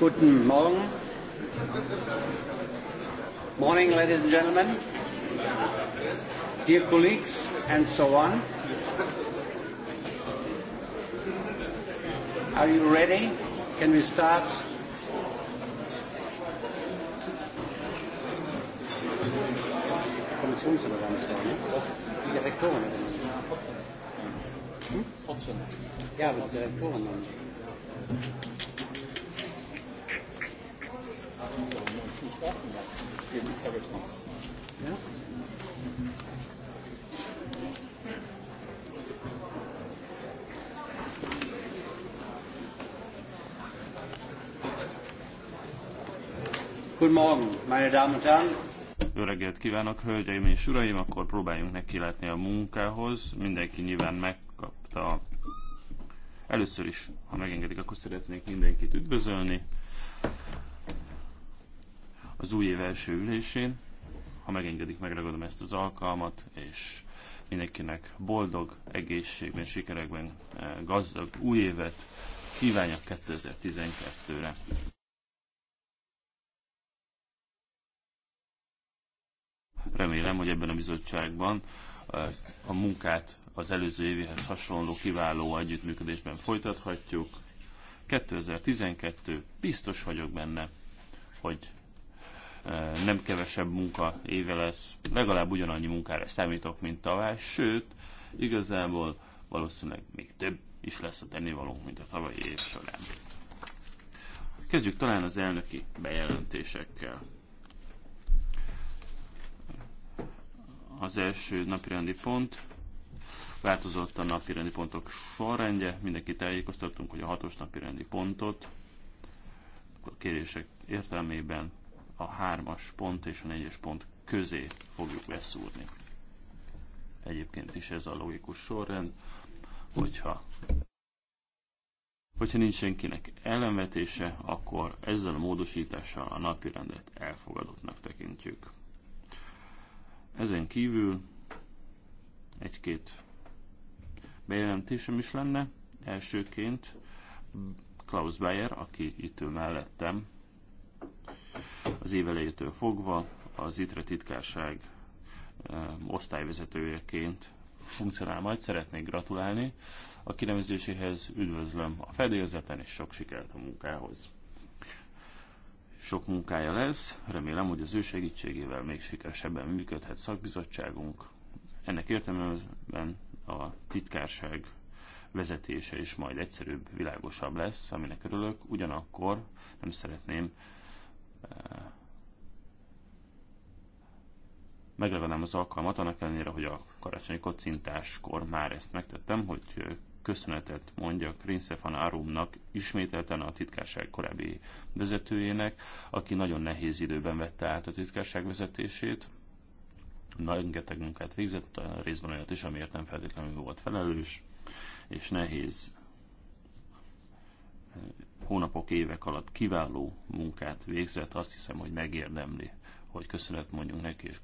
Guten Morgen. Morning, ladies and gentlemen. Dear colleagues and so on. Are you ready? Can we start? Kommissionsübergangsdag, hm? ne? Die Ja, mit Guten Morgen, meine Damen und Herren. Jó reggelt kívánok, hölgyeim és uraim, akkor próbáljunk neki látni a munkához. Mindenki nyilván megkapta. Először is, ha megengedik, akkor szeretnék mindenkit üdvözölni az új év első ülésén. Ha megengedik, megragadom ezt az alkalmat, és mindenkinek boldog, egészségben, sikerekben eh, gazdag új évet kívánjak 2012-re. Remélem, hogy ebben a bizottságban eh, a munkát az előző évihez hasonló kiváló együttműködésben folytathatjuk. 2012 biztos vagyok benne, hogy Eh, nem kevesebb munka éve lesz, legalább ugyanannyi munkára számítok, mint tavaly, sőt, igazából valószínűleg még több is lesz a tennivalónk, mint a tavalyi év során. Kezdjük talán az elnöki bejelentésekkel. Az első napirendi pont, változott a napirendi pontok sorrendje, mindenki tájékoztatunk, hogy a hatos napirendi pontot a kérések értelmében a hármas pont és a négyes pont közé fogjuk beszúrni. Egyébként is ez a logikus sorrend, hogyha Hogyha nincs senkinek ellenvetése, akkor ezzel a módosítással a napi rendet elfogadottnak tekintjük. Ezen kívül egy-két bejelentésem is lenne. Elsőként Klaus Bayer, aki itt ő mellettem, az év elejétől fogva az ITRE titkárság osztályvezetőjeként funkcionál majd. Szeretnék gratulálni a kinevezéséhez, üdvözlöm a fedélzeten, és sok sikert a munkához. Sok munkája lesz, remélem, hogy az ő segítségével még sikeresebben működhet szakbizottságunk. Ennek értelmében a titkárság vezetése is majd egyszerűbb, világosabb lesz, aminek örülök, ugyanakkor nem szeretném megragadnám az alkalmat, annak ellenére, hogy a karácsonyi kocintáskor már ezt megtettem, hogy köszönetet mondjak Rinsefan Arumnak, ismételten a titkárság korábbi vezetőjének, aki nagyon nehéz időben vette át a titkárság vezetését. geteg munkát végzett, a részben olyat is, amiért nem feltétlenül volt felelős, és nehéz hónapok, évek alatt kiváló munkát végzett, azt hiszem, hogy megérdemli, hogy köszönet mondjunk neki, és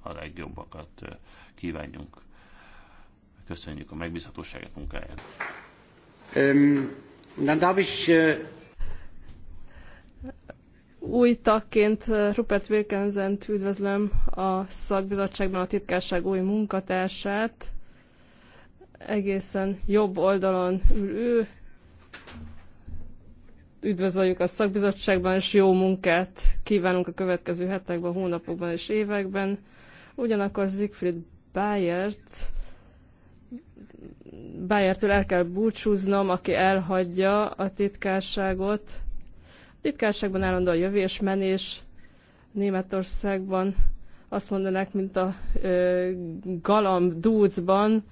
a legjobbakat kívánjunk. Köszönjük a megbízhatóságát munkáját. Um, Új tagként Rupert wilkinson üdvözlöm a szakbizottságban a titkárság új munkatársát. Egészen jobb oldalon ül ő, üdvözöljük a szakbizottságban, és jó munkát kívánunk a következő hetekben, hónapokban és években. Ugyanakkor Siegfried Bayert Bayertől el kell búcsúznom, aki elhagyja a titkárságot. A titkárságban a jövés, menés, Németországban azt mondanák, mint a ö, galamb dúcban,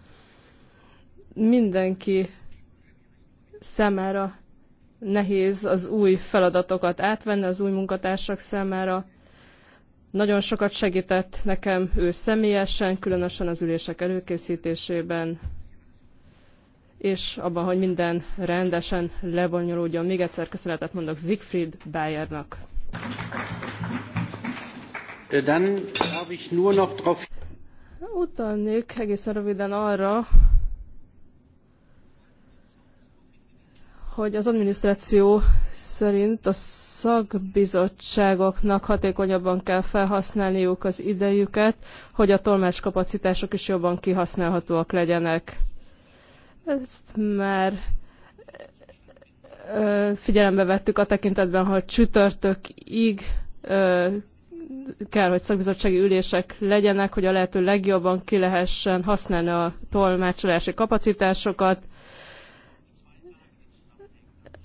mindenki szemára nehéz az új feladatokat átvenni az új munkatársak számára. Nagyon sokat segített nekem ő személyesen, különösen az ülések előkészítésében, és abban, hogy minden rendesen lebonyolódjon. Még egyszer köszönetet mondok Siegfried Bayernak. Dann darf ich nur noch drauf... Utalnék egészen röviden arra, hogy az adminisztráció szerint a szakbizottságoknak hatékonyabban kell felhasználniuk az idejüket, hogy a tolmácskapacitások is jobban kihasználhatóak legyenek. Ezt már figyelembe vettük a tekintetben, hogy csütörtökig kell, hogy szakbizottsági ülések legyenek, hogy a lehető legjobban ki lehessen használni a tolmácsolási kapacitásokat,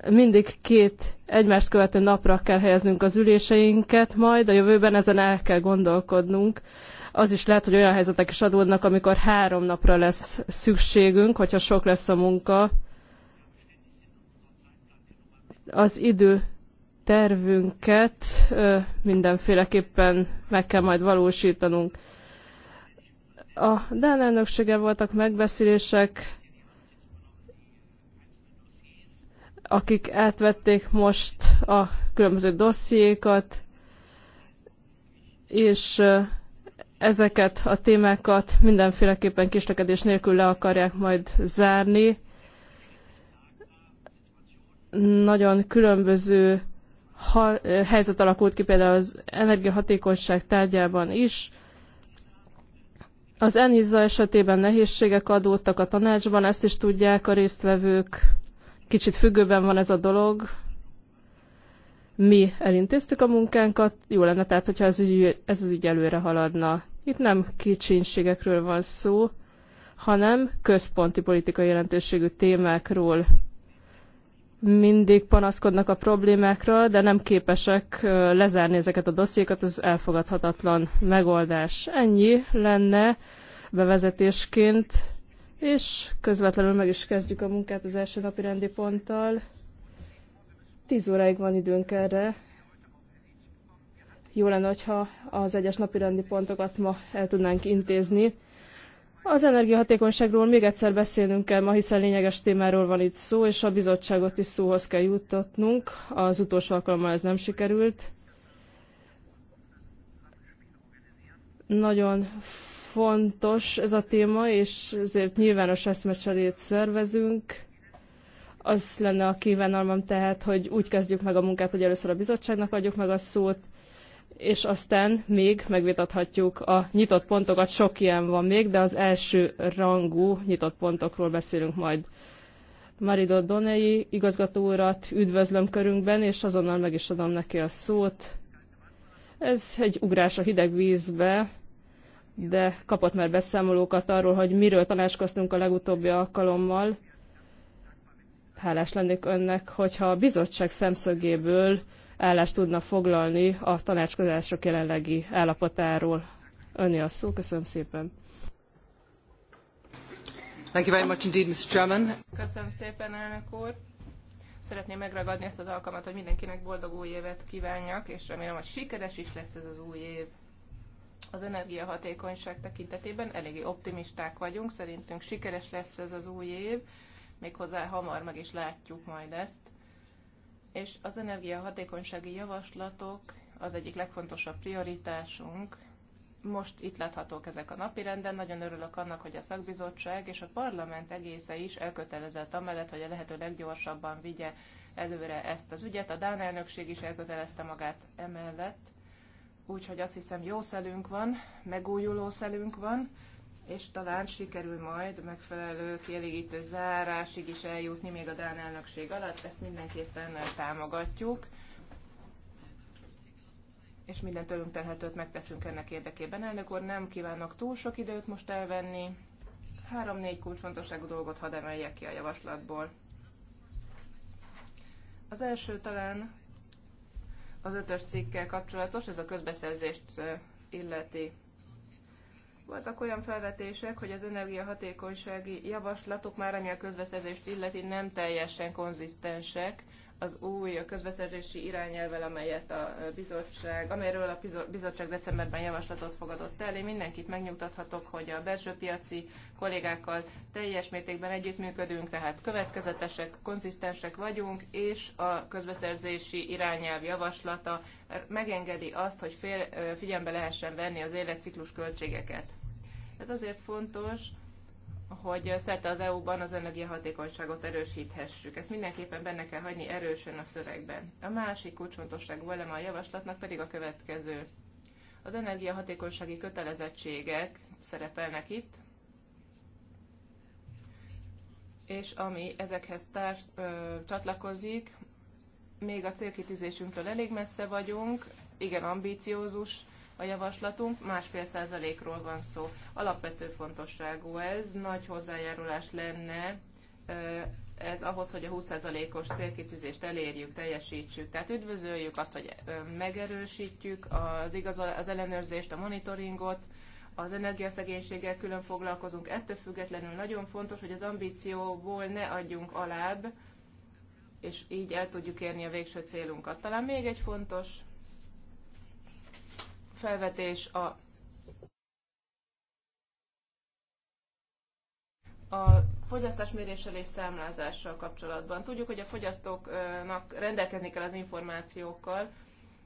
mindig két egymást követő napra kell helyeznünk az üléseinket, majd a jövőben ezen el kell gondolkodnunk. Az is lehet, hogy olyan helyzetek is adódnak, amikor három napra lesz szükségünk, hogyha sok lesz a munka. Az idő tervünket mindenféleképpen meg kell majd valósítanunk. A Dán elnöksége voltak megbeszélések, akik átvették most a különböző dossziékat, és ezeket a témákat mindenféleképpen kislekedés nélkül le akarják majd zárni. Nagyon különböző ha, helyzet alakult ki például az energiahatékonyság tárgyában is. Az ENISA esetében nehézségek adódtak a tanácsban, ezt is tudják a résztvevők. Kicsit függőben van ez a dolog. Mi elintéztük a munkánkat, jó lenne tehát, hogyha ez, ügy, ez az ügy előre haladna. Itt nem kicsinségekről van szó, hanem központi politikai jelentőségű témákról mindig panaszkodnak a problémákra, de nem képesek lezárni ezeket a dossziékat, ez elfogadhatatlan megoldás. Ennyi lenne bevezetésként és közvetlenül meg is kezdjük a munkát az első napi rendi ponttal. Tíz óráig van időnk erre. Jó lenne, ha az egyes napi rendi pontokat ma el tudnánk intézni. Az energiahatékonyságról még egyszer beszélnünk kell ma, hiszen lényeges témáról van itt szó, és a bizottságot is szóhoz kell juttatnunk. Az utolsó alkalommal ez nem sikerült. Nagyon fontos ez a téma, és ezért nyilvános eszmecserét szervezünk. Az lenne a kívánalmam tehát, hogy úgy kezdjük meg a munkát, hogy először a bizottságnak adjuk meg a szót, és aztán még megvitathatjuk a nyitott pontokat, sok ilyen van még, de az első rangú nyitott pontokról beszélünk majd. Marido Donei igazgató urat üdvözlöm körünkben, és azonnal meg is adom neki a szót. Ez egy ugrás a hideg vízbe, de kapott már beszámolókat arról, hogy miről tanácskoztunk a legutóbbi alkalommal. Hálás lennék önnek, hogyha a bizottság szemszögéből állást tudna foglalni a tanácskozások jelenlegi állapotáról. Önni a szó, köszönöm szépen. Thank you very much indeed, Mr. Chairman. Köszönöm szépen, elnök úr. Szeretném megragadni ezt az alkalmat, hogy mindenkinek boldog új évet kívánjak, és remélem, hogy sikeres is lesz ez az új év az energiahatékonyság tekintetében eléggé optimisták vagyunk, szerintünk sikeres lesz ez az új év, méghozzá hamar meg is látjuk majd ezt. És az energiahatékonysági javaslatok az egyik legfontosabb prioritásunk. Most itt láthatók ezek a napirenden. Nagyon örülök annak, hogy a szakbizottság és a parlament egésze is elkötelezett amellett, hogy a lehető leggyorsabban vigye előre ezt az ügyet. A Dán elnökség is elkötelezte magát emellett úgyhogy azt hiszem jó szelünk van, megújuló szelünk van, és talán sikerül majd megfelelő kielégítő zárásig is eljutni még a Dán elnökség alatt, ezt mindenképpen támogatjuk és minden tőlünk telhetőt megteszünk ennek érdekében. Elnök úr, nem kívánok túl sok időt most elvenni. Három-négy kulcsfontosságú dolgot hadd emeljek ki a javaslatból. Az első talán az ötös cikkkel kapcsolatos, ez a közbeszerzést illeti. Voltak olyan felvetések, hogy az energiahatékonysági javaslatok már, ami a közbeszerzést illeti, nem teljesen konzisztensek, az új közbeszerzési irányelvel, amelyet a bizottság, amelyről a bizottság decemberben javaslatot fogadott el. Én mindenkit megnyugtathatok, hogy a belső piaci kollégákkal teljes mértékben együttműködünk, tehát következetesek, konzisztensek vagyunk, és a közbeszerzési irányelv javaslata megengedi azt, hogy fél, figyelembe lehessen venni az életciklus költségeket. Ez azért fontos, hogy szerte az EU-ban az energiahatékonyságot erősíthessük. Ezt mindenképpen benne kell hagyni erősen a szövegben. A másik kulcsfontosságú eleme a javaslatnak pedig a következő. Az energiahatékonysági kötelezettségek szerepelnek itt, és ami ezekhez társ, ö, csatlakozik, még a célkitűzésünktől elég messze vagyunk, igen ambiciózus a javaslatunk, másfél százalékról van szó. Alapvető fontosságú ez, nagy hozzájárulás lenne ez ahhoz, hogy a 20%-os célkitűzést elérjük, teljesítsük. Tehát üdvözöljük azt, hogy megerősítjük az, igazol, az ellenőrzést, a monitoringot, az energiaszegénységgel külön foglalkozunk. Ettől függetlenül nagyon fontos, hogy az ambícióból ne adjunk alább, és így el tudjuk érni a végső célunkat. Talán még egy fontos felvetés a a fogyasztásméréssel és számlázással kapcsolatban. Tudjuk, hogy a fogyasztóknak rendelkezni kell az információkkal.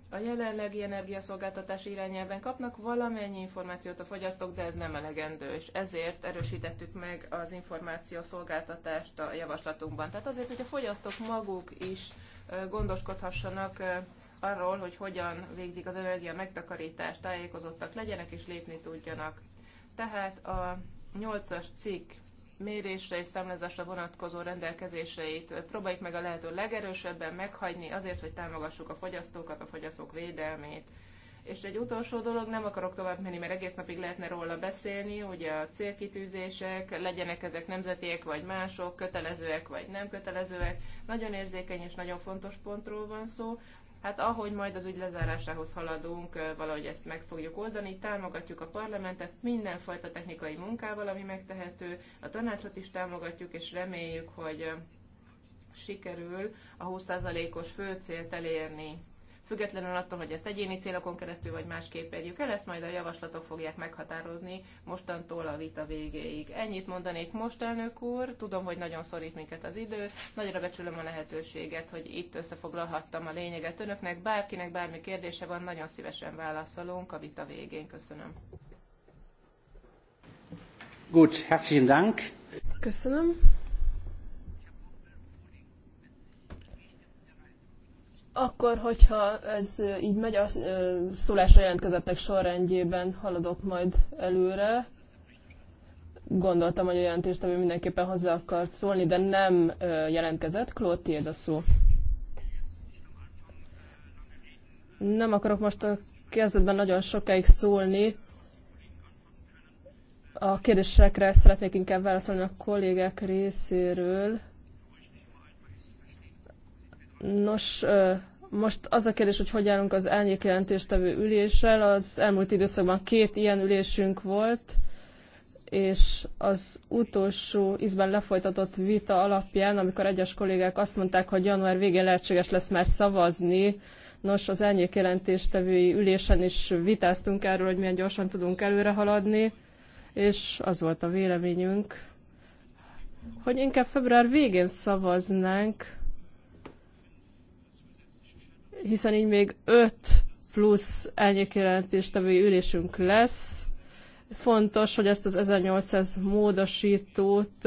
A jelenlegi energiaszolgáltatási irányelven kapnak valamennyi információt a fogyasztók, de ez nem elegendő, és ezért erősítettük meg az információszolgáltatást a javaslatunkban. Tehát azért, hogy a fogyasztók maguk is gondoskodhassanak arról, hogy hogyan végzik az energia megtakarítást, tájékozottak legyenek és lépni tudjanak. Tehát a 8-as cikk mérésre és számlázásra vonatkozó rendelkezéseit próbáljuk meg a lehető legerősebben meghagyni azért, hogy támogassuk a fogyasztókat, a fogyasztók védelmét. És egy utolsó dolog, nem akarok tovább menni, mert egész napig lehetne róla beszélni, hogy a célkitűzések, legyenek ezek nemzetiek vagy mások, kötelezőek vagy nem kötelezőek. Nagyon érzékeny és nagyon fontos pontról van szó hát ahogy majd az ügy lezárásához haladunk, valahogy ezt meg fogjuk oldani, támogatjuk a parlamentet mindenfajta technikai munkával, ami megtehető, a tanácsot is támogatjuk, és reméljük, hogy sikerül a 20%-os főcélt elérni függetlenül attól, hogy ezt egyéni célokon keresztül vagy másképp érjük el, ezt majd a javaslatok fogják meghatározni mostantól a vita végéig. Ennyit mondanék most, elnök úr, tudom, hogy nagyon szorít minket az idő, nagyra becsülöm a lehetőséget, hogy itt összefoglalhattam a lényeget önöknek, bárkinek bármi kérdése van, nagyon szívesen válaszolunk a vita végén. Köszönöm. Gut, herzlichen Dank. Köszönöm. Akkor, hogyha ez így megy, a szólásra jelentkezettek sorrendjében haladok majd előre. Gondoltam, hogy a ami mindenképpen hozzá akart szólni, de nem jelentkezett. Claude, tiéd a szó. Nem akarok most a kezdetben nagyon sokáig szólni. A kérdésekre szeretnék inkább válaszolni a kollégák részéről Nos, most az a kérdés, hogy hogy állunk az elnyék jelentéstevő üléssel. Az elmúlt időszakban két ilyen ülésünk volt, és az utolsó ízben lefolytatott vita alapján, amikor egyes kollégák azt mondták, hogy január végén lehetséges lesz már szavazni, nos, az elnyék jelentéstevői ülésen is vitáztunk erről, hogy milyen gyorsan tudunk előre haladni, és az volt a véleményünk, hogy inkább február végén szavaznánk, hiszen így még 5 plusz elnyékjelentéstevői ülésünk lesz. Fontos, hogy ezt az 1800 módosítót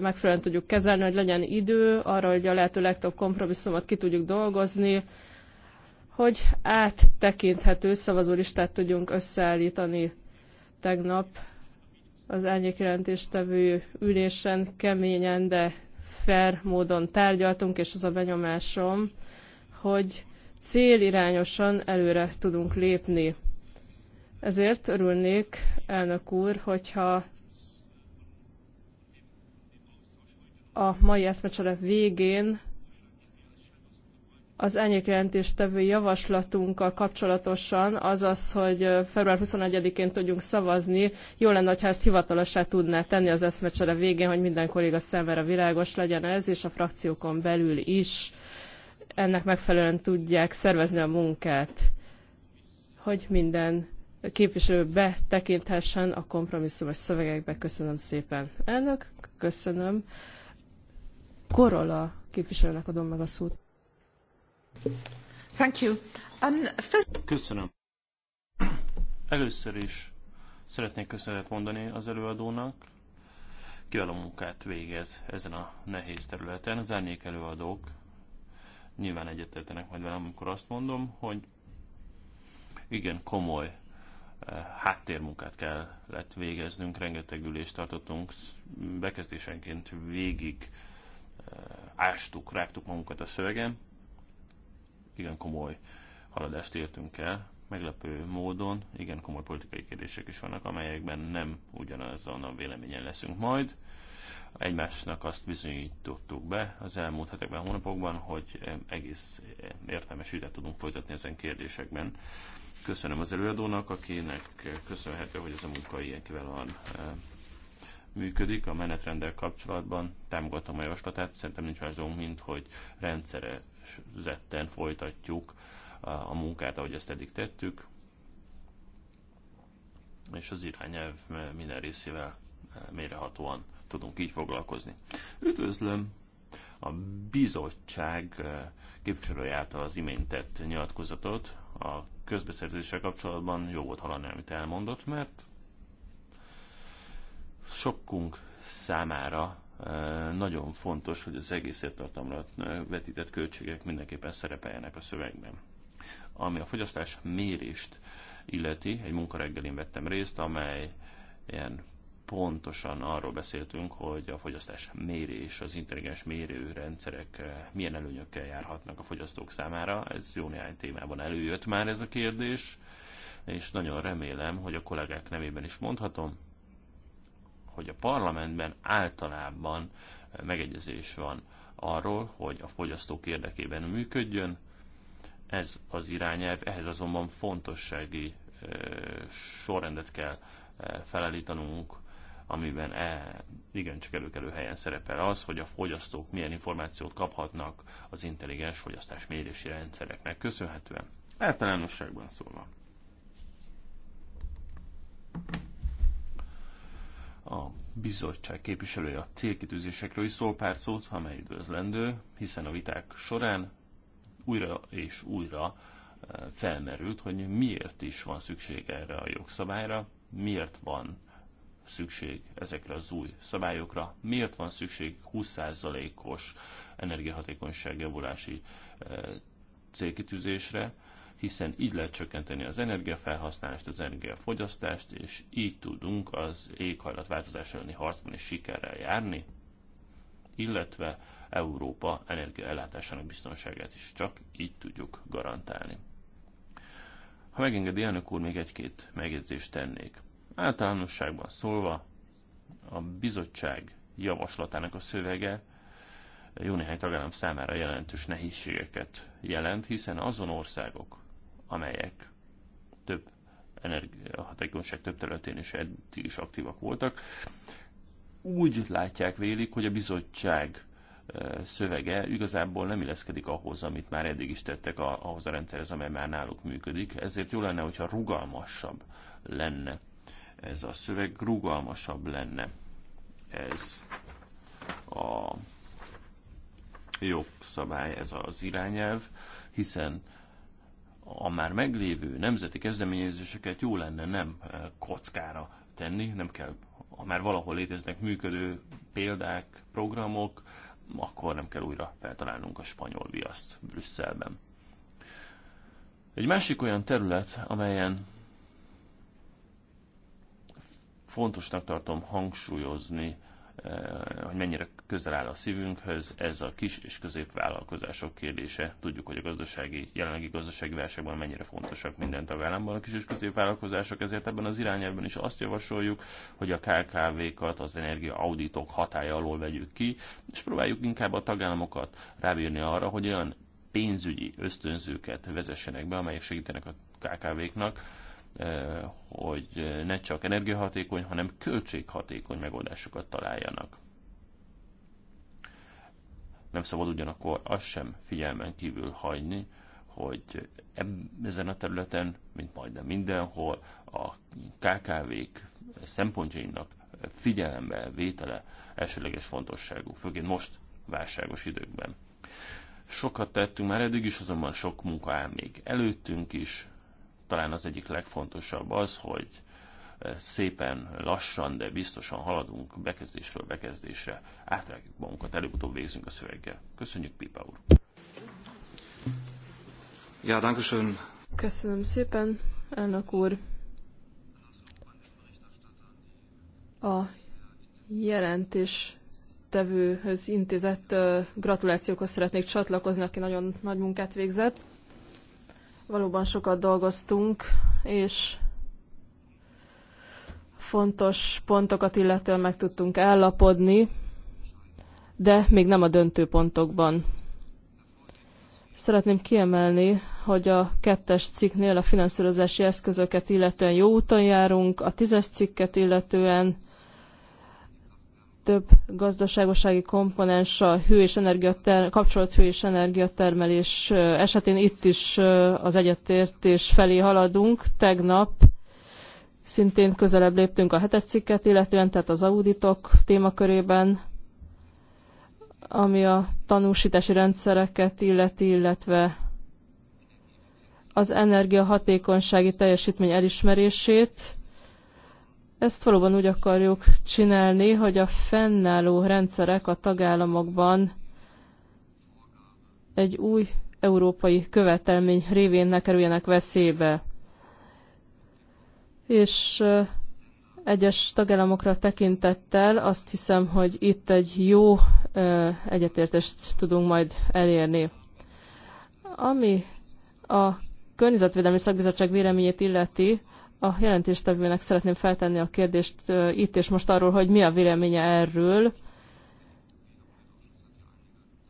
megfelelően tudjuk kezelni, hogy legyen idő arra, hogy a lehető legtöbb kompromisszumot ki tudjuk dolgozni, hogy áttekinthető szavazólistát tudjunk összeállítani tegnap az elnyékjelentéstevő ülésen keményen, de fair módon tárgyaltunk, és az a benyomásom, hogy célirányosan előre tudunk lépni. Ezért örülnék, elnök úr, hogyha a mai eszmecsere végén az elnyékjelentéstevő javaslatunkkal kapcsolatosan, azaz, hogy február 21-én tudjunk szavazni, jó lenne, ha ezt hivatalosá tudná tenni az eszmecsere végén, hogy minden kolléga számára világos legyen ez, és a frakciókon belül is ennek megfelelően tudják szervezni a munkát, hogy minden képviselő betekinthessen a kompromisszumos szövegekbe. Köszönöm szépen. Elnök, köszönöm. Korola képviselőnek adom meg a szót. Thank you. Um, first... Köszönöm. Először is szeretnék köszönet mondani az előadónak, kiváló munkát végez ezen a nehéz területen. Az árnyék előadók Nyilván egyetértenek majd velem, amikor azt mondom, hogy igen, komoly eh, háttérmunkát kellett végeznünk, rengeteg ülést tartottunk, bekezdésenként végig eh, ástuk, rágtuk magunkat a szövegen. Igen komoly haladást értünk el, meglepő módon, igen komoly politikai kérdések is vannak, amelyekben nem ugyanazon a véleményen leszünk majd egymásnak azt bizonyítottuk be az elmúlt hetekben, hónapokban, hogy egész értelmes ügyet tudunk folytatni ezen kérdésekben. Köszönöm az előadónak, akinek köszönhető, hogy ez a munka ilyen kiválóan működik a menetrendel kapcsolatban. Támogatom a javaslatát, szerintem nincs más dolgunk, mint hogy rendszerezetten folytatjuk a munkát, ahogy ezt eddig tettük, és az irányelv minden részével mérehatóan tudunk így foglalkozni. Üdvözlöm a bizottság eh, képviselője által az imént tett nyilatkozatot a közbeszerzéssel kapcsolatban jó volt hallani, amit elmondott, mert sokunk számára eh, nagyon fontos, hogy az egész értartamra eh, vetített költségek mindenképpen szerepeljenek a szövegben. Ami a fogyasztás mérést illeti, egy munkareggelén vettem részt, amely ilyen pontosan arról beszéltünk, hogy a fogyasztás mérés, az intelligens mérőrendszerek eh, milyen előnyökkel járhatnak a fogyasztók számára. Ez jó néhány témában előjött már ez a kérdés, és nagyon remélem, hogy a kollégák nevében is mondhatom, hogy a parlamentben általában eh, megegyezés van arról, hogy a fogyasztók érdekében működjön. Ez az irányelv, ehhez azonban fontossági eh, sorrendet kell felállítanunk amiben e, igencsak előkelő helyen szerepel az, hogy a fogyasztók milyen információt kaphatnak az intelligens fogyasztás mérési rendszereknek köszönhetően. Általánosságban szólva. A bizottság képviselője a célkitűzésekről is szól pár szót, amely üdvözlendő, hiszen a viták során újra és újra e, felmerült, hogy miért is van szükség erre a jogszabályra, miért van szükség ezekre az új szabályokra? Miért van szükség 20%-os energiahatékonyság javulási eh, célkitűzésre? hiszen így lehet csökkenteni az energiafelhasználást, az energiafogyasztást, és így tudunk az éghajlatváltozás elleni harcban is sikerrel járni, illetve Európa energiaellátásának biztonságát is csak így tudjuk garantálni. Ha megengedi elnök úr, még egy-két megjegyzést tennék. Általánosságban szólva a bizottság javaslatának a szövege jó néhány tagállam számára jelentős nehézségeket jelent, hiszen azon országok, amelyek több energiahatékonyság több területén is eddig is aktívak voltak, úgy látják, vélik, hogy a bizottság e, szövege igazából nem illeszkedik ahhoz, amit már eddig is tettek ahhoz a rendszerhez, amely már náluk működik. Ezért jó lenne, hogyha rugalmasabb lenne ez a szöveg rugalmasabb lenne. Ez a jogszabály, ez az irányelv, hiszen a már meglévő nemzeti kezdeményezéseket jó lenne nem eh, kockára tenni, nem kell, ha már valahol léteznek működő példák, programok, akkor nem kell újra feltalálnunk a spanyol viaszt Brüsszelben. Egy másik olyan terület, amelyen Fontosnak tartom hangsúlyozni, eh, hogy mennyire közel áll a szívünkhöz, ez a kis és középvállalkozások kérdése. Tudjuk, hogy a gazdasági, jelenlegi gazdasági válságban mennyire fontosak mindent a a kis és középvállalkozások, ezért ebben az irányában is azt javasoljuk, hogy a KKV-kat az energia auditok hatája alól vegyük ki, és próbáljuk inkább a tagállamokat rábírni arra, hogy olyan pénzügyi ösztönzőket vezessenek be, amelyek segítenek a KKV-knak, Eh, hogy ne csak energiahatékony, hanem költséghatékony megoldásokat találjanak. Nem szabad ugyanakkor azt sem figyelmen kívül hagyni, hogy ezen a területen, mint majdnem mindenhol, a KKV-k szempontjainak figyelembe vétele elsőleges fontosságú, főként most válságos időkben. Sokat tettünk már eddig is, azonban sok munka áll még előttünk is, talán az egyik legfontosabb az, hogy eh, szépen lassan, de biztosan haladunk bekezdésről bekezdésre, átrágjuk magunkat, előbb-utóbb végzünk a szöveggel. Köszönjük, Pipa úr! Ja, dankeschön. Köszönöm szépen, elnök úr! A jelentés tevőhöz intézett eh, gratulációkhoz szeretnék csatlakozni, aki nagyon nagy munkát végzett. Valóban sokat dolgoztunk, és fontos pontokat illetően meg tudtunk állapodni, de még nem a döntő pontokban. Szeretném kiemelni, hogy a kettes cikknél a finanszírozási eszközöket illetően jó úton járunk, a tízes cikket illetően több gazdaságosági komponens a hő és energiater, kapcsolat hő és energiatermelés esetén itt is az egyetértés felé haladunk. Tegnap szintén közelebb léptünk a hetes cikket, illetően tehát az auditok témakörében, ami a tanúsítási rendszereket illeti, illetve az energiahatékonysági teljesítmény elismerését ezt valóban úgy akarjuk csinálni, hogy a fennálló rendszerek a tagállamokban egy új európai követelmény révén ne kerüljenek veszélybe. És egyes tagállamokra tekintettel azt hiszem, hogy itt egy jó egyetértést tudunk majd elérni. Ami a Környezetvédelmi Szakbizottság véleményét illeti, a jelentéstevőnek szeretném feltenni a kérdést itt és most arról, hogy mi a véleménye erről.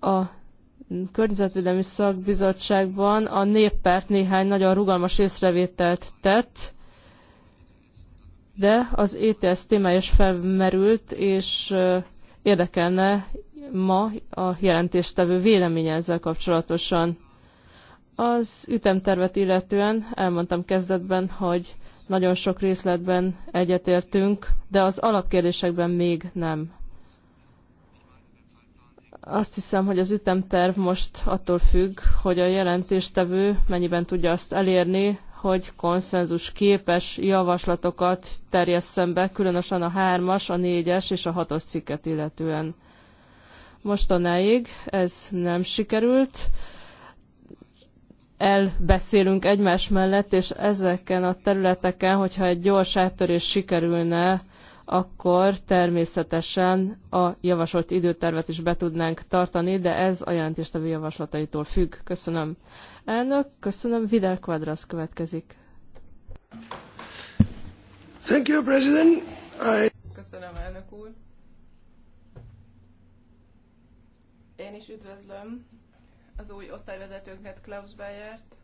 A Környezetvédelmi Szakbizottságban a néppárt néhány nagyon rugalmas észrevételt tett, de az ETS téma is felmerült, és érdekelne ma a jelentéstevő véleménye ezzel kapcsolatosan. Az ütemtervet illetően elmondtam kezdetben, hogy nagyon sok részletben egyetértünk, de az alapkérdésekben még nem. Azt hiszem, hogy az ütemterv most attól függ, hogy a jelentéstevő mennyiben tudja azt elérni, hogy konszenzus képes javaslatokat terjesszen be, különösen a hármas, a négyes és a hatos cikket illetően. Mostanáig ez nem sikerült elbeszélünk egymás mellett, és ezeken a területeken, hogyha egy gyors áttörés sikerülne, akkor természetesen a javasolt időtervet is be tudnánk tartani, de ez a jelentéstevő javaslataitól függ. Köszönöm. Elnök, köszönöm. Vidal Quadras következik. Thank you, President. I... Köszönöm, elnök úr. Én is üdvözlöm az új osztályvezetőnket, Klaus Bayert.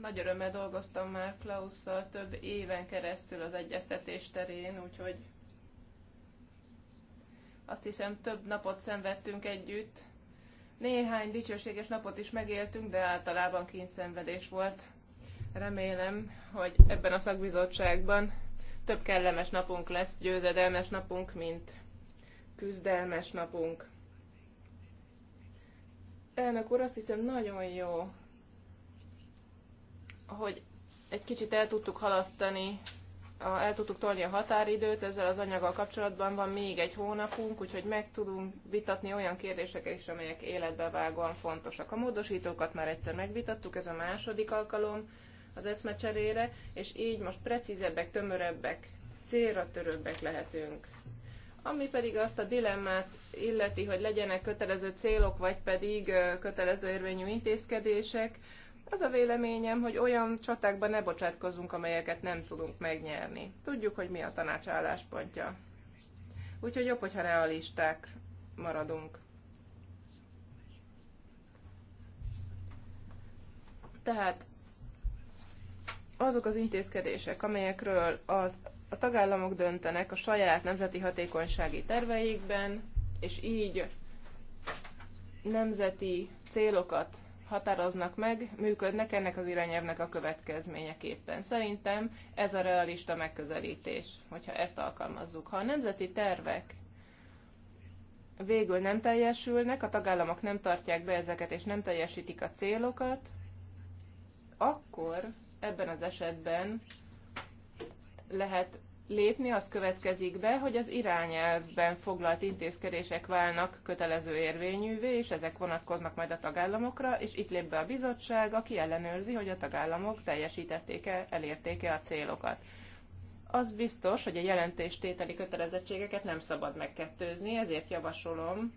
Nagy örömmel dolgoztam már Klausszal több éven keresztül az egyeztetés terén, úgyhogy azt hiszem több napot szenvedtünk együtt. Néhány dicsőséges napot is megéltünk, de általában kínszenvedés volt. Remélem, hogy ebben a szakbizottságban több kellemes napunk lesz, győzedelmes napunk, mint küzdelmes napunk. Elnök úr, azt hiszem nagyon jó, hogy egy kicsit el tudtuk halasztani, el tudtuk tolni a határidőt, ezzel az anyaggal kapcsolatban van még egy hónapunk, úgyhogy meg tudunk vitatni olyan kérdéseket is, amelyek életbevágóan fontosak. A módosítókat már egyszer megvitattuk, ez a második alkalom az cserére, és így most precízebbek, tömörebbek, célra törőbbek lehetünk. Ami pedig azt a dilemmát illeti, hogy legyenek kötelező célok, vagy pedig kötelező érvényű intézkedések, az a véleményem, hogy olyan csatákban ne bocsátkozunk, amelyeket nem tudunk megnyerni. Tudjuk, hogy mi a tanács álláspontja. Úgyhogy jobb, hogyha realisták maradunk. Tehát azok az intézkedések, amelyekről az a tagállamok döntenek a saját nemzeti hatékonysági terveikben, és így nemzeti célokat határoznak meg, működnek ennek az irányelvnek a következményeképpen. Szerintem ez a realista megközelítés, hogyha ezt alkalmazzuk. Ha a nemzeti tervek végül nem teljesülnek, a tagállamok nem tartják be ezeket és nem teljesítik a célokat, akkor ebben az esetben lehet lépni, az következik be, hogy az irányelvben foglalt intézkedések válnak kötelező érvényűvé, és ezek vonatkoznak majd a tagállamokra, és itt lép be a bizottság, aki ellenőrzi, hogy a tagállamok teljesítették-e, elérték-e a célokat. Az biztos, hogy a jelentéstételi kötelezettségeket nem szabad megkettőzni, ezért javasolom,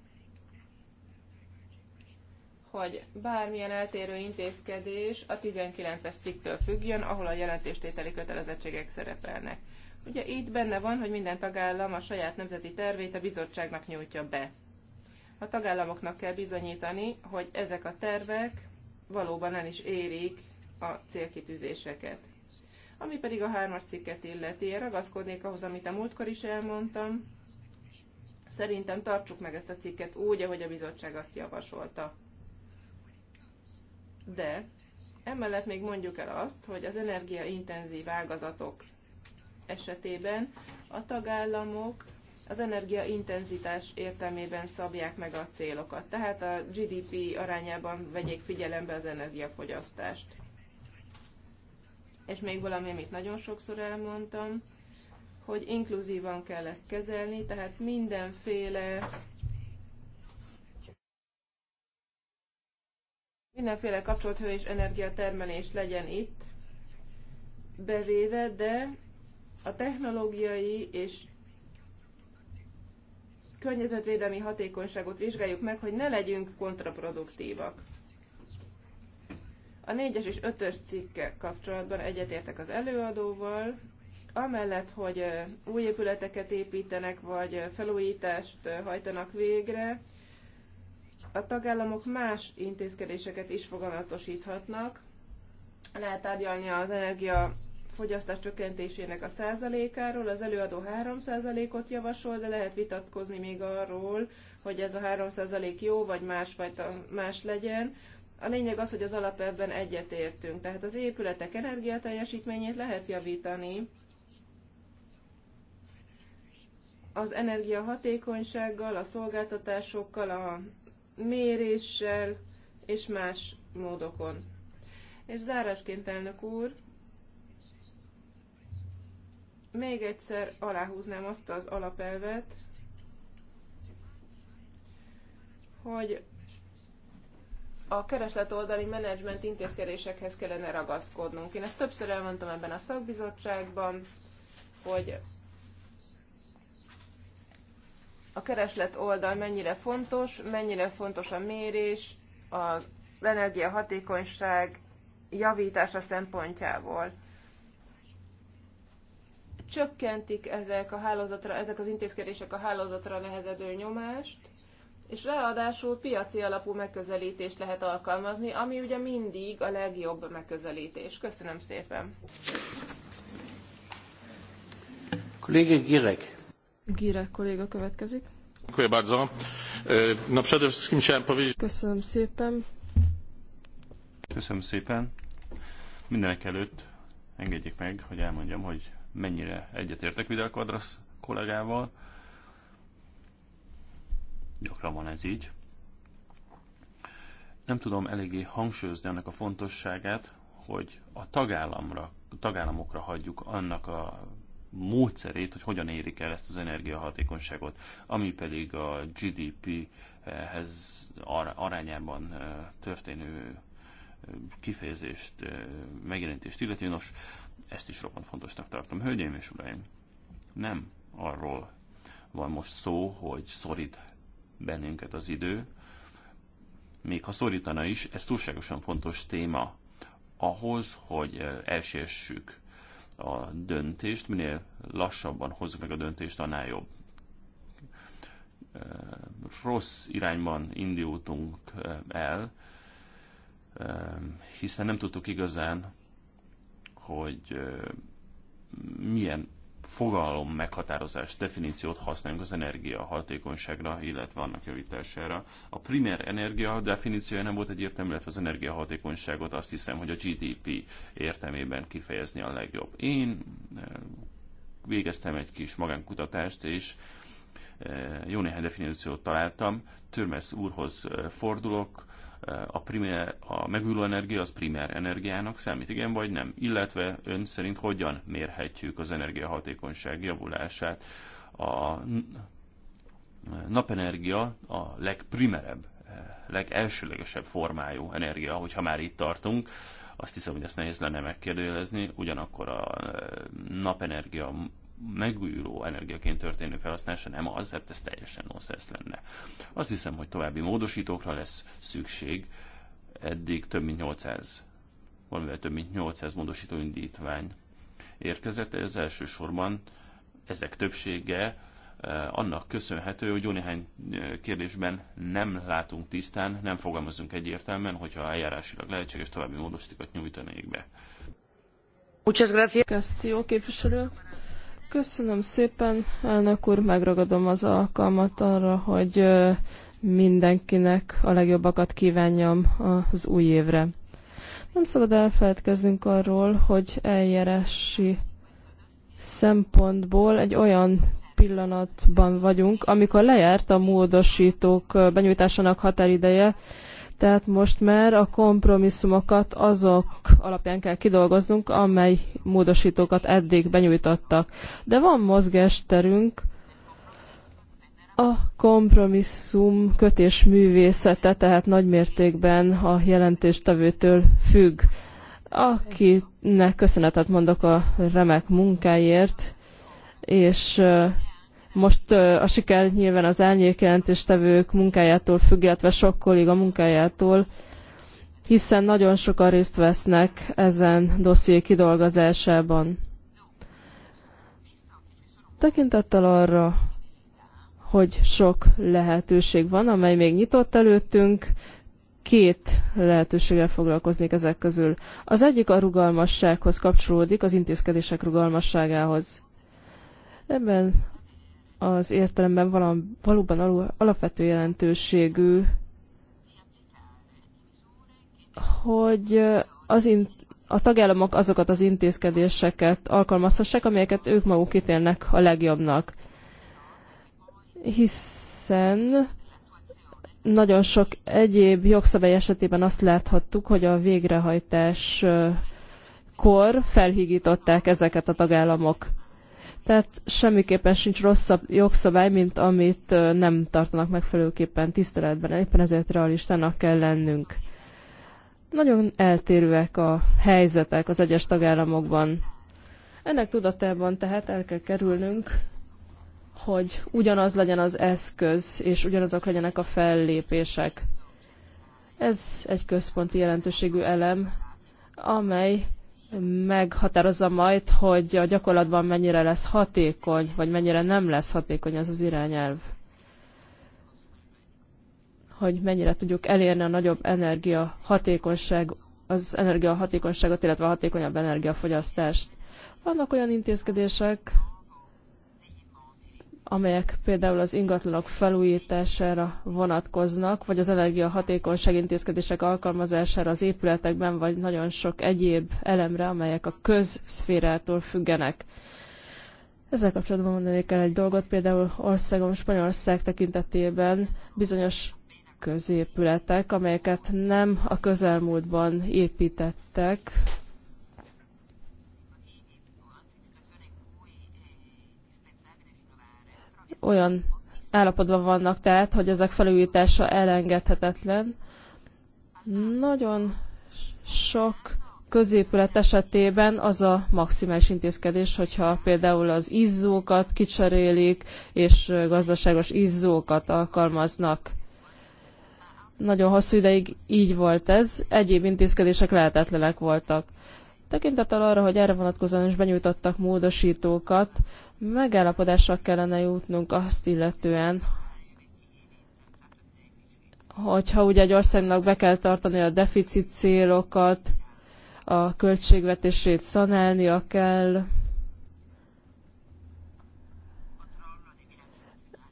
hogy bármilyen eltérő intézkedés a 19-es cikktől függjön, ahol a jelentéstételi kötelezettségek szerepelnek. Ugye itt benne van, hogy minden tagállam a saját nemzeti tervét a bizottságnak nyújtja be. A tagállamoknak kell bizonyítani, hogy ezek a tervek valóban el is érik a célkitűzéseket. Ami pedig a hármas cikket illeti, én ragaszkodnék ahhoz, amit a múltkor is elmondtam. Szerintem tartsuk meg ezt a cikket úgy, ahogy a bizottság azt javasolta. De emellett még mondjuk el azt, hogy az energiaintenzív ágazatok esetében a tagállamok az energiaintenzitás értelmében szabják meg a célokat, tehát a GDP arányában vegyék figyelembe az energiafogyasztást. És még valami, amit nagyon sokszor elmondtam, hogy inkluzívan kell ezt kezelni, tehát mindenféle mindenféle kapcsolt hő és energiatermelés legyen itt bevéve, de a technológiai és környezetvédelmi hatékonyságot vizsgáljuk meg, hogy ne legyünk kontraproduktívak. A 4-es és 5-ös cikkek kapcsolatban egyetértek az előadóval, amellett, hogy új épületeket építenek, vagy felújítást hajtanak végre, a tagállamok más intézkedéseket is foganatosíthatnak. Lehet tárgyalni az energia fogyasztás csökkentésének a százalékáról. Az előadó 3 százalékot javasol, de lehet vitatkozni még arról, hogy ez a 3 százalék jó, vagy más, vagy más legyen. A lényeg az, hogy az alapelvben egyetértünk. Tehát az épületek energiateljesítményét lehet javítani. Az energiahatékonysággal, a szolgáltatásokkal, a méréssel és más módokon. És zárásként, elnök úr, még egyszer aláhúznám azt az alapelvet, hogy a kereslet oldali menedzsment intézkedésekhez kellene ragaszkodnunk. Én ezt többször elmondtam ebben a szakbizottságban, hogy a kereslet oldal mennyire fontos, mennyire fontos a mérés, az energiahatékonyság javítása szempontjából csökkentik ezek a hálózatra, ezek az intézkedések a hálózatra nehezedő nyomást, és ráadásul piaci alapú megközelítést lehet alkalmazni, ami ugye mindig a legjobb megközelítés. Köszönöm szépen. Kolléga Girek. Girek kolléga következik. bardzo. E, Köszönöm szépen. Köszönöm szépen. Mindenek előtt engedjék meg, hogy elmondjam, hogy mennyire egyetértek Vidal Quadrasz kollégával. Gyakran van ez így. Nem tudom eléggé hangsúlyozni annak a fontosságát, hogy a tagállamra, a tagállamokra hagyjuk annak a módszerét, hogy hogyan érik el ezt az energiahatékonyságot, ami pedig a GDP-hez arányában történő kifejezést, megjelentést illeti. Nos, ezt is roppant fontosnak tartom. Hölgyeim és uraim, nem arról van most szó, hogy szorít bennünket az idő. Még ha szorítana is, ez túlságosan fontos téma ahhoz, hogy eh, elsiessük a döntést, minél lassabban hozzuk meg a döntést, annál jobb. Eh, rossz irányban indultunk eh, el, hiszen nem tudtuk igazán hogy milyen fogalom meghatározás, definíciót használjunk az energia hatékonyságra, illetve annak javítására. A primer energia definíciója nem volt egyértelmű, illetve az energia hatékonyságot azt hiszem, hogy a GDP értelmében kifejezni a legjobb. Én végeztem egy kis magánkutatást, és jó néhány definíciót találtam. Törmesz úrhoz fordulok, a, primér, a megújuló energia az primer energiának számít, igen vagy nem? Illetve ön szerint hogyan mérhetjük az energiahatékonyság javulását? A napenergia a legprimerebb, legelsőlegesebb formájú energia, hogyha már itt tartunk. Azt hiszem, hogy ezt nehéz lenne megkérdőjelezni, ugyanakkor a napenergia megújuló energiaként történő felhasználása nem az, mert hát ez teljesen nonsense lenne. Azt hiszem, hogy további módosítókra lesz szükség. Eddig több mint 800, valamivel több mint 800 módosító indítvány érkezett. Ez elsősorban ezek többsége eh, annak köszönhető, hogy jó néhány eh, kérdésben nem látunk tisztán, nem fogalmazunk egyértelműen, hogyha eljárásilag lehetséges további módosítókat nyújtanék be. Muchas gracias. Castillo képviselő. Köszönöm szépen, elnök úr, megragadom az alkalmat arra, hogy mindenkinek a legjobbakat kívánjam az új évre. Nem szabad elfeledkeznünk arról, hogy eljárási szempontból egy olyan pillanatban vagyunk, amikor lejárt a módosítók benyújtásának határideje, tehát most már a kompromisszumokat azok alapján kell kidolgoznunk, amely módosítókat eddig benyújtottak. De van mozgásterünk a kompromisszum kötés művészete, tehát nagymértékben a jelentéstevőtől függ. Akinek köszönetet mondok a remek munkáért, és most a siker nyilván az árnyékjelentéstevők munkájától függ, illetve sok kolléga munkájától, hiszen nagyon sokan részt vesznek ezen dosszié kidolgozásában. Tekintettel arra, hogy sok lehetőség van, amely még nyitott előttünk, két lehetőséggel foglalkoznék ezek közül. Az egyik a rugalmassághoz kapcsolódik, az intézkedések rugalmasságához. Ebben az értelemben valam, valóban alul, alapvető jelentőségű, hogy az in, a tagállamok azokat az intézkedéseket alkalmazhassák, amelyeket ők maguk ítélnek a legjobbnak. Hiszen nagyon sok egyéb jogszabály esetében azt láthattuk, hogy a végrehajtás kor felhígították ezeket a tagállamok. Tehát semmiképpen sincs rosszabb jogszabály, mint amit nem tartanak megfelelőképpen tiszteletben. Éppen ezért realistának kell lennünk. Nagyon eltérőek a helyzetek az egyes tagállamokban. Ennek tudatában tehát el kell kerülnünk, hogy ugyanaz legyen az eszköz, és ugyanazok legyenek a fellépések. Ez egy központi jelentőségű elem, amely meghatározza majd, hogy a gyakorlatban mennyire lesz hatékony, vagy mennyire nem lesz hatékony az az irányelv. Hogy mennyire tudjuk elérni a nagyobb energia hatékonyság, az energia hatékonyságot, illetve a hatékonyabb energiafogyasztást. Vannak olyan intézkedések, amelyek például az ingatlanok felújítására vonatkoznak, vagy az energiahatékonyság intézkedések alkalmazására az épületekben, vagy nagyon sok egyéb elemre, amelyek a közszférától függenek. Ezzel kapcsolatban mondanék el egy dolgot, például országom Spanyolország tekintetében bizonyos középületek, amelyeket nem a közelmúltban építettek, olyan állapotban vannak tehát, hogy ezek felújítása elengedhetetlen. Nagyon sok középület esetében az a maximális intézkedés, hogyha például az izzókat kicserélik, és gazdaságos izzókat alkalmaznak. Nagyon hosszú ideig így volt ez, egyéb intézkedések lehetetlenek voltak. Tekintettel arra, hogy erre vonatkozóan is benyújtottak módosítókat, megállapodásra kellene jutnunk azt illetően, hogyha ugye egy országnak be kell tartani a deficit célokat, a költségvetését szanálnia kell,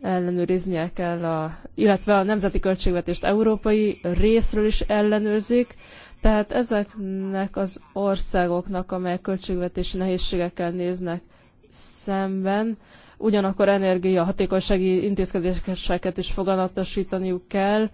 ellenőriznie kell, a, illetve a nemzeti költségvetést európai részről is ellenőrzik, tehát ezeknek az országoknak, amelyek költségvetési nehézségekkel néznek szemben, ugyanakkor energiahatékonysági intézkedéseket is foganatosítaniuk kell,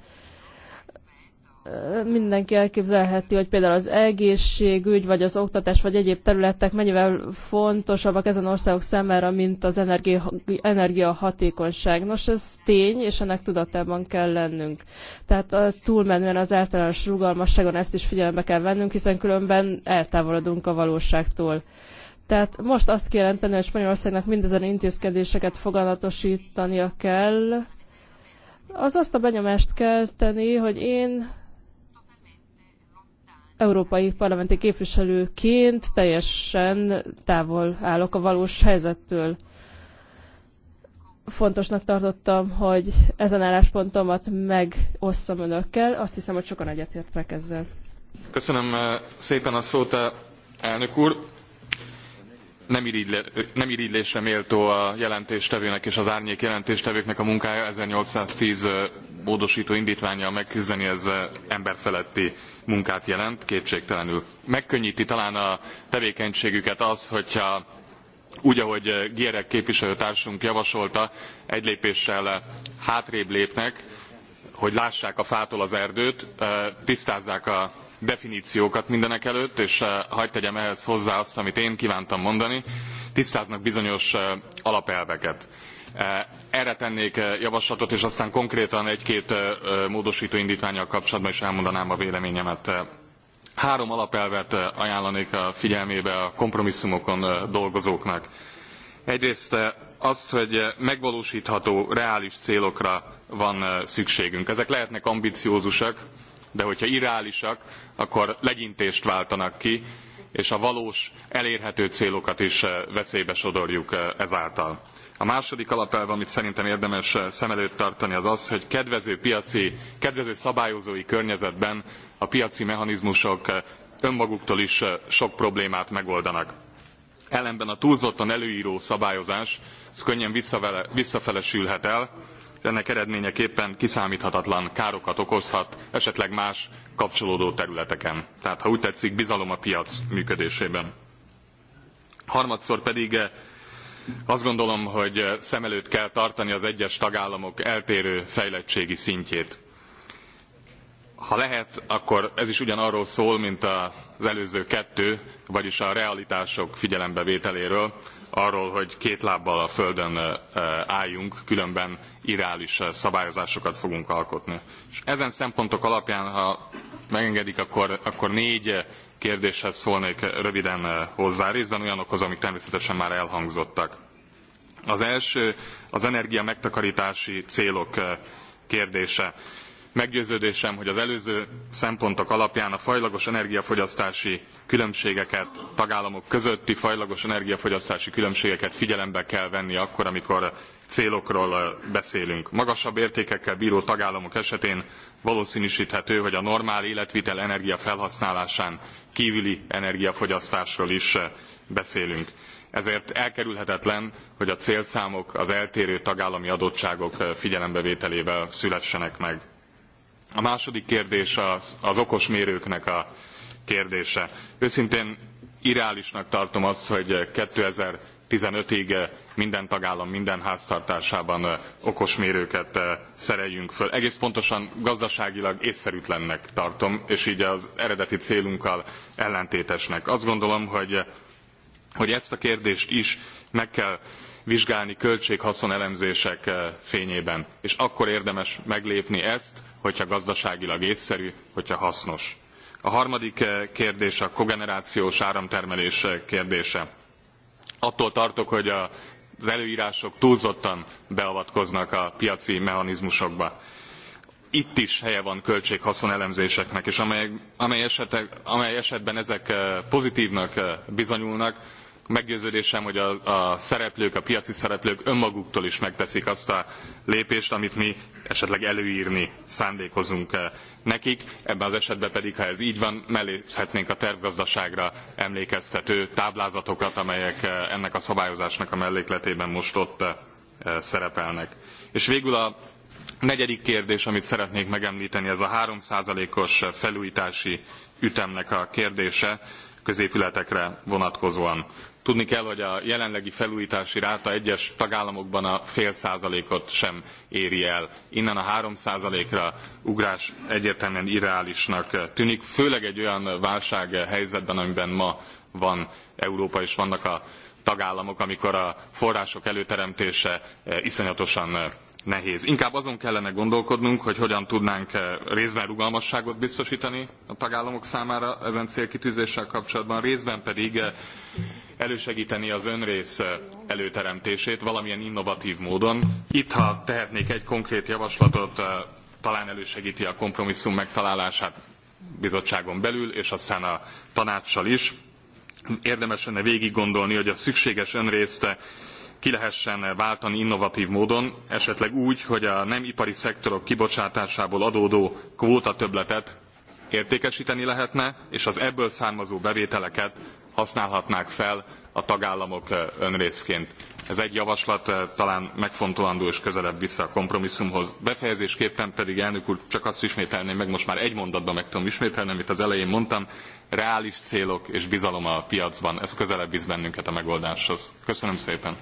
mindenki elképzelheti, hogy például az egészségügy, vagy az oktatás, vagy egyéb területek mennyivel fontosabbak ezen országok számára, mint az energia, energiahatékonyság. Nos, ez tény, és ennek tudatában kell lennünk. Tehát túlmenően az általános rugalmasságon ezt is figyelembe kell vennünk, hiszen különben eltávolodunk a valóságtól. Tehát most azt kijelenteni, hogy Spanyolországnak mindezen intézkedéseket foganatosítania kell, az azt a benyomást kell tenni, hogy én európai parlamenti képviselőként teljesen távol állok a valós helyzettől. Fontosnak tartottam, hogy ezen álláspontomat megosszam önökkel. Azt hiszem, hogy sokan egyetértnek ezzel. Köszönöm eh, szépen a szót, eh, elnök úr. Nem, eh, nem irigylésre méltó a jelentéstevőnek és az árnyék jelentéstevőknek a munkája. 1810 módosító indítványa megküzdeni ez emberfeletti munkát jelent kétségtelenül. Megkönnyíti talán a tevékenységüket az, hogyha úgy, ahogy Gierek képviselőtársunk javasolta, egy lépéssel hátrébb lépnek, hogy lássák a fától az erdőt, tisztázzák a definíciókat mindenek előtt, és hagyd tegyem ehhez hozzá azt, amit én kívántam mondani, tisztáznak bizonyos alapelveket Eh, erre tennék eh, javaslatot, és aztán konkrétan egy-két eh, módosító indítványal kapcsolatban is elmondanám a véleményemet. Három alapelvet ajánlanék a figyelmébe a kompromisszumokon dolgozóknak. Egyrészt azt, hogy megvalósítható, reális célokra van szükségünk. Ezek lehetnek ambiciózusak, de hogyha irreálisak, akkor legyintést váltanak ki, és a valós elérhető célokat is veszélybe sodorjuk ezáltal. A második alapelv, amit szerintem érdemes szem előtt tartani, az az, hogy kedvező piaci, kedvező szabályozói környezetben a piaci mechanizmusok önmaguktól is sok problémát megoldanak. Ellenben a túlzottan előíró szabályozás az könnyen visszafelé visszafelesülhet el, és ennek eredményeképpen kiszámíthatatlan károkat okozhat, esetleg más kapcsolódó területeken. Tehát, ha úgy tetszik, bizalom a piac működésében. Harmadszor pedig azt gondolom, hogy eh, szem előtt kell tartani az egyes tagállamok eltérő fejlettségi szintjét. Ha lehet, akkor ez is ugyanarról szól, mint az előző kettő, vagyis a realitások figyelembevételéről, arról, hogy két lábbal a földön eh, álljunk, különben irális eh, szabályozásokat fogunk alkotni. És ezen szempontok alapján, ha megengedik, akkor, akkor négy kérdéshez szólnék röviden eh, hozzá, részben olyanokhoz, amik természetesen már elhangzottak. Az első az energia megtakarítási célok eh, kérdése. Meggyőződésem, hogy az előző szempontok alapján a fajlagos energiafogyasztási különbségeket, tagállamok közötti fajlagos energiafogyasztási különbségeket figyelembe kell venni akkor, amikor célokról eh, beszélünk. Magasabb értékekkel bíró tagállamok esetén valószínűsíthető, hogy a normál életvitel energia felhasználásán kívüli energiafogyasztásról is eh, beszélünk. Ezért elkerülhetetlen, hogy a célszámok az eltérő tagállami adottságok eh, figyelembevételével szülessenek meg. A második kérdés az, az okos mérőknek a kérdése. Őszintén irreálisnak tartom azt, hogy 2000 eh, 15-ig eh, minden tagállam, minden háztartásában eh, okosmérőket eh, szereljünk föl. Egész pontosan gazdaságilag észszerűtlennek tartom, és így az eredeti célunkkal ellentétesnek. Azt gondolom, hogy, hogy ezt a kérdést is meg kell vizsgálni költség-haszon elemzések fényében. És akkor érdemes meglépni ezt, hogyha gazdaságilag észszerű, hogyha hasznos. A harmadik kérdés a kogenerációs áramtermelés kérdése attól tartok hogy a az előrások túlzottan beavatkoznak a piaci mechanizmusokba. Itt is helye van költség-haszon elemzéseknek, és amely, amely, esetek, amely esetben ezek eh, pozitívnak eh, bizonyulnak, meggyőződésem, hogy a, a szereplők, a piaci szereplők önmaguktól is megteszik azt a lépést, amit mi esetleg előírni szándékozunk eh, nekik. Ebben az esetben pedig, ha ez így van, melléphetnénk a tervgazdaságra emlékeztető táblázatokat, amelyek eh, ennek a szabályozásnak a mellékletében most ott eh, szerepelnek. És végül a negyedik kérdés, amit szeretnék megemlíteni, ez a 3%-os felújítási ütemnek a kérdése középületekre vonatkozóan. Tudni kell, hogy a jelenlegi felújítási ráta egyes tagállamokban a fél százalékot sem éri el. Innen a három százalékra ugrás egyértelműen irreálisnak tűnik, főleg egy olyan válsághelyzetben, amiben ma van Európa és vannak a tagállamok, amikor a források előteremtése eh, iszonyatosan eh, nehéz. Inkább azon kellene gondolkodnunk, hogy hogyan tudnánk eh, részben rugalmasságot biztosítani a tagállamok számára ezen célkitűzéssel kapcsolatban, részben pedig elősegíteni az önrész előteremtését valamilyen innovatív módon. Itt, ha tehetnék egy konkrét javaslatot, talán elősegíti a kompromisszum megtalálását bizottságon belül, és aztán a tanácssal is. Érdemes lenne végiggondolni, hogy a szükséges önrészt ki lehessen váltani innovatív módon, esetleg úgy, hogy a nem ipari szektorok kibocsátásából adódó kvótatöbbletet értékesíteni lehetne, és az ebből származó bevételeket használhatnák fel a tagállamok önrészként. Ez egy javaslat, talán megfontolandó és közelebb vissza a kompromisszumhoz. Befejezésképpen pedig, elnök úr, csak azt ismételném meg, most már egy mondatban meg tudom ismételni, amit az elején mondtam, reális célok és bizalom a piacban, ez közelebb visz bennünket a megoldáshoz. Köszönöm szépen!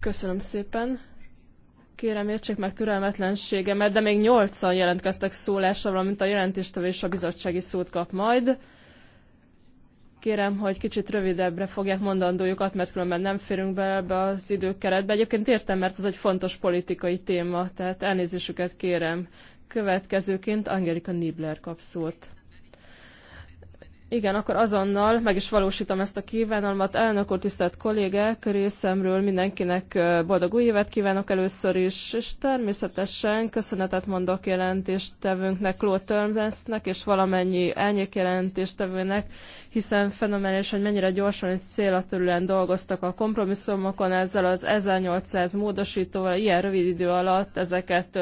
Köszönöm szépen. Kérem, értsék meg türelmetlenségemet, de még nyolcan jelentkeztek szólásra, valamint a jelentéstől és a bizottsági szót kap majd. Kérem, hogy kicsit rövidebbre fogják mondandójukat, mert különben nem férünk bele ebbe az időkeretbe. Egyébként értem, mert ez egy fontos politikai téma, tehát elnézésüket kérem. Következőként Angelika Nibler kap szót. Igen, akkor azonnal meg is valósítom ezt a kívánalmat. Elnök úr, tisztelt kollégák, részemről mindenkinek boldog új évet kívánok először is, és természetesen köszönetet mondok jelentéstevőnknek, Claude Törmlesznek és valamennyi elnyék jelentéstevőnek, hiszen fenomenális, hogy mennyire gyorsan és szélatörően dolgoztak a kompromisszumokon ezzel az 1800 módosítóval, ilyen rövid idő alatt ezeket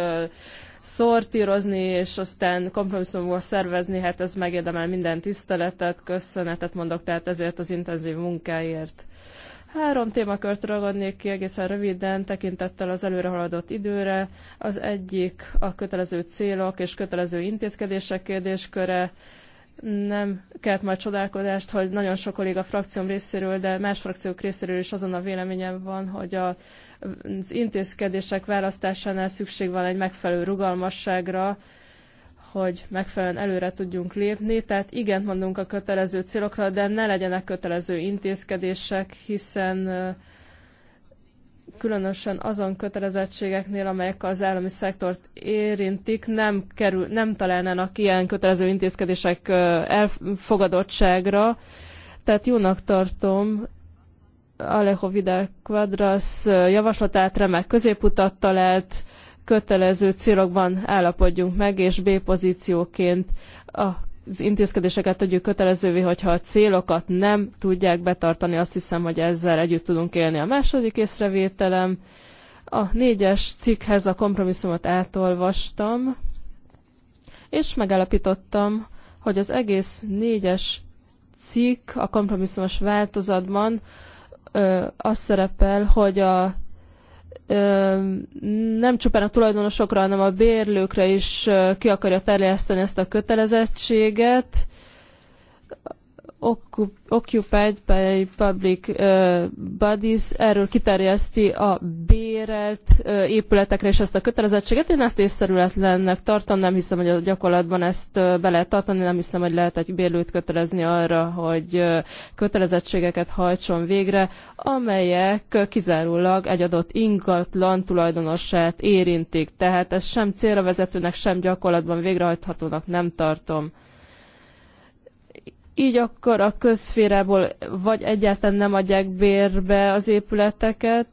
szortírozni, és aztán kompromisszumból szervezni, hát ez megérdemel minden tiszteletet, köszönetet mondok tehát ezért az intenzív munkáért. Három témakört ragadnék ki egészen röviden, tekintettel az előre haladott időre. Az egyik a kötelező célok és kötelező intézkedések kérdésköre. Nem kelt majd csodálkodást, hogy nagyon sok a frakcióm részéről, de más frakciók részéről is azon a véleményem van, hogy a az intézkedések választásánál szükség van egy megfelelő rugalmasságra, hogy megfelelően előre tudjunk lépni. Tehát igen mondunk a kötelező célokra, de ne legyenek kötelező intézkedések, hiszen különösen azon kötelezettségeknél, amelyek az állami szektort érintik, nem, kerül, nem találnának ilyen kötelező intézkedések elfogadottságra. Tehát jónak tartom Alejo Vidal Quadras javaslatát remek középutat talált, kötelező célokban állapodjunk meg, és B pozícióként az intézkedéseket tegyük kötelezővé, hogyha a célokat nem tudják betartani, azt hiszem, hogy ezzel együtt tudunk élni. A második észrevételem, a négyes cikkhez a kompromisszumot átolvastam, és megállapítottam, hogy az egész négyes cikk a kompromisszumos változatban az szerepel, hogy a nem csupán a tulajdonosokra, hanem a bérlőkre is ki akarja terjeszteni ezt a kötelezettséget, Occupied by Public uh, Bodies erről kiterjeszti a bérelt uh, épületekre és ezt a kötelezettséget. Én ezt észszerületlennek tartom, nem hiszem, hogy a gyakorlatban ezt uh, be lehet tartani, nem hiszem, hogy lehet egy bérlőt kötelezni arra, hogy kötelezettségeket hajtson végre, amelyek kizárólag egy adott ingatlan tulajdonosát érintik. Tehát ez sem célra vezetőnek, sem gyakorlatban végrehajthatónak nem tartom így akkor a közférából vagy egyáltalán nem adják bérbe az épületeket,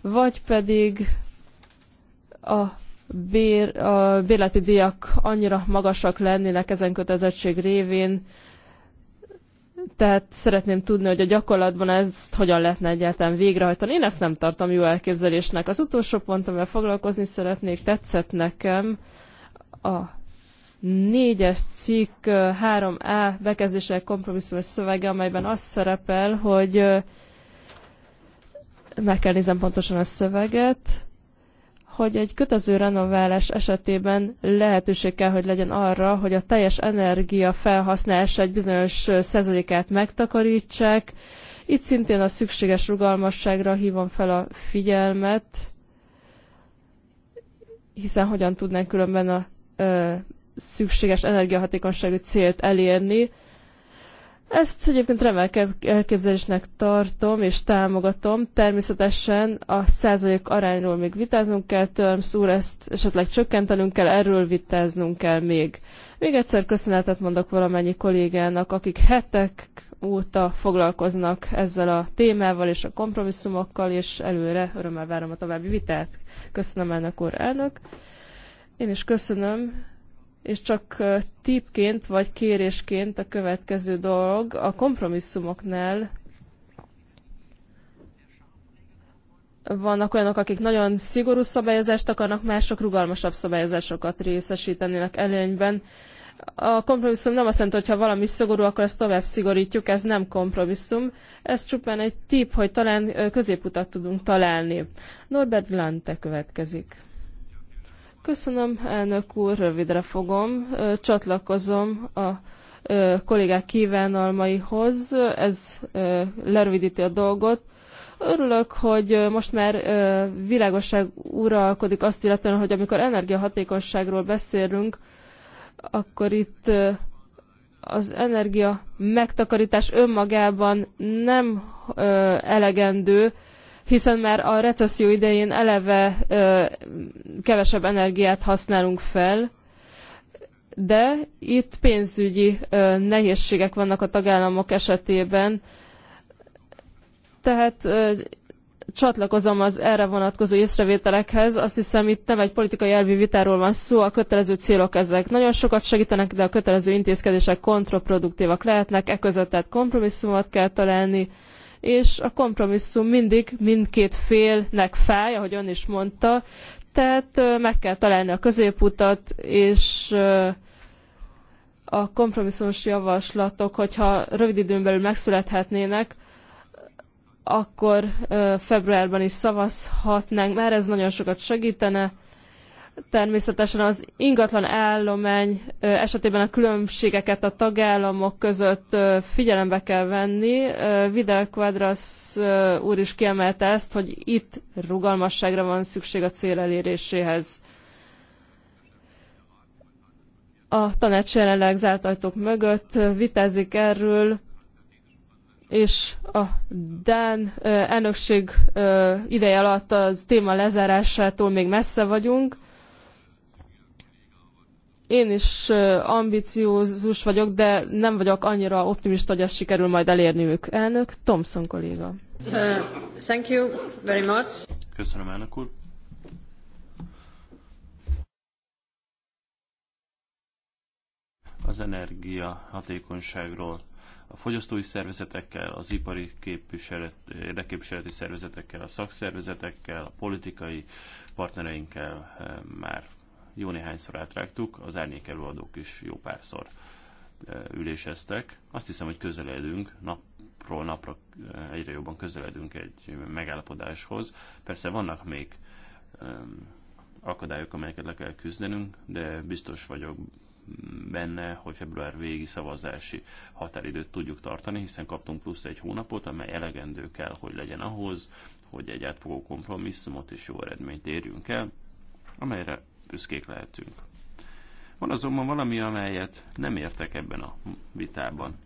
vagy pedig a, bér, a bérleti díjak annyira magasak lennének ezen kötelezettség révén, tehát szeretném tudni, hogy a gyakorlatban ezt hogyan lehetne egyáltalán végrehajtani. Én ezt nem tartom jó elképzelésnek. Az utolsó pont, amivel foglalkozni szeretnék, tetszett nekem a négyes cikk 3A bekezdések kompromisszumos szövege, amelyben az szerepel, hogy meg kell nézem pontosan a szöveget, hogy egy kötöző renoválás esetében lehetőség kell, hogy legyen arra, hogy a teljes energia felhasználása egy bizonyos százalékát megtakarítsák. Itt szintén a szükséges rugalmasságra hívom fel a figyelmet, hiszen hogyan tudnánk különben a szükséges energiahatékonyságú célt elérni. Ezt egyébként remek elképzelésnek tartom és támogatom. Természetesen a százalék arányról még vitáznunk kell, Törms úr, ezt esetleg csökkentenünk kell, erről vitáznunk kell még. Még egyszer köszönetet mondok valamennyi kollégának, akik hetek óta foglalkoznak ezzel a témával és a kompromisszumokkal, és előre örömmel várom a további vitát. Köszönöm elnök úr, elnök. Én is köszönöm és csak típként vagy kérésként a következő dolog a kompromisszumoknál vannak olyanok, akik nagyon szigorú szabályozást akarnak, mások rugalmasabb szabályozásokat részesítenének előnyben. A kompromisszum nem azt jelenti, hogy ha valami szigorú, akkor ezt tovább szigorítjuk, ez nem kompromisszum. Ez csupán egy tip, hogy talán középutat tudunk találni. Norbert Lante következik. Köszönöm, elnök úr, rövidre fogom. Csatlakozom a kollégák kívánalmaihoz, ez lerövidíti a dolgot. Örülök, hogy most már világosság uralkodik azt illetően, hogy amikor energiahatékonyságról beszélünk, akkor itt az energia megtakarítás önmagában nem elegendő, hiszen már a recesszió idején eleve kevesebb energiát használunk fel, de itt pénzügyi nehézségek vannak a tagállamok esetében, tehát csatlakozom az erre vonatkozó észrevételekhez. Azt hiszem, itt nem egy politikai elvi vitáról van szó, a kötelező célok ezek nagyon sokat segítenek, de a kötelező intézkedések kontraproduktívak lehetnek, e között tehát kompromisszumot kell találni és a kompromisszum mindig mindkét félnek fáj, ahogy ön is mondta, tehát meg kell találni a középutat, és a kompromisszumos javaslatok, hogyha rövid időn belül megszülethetnének, akkor februárban is szavazhatnánk, már ez nagyon sokat segítene, Természetesen az ingatlan állomány esetében a különbségeket a tagállamok között figyelembe kell venni. Vidal Quadras úr is kiemelte ezt, hogy itt rugalmasságra van szükség a cél eléréséhez. A tanács jelenleg zárt ajtók mögött vitázik erről, és a Dán elnökség ideje alatt az téma lezárásától még messze vagyunk én is ambiciózus vagyok, de nem vagyok annyira optimista, hogy ezt sikerül majd elérniük. Elnök, Thomson kolléga. Uh, thank you very much. Köszönöm, elnök úr. az energia hatékonyságról a fogyasztói szervezetekkel, az ipari képviselet, érdekképviseleti szervezetekkel, a szakszervezetekkel, a politikai partnereinkkel eh, már jó néhányszor átrágtuk, az árnyék előadók is jó párszor üléseztek. Azt hiszem, hogy közeledünk, napról napra egyre jobban közeledünk egy megállapodáshoz. Persze vannak még akadályok, amelyeket le kell küzdenünk, de biztos vagyok benne, hogy február végi szavazási határidőt tudjuk tartani, hiszen kaptunk plusz egy hónapot, amely elegendő kell, hogy legyen ahhoz, hogy egy átfogó kompromisszumot és jó eredményt érjünk el, amelyre büszkék lehetünk. Van azonban valami, amelyet nem értek ebben a vitában.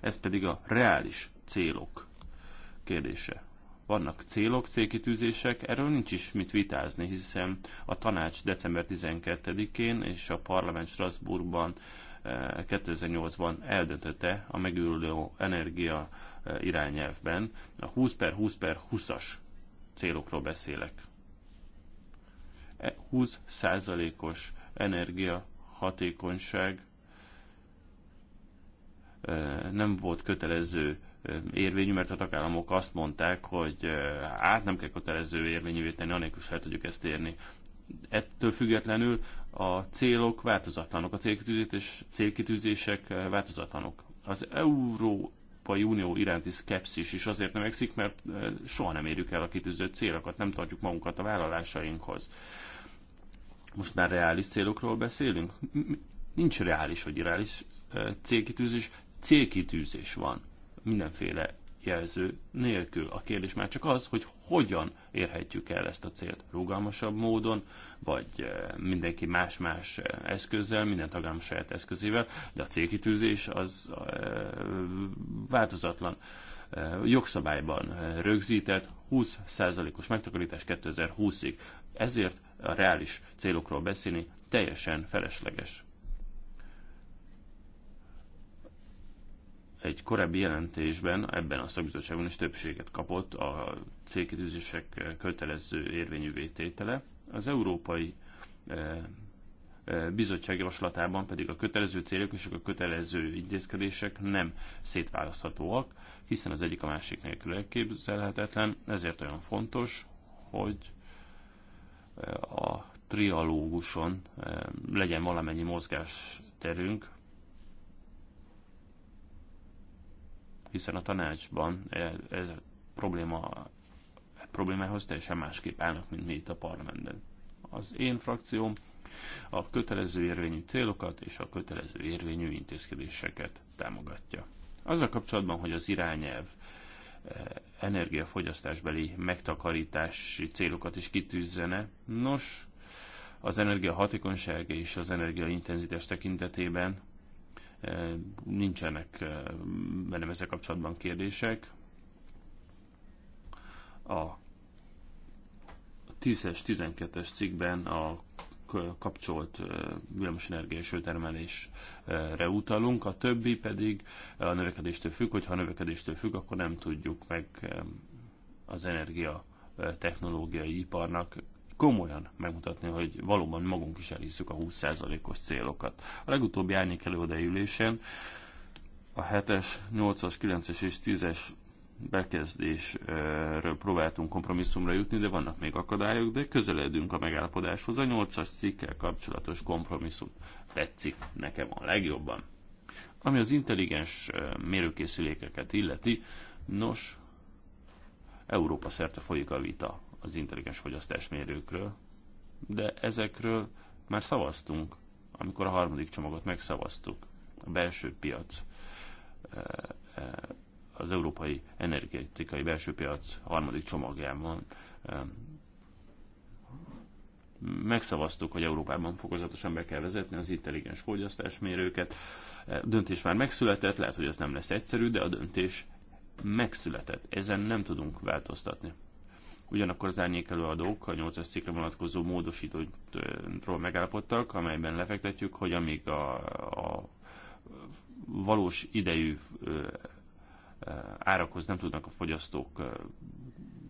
Ez pedig a reális célok kérdése. Vannak célok, célkitűzések, erről nincs is mit vitázni, hiszen a tanács december 12-én és a parlament Strasbourgban 2008-ban eh, eldöntötte a megülő energia eh, irányelvben. A 20 per 20 per 20-as célokról beszélek. 20%-os energiahatékonyság nem volt kötelező érvényű, mert a tagállamok azt mondták, hogy át nem kell kötelező érvényűvé tenni, anélkül is tudjuk ezt érni. Ettől függetlenül a célok változatlanok, a célkitűzés, célkitűzések változatlanok. Az Európai Unió iránti szkepszis is azért nem növekszik, mert soha nem érjük el a kitűzött célokat, nem tartjuk magunkat a vállalásainkhoz. Most már reális célokról beszélünk? Nincs reális vagy irreális célkitűzés, célkitűzés van mindenféle jelző nélkül. A kérdés már csak az, hogy hogyan érhetjük el ezt a célt rugalmasabb módon, vagy mindenki más-más eszközzel, minden tagállam saját eszközével, de a célkitűzés az változatlan jogszabályban rögzített 20%-os megtakarítás 2020-ig. Ezért a reális célokról beszélni teljesen felesleges. Egy korábbi jelentésben ebben a szakbizottságban is többséget kapott a célkitűzések kötelező érvényű vététele. Az Európai eh, eh, bizottság javaslatában pedig a kötelező célok és a kötelező intézkedések nem szétválaszthatóak, hiszen az egyik a másik nélkül elképzelhetetlen, ezért olyan fontos, hogy a trialóguson eh, legyen valamennyi mozgás terünk, hiszen a tanácsban ez a e probléma, e problémához teljesen másképp állnak, mint mi itt a parlamentben. Az én frakcióm a kötelező érvényű célokat és a kötelező érvényű intézkedéseket támogatja. Azzal kapcsolatban, hogy az irányelv energiafogyasztásbeli megtakarítási célokat is kitűzzene. Nos, az energia hatékonyság és az energiaintenzitás tekintetében e, nincsenek velem ezzel kapcsolatban kérdések. A 10-es, 12-es cikkben a kapcsolt villamosenergia és őtermelésre utalunk, a többi pedig a növekedéstől függ, hogyha a növekedéstől függ, akkor nem tudjuk meg az energia technológiai iparnak komolyan megmutatni, hogy valóban magunk is elhiszük a 20%-os célokat. A legutóbbi árnyék előadai ülésen a 7-es, 8-as, 9-es és 10-es bekezdésről próbáltunk kompromisszumra jutni, de vannak még akadályok, de közeledünk a megállapodáshoz. A 8-as cikkel kapcsolatos kompromisszum tetszik nekem a legjobban. Ami az intelligens mérőkészülékeket illeti, nos, Európa szerte folyik a vita az intelligens fogyasztásmérőkről, de ezekről már szavaztunk, amikor a harmadik csomagot megszavaztuk. A belső piac az európai energetikai belső piac harmadik csomagjában megszavaztuk, hogy Európában fokozatosan be kell vezetni az intelligens fogyasztásmérőket. A e, döntés már megszületett, lehet, hogy ez nem lesz egyszerű, de a döntés megszületett. Ezen nem tudunk változtatni. Ugyanakkor az árnyék előadók a 8-as cikkre vonatkozó módosítóról megállapodtak, amelyben lefektetjük, hogy amíg a, a valós idejű Eh, árakhoz nem tudnak a fogyasztók eh,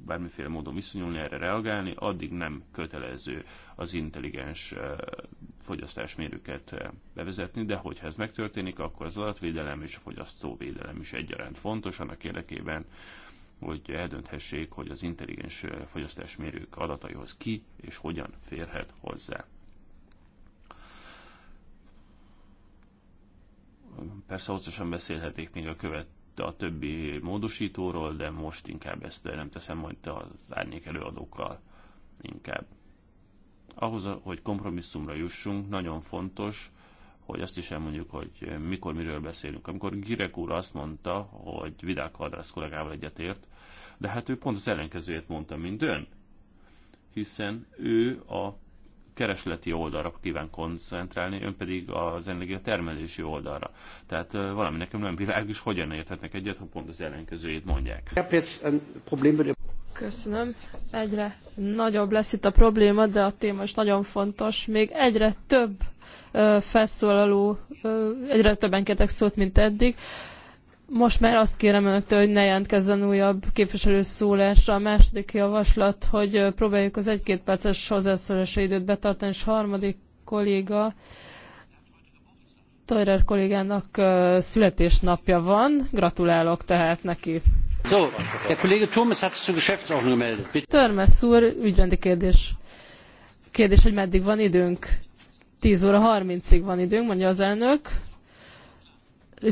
bármiféle módon viszonyulni, erre reagálni, addig nem kötelező az intelligens eh, fogyasztásmérőket bevezetni, de hogyha ez megtörténik, akkor az adatvédelem és a fogyasztóvédelem is egyaránt fontos annak érdekében, hogy eldönthessék, hogy az intelligens fogyasztásmérők adataihoz ki és hogyan férhet hozzá. Persze hosszasan beszélhetik még a követ a többi módosítóról, de most inkább ezt nem teszem majd az árnyék előadókkal inkább. Ahhoz, hogy kompromisszumra jussunk, nagyon fontos, hogy azt is elmondjuk, hogy mikor miről beszélünk. Amikor Girek úr azt mondta, hogy Vidák Hadrász kollégával egyetért, de hát ő pont az ellenkezőjét mondta, mint ön. Hiszen ő a keresleti oldalra kíván koncentrálni, ön pedig az termelési oldalra. Tehát valami nekem nem világos, hogyan érthetnek egyet, ha pont az ellenkezőjét mondják. Köszönöm. Egyre nagyobb lesz itt a probléma, de a téma is nagyon fontos. Még egyre több felszólaló, egyre többen kértek szót, mint eddig. Most már azt kérem önöktől, hogy ne jelentkezzen újabb képviselő szólásra. A második javaslat, hogy próbáljuk az egy-két perces hozzászólási időt betartani, és harmadik kolléga, Toirer kollégának születésnapja van. Gratulálok tehát neki. So, der Kollege Turmes hat zu Geschäftsordnung gemeldet. Törmes úr, ügyrendi kérdés. Kérdés, hogy meddig van időnk? 10 óra 30-ig van időnk, mondja az elnök.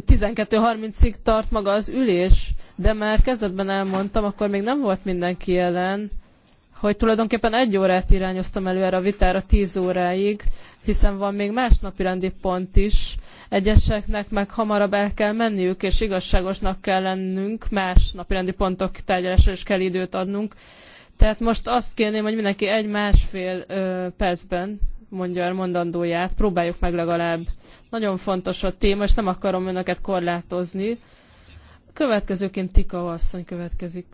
12.30-ig tart maga az ülés, de már kezdetben elmondtam, akkor még nem volt mindenki jelen, hogy tulajdonképpen egy órát irányoztam elő erre a vitára 10 óráig, hiszen van még más napirendi pont is. Egyeseknek meg hamarabb el kell menniük, és igazságosnak kell lennünk, más napirendi pontok tárgyalásra is kell időt adnunk. Tehát most azt kérném, hogy mindenki egy-másfél percben mondja el mondandóját, próbáljuk meg legalább. Nagyon fontos a téma, és nem akarom önöket korlátozni. Következőként Tika asszony következik.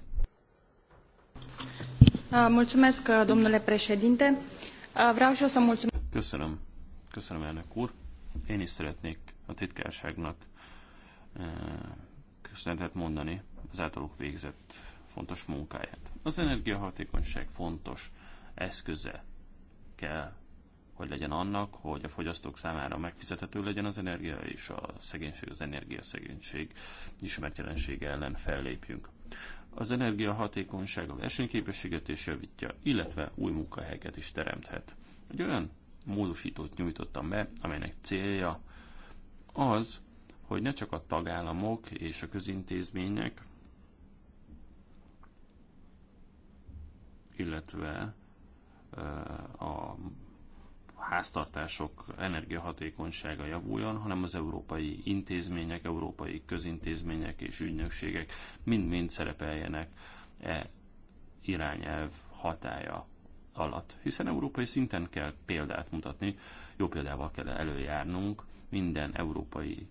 Ah, ah, ah, Köszönöm. Köszönöm, elnök úr. Én is szeretnék a titkárságnak eh, köszönetet mondani az általuk végzett fontos munkáját. Az energiahatékonyság fontos eszköze kell, hogy legyen annak, hogy a fogyasztók számára megfizethető legyen az energia, és a szegénység, az energiaszegénység ismert jelensége ellen fellépjünk. Az energia hatékonysága versenyképességet is javítja, illetve új munkahelyeket is teremthet. Egy olyan módosítót nyújtottam be, amelynek célja az, hogy ne csak a tagállamok és a közintézmények, illetve a háztartások energiahatékonysága javuljon, hanem az európai intézmények, európai közintézmények és ügynökségek mind-mind szerepeljenek e irányelv hatája alatt. Hiszen európai szinten kell példát mutatni, jó példával kell előjárnunk, minden európai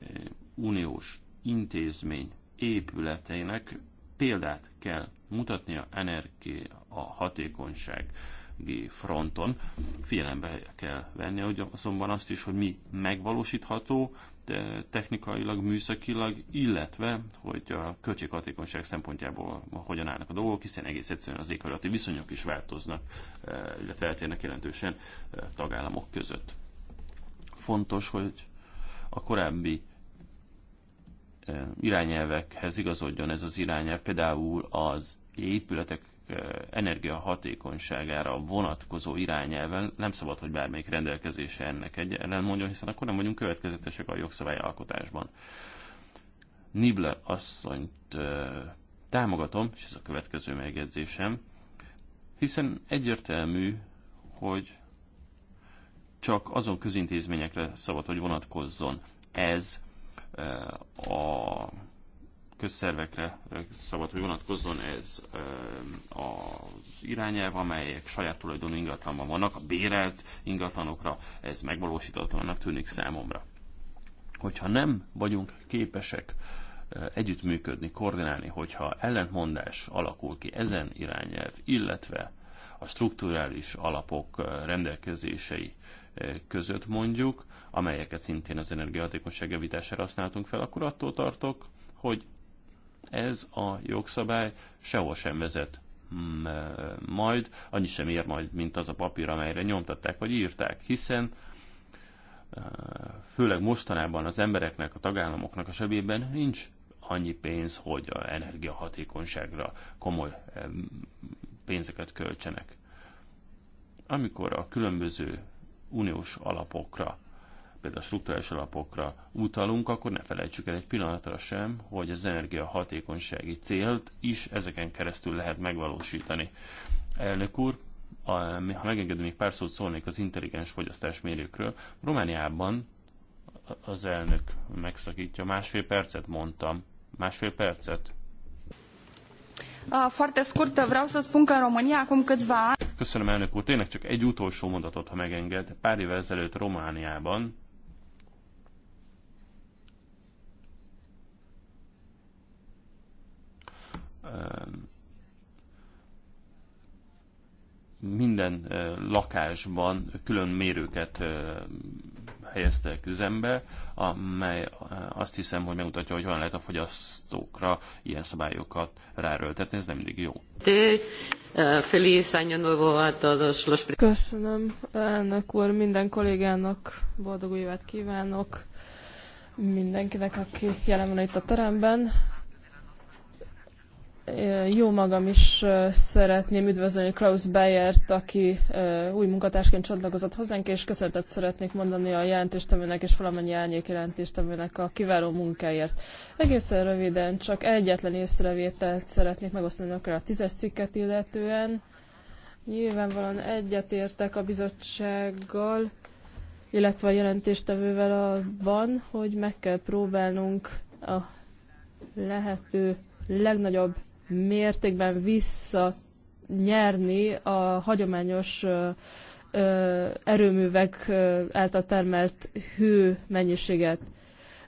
e, uniós intézmény épületeinek példát kell mutatnia energia a hatékonyság fronton. Figyelembe kell venni hogy azonban azt is, hogy mi megvalósítható, de technikailag, műszakilag, illetve hogy a költséghatékonyság szempontjából hogyan állnak a dolgok, hiszen egész egyszerűen az éghajlati viszonyok is változnak, eh, illetve eltérnek jelentősen eh, tagállamok között. Fontos, hogy a korábbi eh, irányelvekhez igazodjon ez az irányelv, például az épületek energiahatékonyságára vonatkozó irányelven nem szabad, hogy bármelyik rendelkezése ennek egy ellenmondjon, hiszen akkor nem vagyunk következetesek a alkotásban. Nible asszonyt támogatom, és ez a következő megjegyzésem, hiszen egyértelmű, hogy csak azon közintézményekre szabad, hogy vonatkozzon ez a közszervekre szabad, hogy vonatkozzon ez az irányelv, amelyek saját tulajdonú ingatlanban vannak, a bérelt ingatlanokra ez megvalósítatlanak tűnik számomra. Hogyha nem vagyunk képesek együttműködni, koordinálni, hogyha ellentmondás alakul ki ezen irányelv, illetve a strukturális alapok rendelkezései között mondjuk, amelyeket szintén az energiahatékonyság javítására használtunk fel, akkor attól tartok, hogy ez a jogszabály sehol sem vezet mm, e, majd, annyi sem ér majd, mint az a papír, amelyre nyomtatták vagy írták, hiszen e, főleg mostanában az embereknek, a tagállamoknak a sebében nincs annyi pénz, hogy a energiahatékonyságra komoly e, pénzeket költsenek. Amikor a különböző uniós alapokra például a struktúrális alapokra utalunk, akkor ne felejtsük el egy pillanatra sem, hogy az energiahatékonysági célt is ezeken keresztül lehet megvalósítani. Elnök úr, a, ha megengedem, még pár szót szólnék az intelligens fogyasztás mérőkről. Romániában az elnök megszakítja. Másfél percet mondtam. Másfél percet. Foarte scurt, vreau să spun că în România acum câțiva ani... Köszönöm, elnök úr. Tényleg csak egy utolsó mondatot, ha megenged. Pár évvel ezelőtt Romániában minden lakásban külön mérőket helyeztek üzembe, amely azt hiszem, hogy megmutatja, hogy hogyan lehet a fogyasztókra ilyen szabályokat ráröltetni, ez nem mindig jó. Köszönöm, elnök úr, minden kollégának boldog évet kívánok, mindenkinek, aki jelen van itt a teremben. Jó magam is szeretném üdvözölni Klaus Bayer-t, aki új munkatársként csatlakozott hozzánk, és köszönetet szeretnék mondani a jelentéstevőnek és valamennyi árnyék jelentéstevőnek a kiváló munkáért. Egészen röviden csak egyetlen észrevételt szeretnék megosztani akár a tízes cikket illetően. Nyilvánvalóan egyetértek a bizottsággal, illetve a jelentéstevővel abban, hogy meg kell próbálnunk a lehető legnagyobb mértékben visszanyerni a hagyományos erőművek által termelt hő mennyiséget.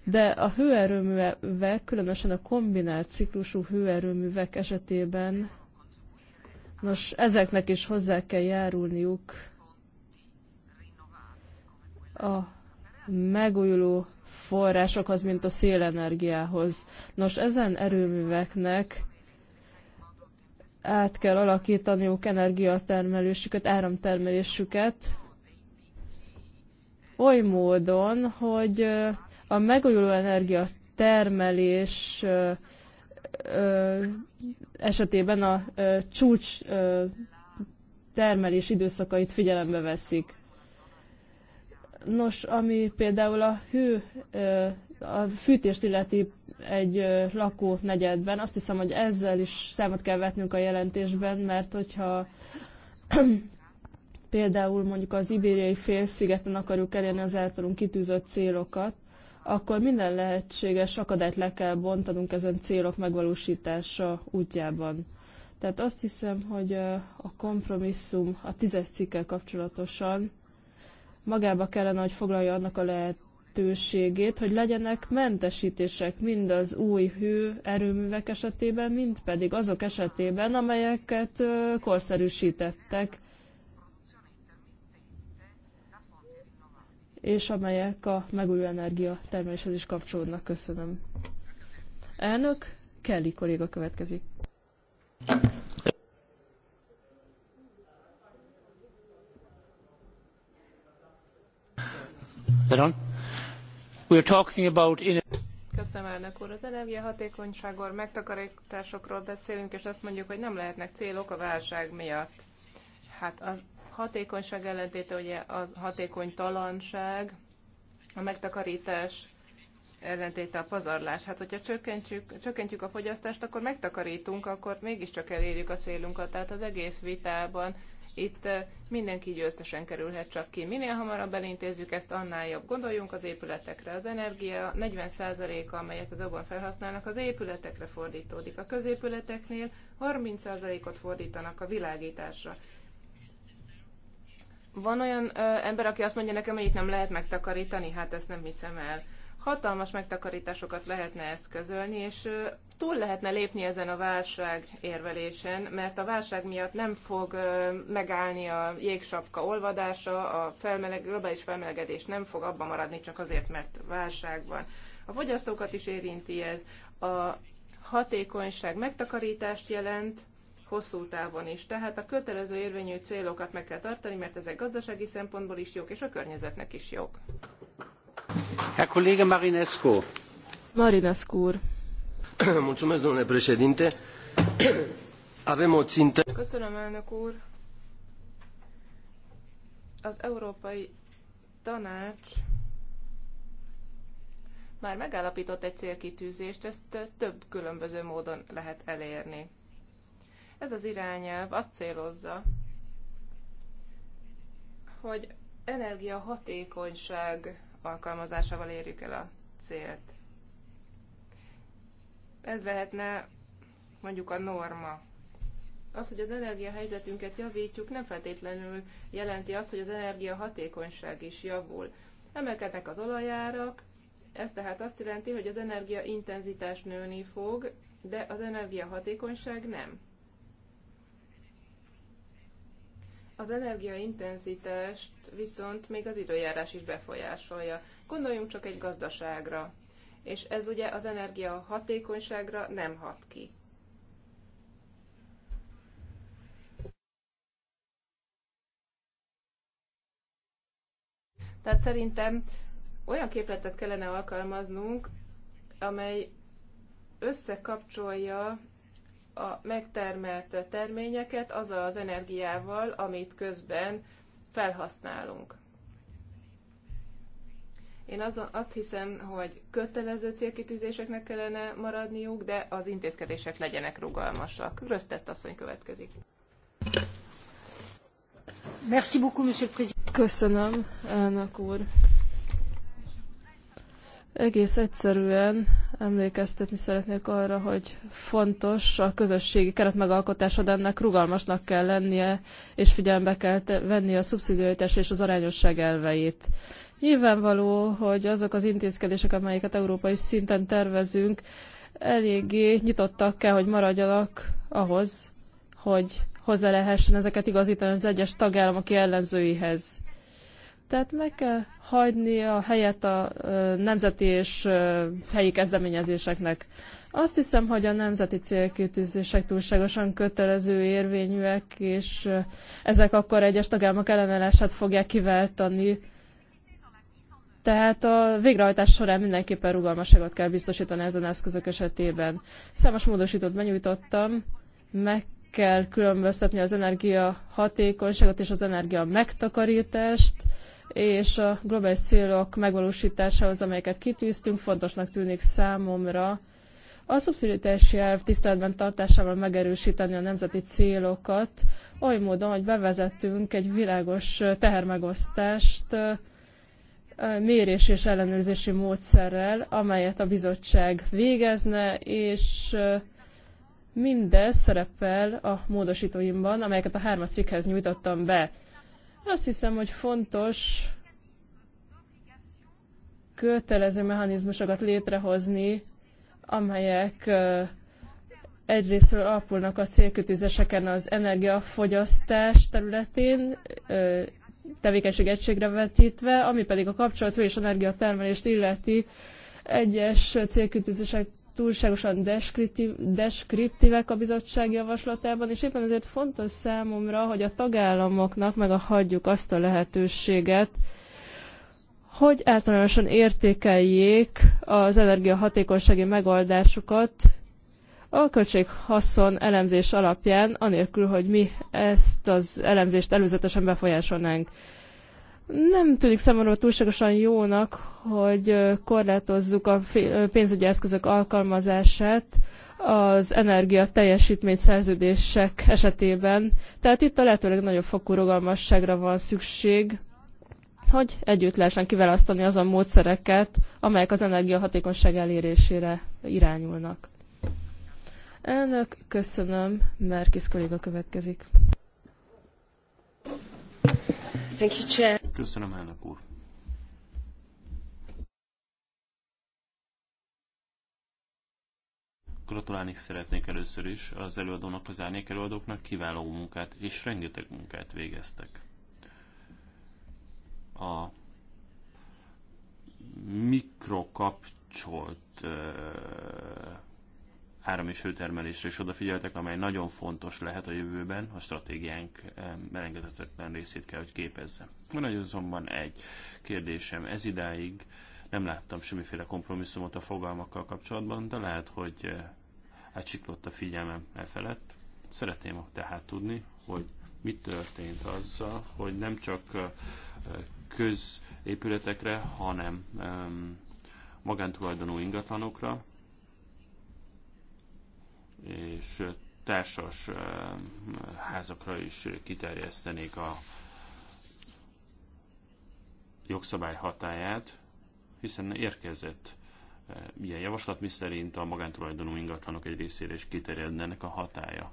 De a hőerőművek, különösen a kombinált ciklusú hőerőművek esetében, nos, ezeknek is hozzá kell járulniuk a megújuló forrásokhoz, mint a szélenergiához. Nos, ezen erőműveknek át kell alakítaniuk energiatermelésüket, áramtermelésüket oly módon, hogy a megújuló energia termelés esetében a csúcs termelés időszakait figyelembe veszik. Nos, ami például a hő a fűtést illeti egy lakó negyedben. Azt hiszem, hogy ezzel is számot kell vetnünk a jelentésben, mert hogyha például mondjuk az ibériai félszigeten akarjuk elérni az általunk kitűzött célokat, akkor minden lehetséges akadályt le kell bontanunk ezen célok megvalósítása útjában. Tehát azt hiszem, hogy a kompromisszum a tízes cikkel kapcsolatosan magába kellene, hogy foglalja annak a lehet lehetőségét, hogy legyenek mentesítések mind az új hő erőművek esetében, mind pedig azok esetében, amelyeket korszerűsítettek, és amelyek a megújuló energia termeléshez is kapcsolódnak. Köszönöm. Elnök Kelly kolléga következik. Köszönöm. Az energiahatékonyságról, megtakartásokról beszélünk, és azt mondjuk, hogy nem lehetnek célok a válság miatt. Hát a hatékonyság ellentéte ugye a hatékony talanság, a megtakarítás ellentéte a pazarlás. Hát, hogyha csökkentjük, csökkentjük a fogyasztást, akkor megtakarítunk, akkor mégiscsak elérjük a célunkat. Tehát az egész vitában itt mindenki győztesen kerülhet csak ki. Minél hamarabb elintézzük ezt, annál jobb. Gondoljunk az épületekre. Az energia 40%-a, amelyet az abban felhasználnak, az épületekre fordítódik. A középületeknél 30%-ot fordítanak a világításra van olyan ö, ember, aki azt mondja nekem, hogy itt nem lehet megtakarítani, hát ezt nem hiszem el hatalmas megtakarításokat lehetne eszközölni, és túl lehetne lépni ezen a válság érvelésen, mert a válság miatt nem fog megállni a jégsapka olvadása, a felmeleg, globális felmelegedés nem fog abba maradni csak azért, mert válság van. A fogyasztókat is érinti ez. A hatékonyság megtakarítást jelent, hosszú távon is. Tehát a kötelező érvényű célokat meg kell tartani, mert ezek gazdasági szempontból is jók, és a környezetnek is jók. Herr Marinescu. Marinescu úr. Mulțumesc, domnule președinte. Avem o țintă... Az Európai Tanács már megállapított egy célkitűzést, ezt több különböző módon lehet elérni. Ez az irányelv azt célozza, hogy energiahatékonyság alkalmazásával érjük el a célt. Ez lehetne mondjuk a norma. Az, hogy az energiahelyzetünket javítjuk, nem feltétlenül jelenti azt, hogy az energia hatékonyság is javul. Emelkednek az olajárak, ez tehát azt jelenti, hogy az energia intenzitás nőni fog, de az energia hatékonyság nem. Az energiaintenzitást viszont még az időjárás is befolyásolja. Gondoljunk csak egy gazdaságra, és ez ugye az energia hatékonyságra nem hat ki. Tehát szerintem olyan képletet kellene alkalmaznunk, amely összekapcsolja a megtermelt terményeket azzal az energiával, amit közben felhasználunk. Én azt hiszem, hogy kötelező célkitűzéseknek kellene maradniuk, de az intézkedések legyenek rugalmasak. Rösztett asszony következik. Merci beaucoup, monsieur le président. Köszönöm, elnök úr. Egész egyszerűen emlékeztetni szeretnék arra, hogy fontos a közösségi keret megalkotása, de ennek rugalmasnak kell lennie, és figyelembe kell venni a szubszidiaritás és az arányosság elveit. Nyilvánvaló, hogy azok az intézkedések, amelyeket európai szinten tervezünk, eléggé nyitottak kell, hogy maradjanak ahhoz, hogy hozzá lehessen ezeket igazítani az egyes tagállamok jellemzőihez. Tehát meg kell hagyni a helyet a nemzeti és helyi kezdeményezéseknek. Azt hiszem, hogy a nemzeti célkitűzések túlságosan kötelező érvényűek, és ezek akkor egyes tagállamok ellenállását fogják kiváltani. Tehát a végrehajtás során mindenképpen rugalmasságot kell biztosítani ezen eszközök esetében. Számos módosítót benyújtottam, meg kell különböztetni az energia hatékonyságot és az energia megtakarítást, és a globális célok megvalósításához, amelyeket kitűztünk, fontosnak tűnik számomra a szubszidiaritási elv tiszteletben tartásával megerősíteni a nemzeti célokat, oly módon, hogy bevezetünk egy világos tehermegosztást mérés és ellenőrzési módszerrel, amelyet a bizottság végezne, és Mindez szerepel a módosítóimban, amelyeket a hármas cikkhez nyújtottam be. Azt hiszem, hogy fontos kötelező mechanizmusokat létrehozni, amelyek egyrésztről alapulnak a célkütőzéseken az energiafogyasztás területén, tevékenység egységre vetítve, ami pedig a kapcsolatfő és energiatermelést illeti egyes célkütőzések túlságosan deskriptív, deskriptívek a bizottság javaslatában, és éppen ezért fontos számomra, hogy a tagállamoknak meg a hagyjuk azt a lehetőséget, hogy általánosan értékeljék az energiahatékonysági megoldásukat a költséghaszon elemzés alapján, anélkül, hogy mi ezt az elemzést előzetesen befolyásolnánk nem tűnik számomra túlságosan jónak, hogy korlátozzuk a pénzügyi eszközök alkalmazását az energia teljesítmény szerződések esetében. Tehát itt a lehetőleg nagyobb fokú rugalmasságra van szükség, hogy együtt lehessen kiválasztani azon módszereket, amelyek az energiahatékonyság elérésére irányulnak. Elnök, köszönöm, Merkis kolléga következik. Thank you, Chair. Köszönöm, elnök úr. Gratulálni szeretnék először is az előadónak, az árnyék előadóknak kiváló munkát és rengeteg munkát végeztek. A mikrokapcsolt uh, áram- és hőtermelésre is odafigyeltek, amely nagyon fontos lehet a jövőben, a stratégiánk eh, elengedhetetlen részét kell, hogy képezze. Van egy azonban egy kérdésem, ez idáig nem láttam semmiféle kompromisszumot a fogalmakkal kapcsolatban, de lehet, hogy eh, átsiklott a figyelmem e felett. Szeretném tehát tudni, hogy mi történt azzal, hogy nem csak eh, középületekre, hanem ehm, magántulajdonú ingatlanokra, és társas házakra is kiterjesztenék a jogszabály hatáját, hiszen érkezett ilyen javaslat, miszerint a magántulajdonú ingatlanok egy részére is kiterjedne ennek a hatája.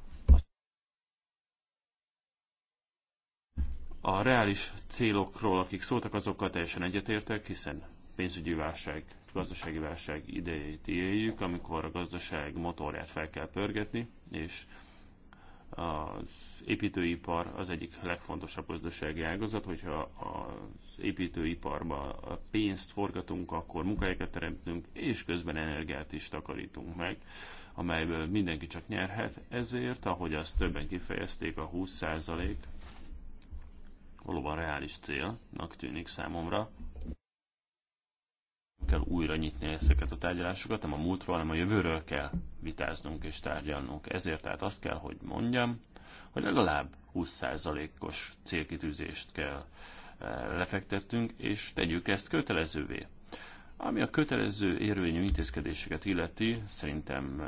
A reális célokról, akik szóltak, azokkal teljesen egyetértek, hiszen pénzügyi válság gazdasági válság idejét éljük, amikor a gazdaság motorját fel kell pörgetni, és az építőipar az egyik legfontosabb gazdasági ágazat, hogyha az építőiparba pénzt forgatunk, akkor munkahelyeket teremtünk, és közben energiát is takarítunk meg, amelyből mindenki csak nyerhet. Ezért, ahogy azt többen kifejezték, a 20% valóban reális célnak tűnik számomra kell újra nyitni ezeket a tárgyalásokat, nem a múltról, hanem a jövőről kell vitáznunk és tárgyalnunk. Ezért tehát azt kell, hogy mondjam, hogy legalább 20%-os célkitűzést kell eh, lefektettünk, és tegyük ezt kötelezővé. Ami a kötelező érvényű intézkedéseket illeti, szerintem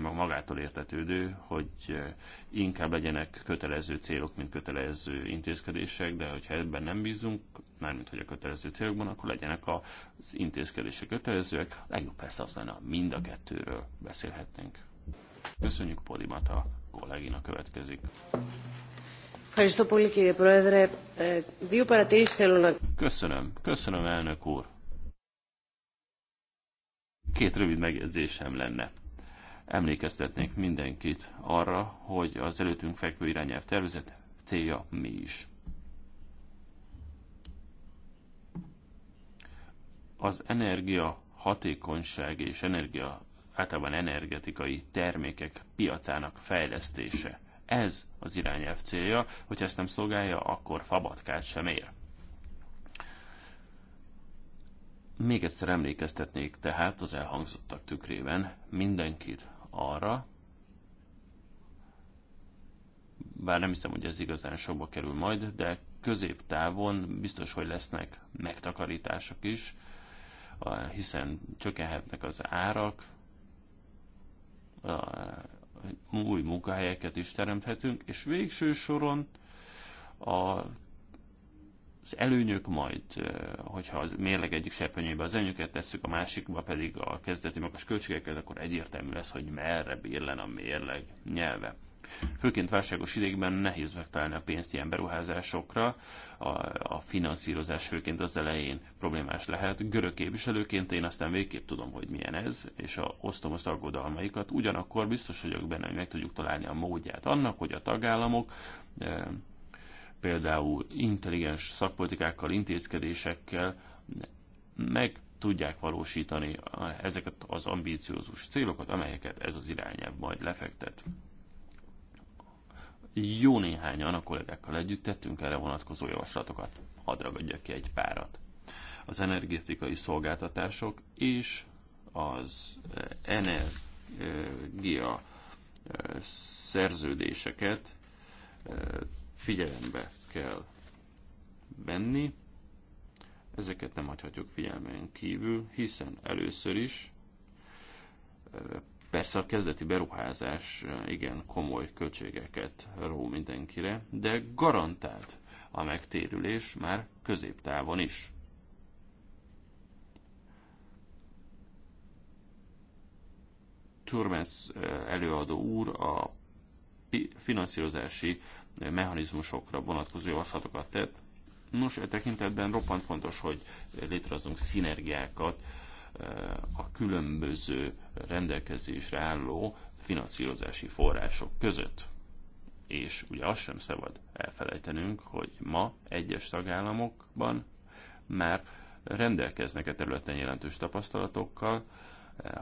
magától értetődő, hogy eh, inkább legyenek kötelező célok, mint kötelező intézkedések, de hogyha ebben nem bízunk, mármint hogy a kötelező célokban, akkor legyenek az intézkedések kötelezőek. A legjobb persze az lenne, mind a kettőről beszélhetnénk. Köszönjük a kollégina következik. Köszönöm, köszönöm elnök úr. Két rövid megjegyzésem lenne. Emlékeztetnék mindenkit arra, hogy az előttünk fekvő irányelv tervezet célja mi is. Az energia hatékonyság és energia, általában energetikai termékek piacának fejlesztése. Ez az irányelv célja, hogy ezt nem szolgálja, akkor fabatkát sem ér. Még egyszer emlékeztetnék tehát az elhangzottak tükrében mindenkit arra, bár nem hiszem, hogy ez igazán sokba kerül majd, de középtávon biztos, hogy lesznek megtakarítások is, hiszen csökkenhetnek az árak, új munkahelyeket is teremthetünk, és végső soron a az előnyök, majd hogyha az mérleg egyik serpenyőbe az előnyöket tesszük, a másikba pedig a kezdeti magas költségeket, akkor egyértelmű lesz, hogy merre bírlen a mérleg nyelve. Főként válságos idékben nehéz megtalálni a pénzt ilyen beruházásokra, a, a finanszírozás főként az elején problémás lehet. Görög képviselőként én aztán végképp tudom, hogy milyen ez, és a, osztom az aggodalmaikat. Ugyanakkor biztos vagyok benne, hogy meg tudjuk találni a módját annak, hogy a tagállamok e, például intelligens szakpolitikákkal, intézkedésekkel meg tudják valósítani ezeket az ambíciózus célokat, amelyeket ez az irányelv majd lefektet. Jó néhányan a kollégákkal együtt tettünk erre vonatkozó javaslatokat. Hadd ragadjak ki egy párat. Az energetikai szolgáltatások és az eh, energia eh, eh, szerződéseket figyelembe kell venni. Ezeket nem hagyhatjuk figyelmen kívül, hiszen először is Persze a kezdeti beruházás igen komoly költségeket ró mindenkire, de garantált a megtérülés már középtávon is. Turmes előadó úr a finanszírozási eh, mechanizmusokra vonatkozó javaslatokat tett. Nos, e tekintetben roppant fontos, hogy létrehozunk szinergiákat eh, a különböző rendelkezésre álló finanszírozási források között. És ugye azt sem szabad elfelejtenünk, hogy ma egyes tagállamokban már rendelkeznek a e területen jelentős tapasztalatokkal, eh,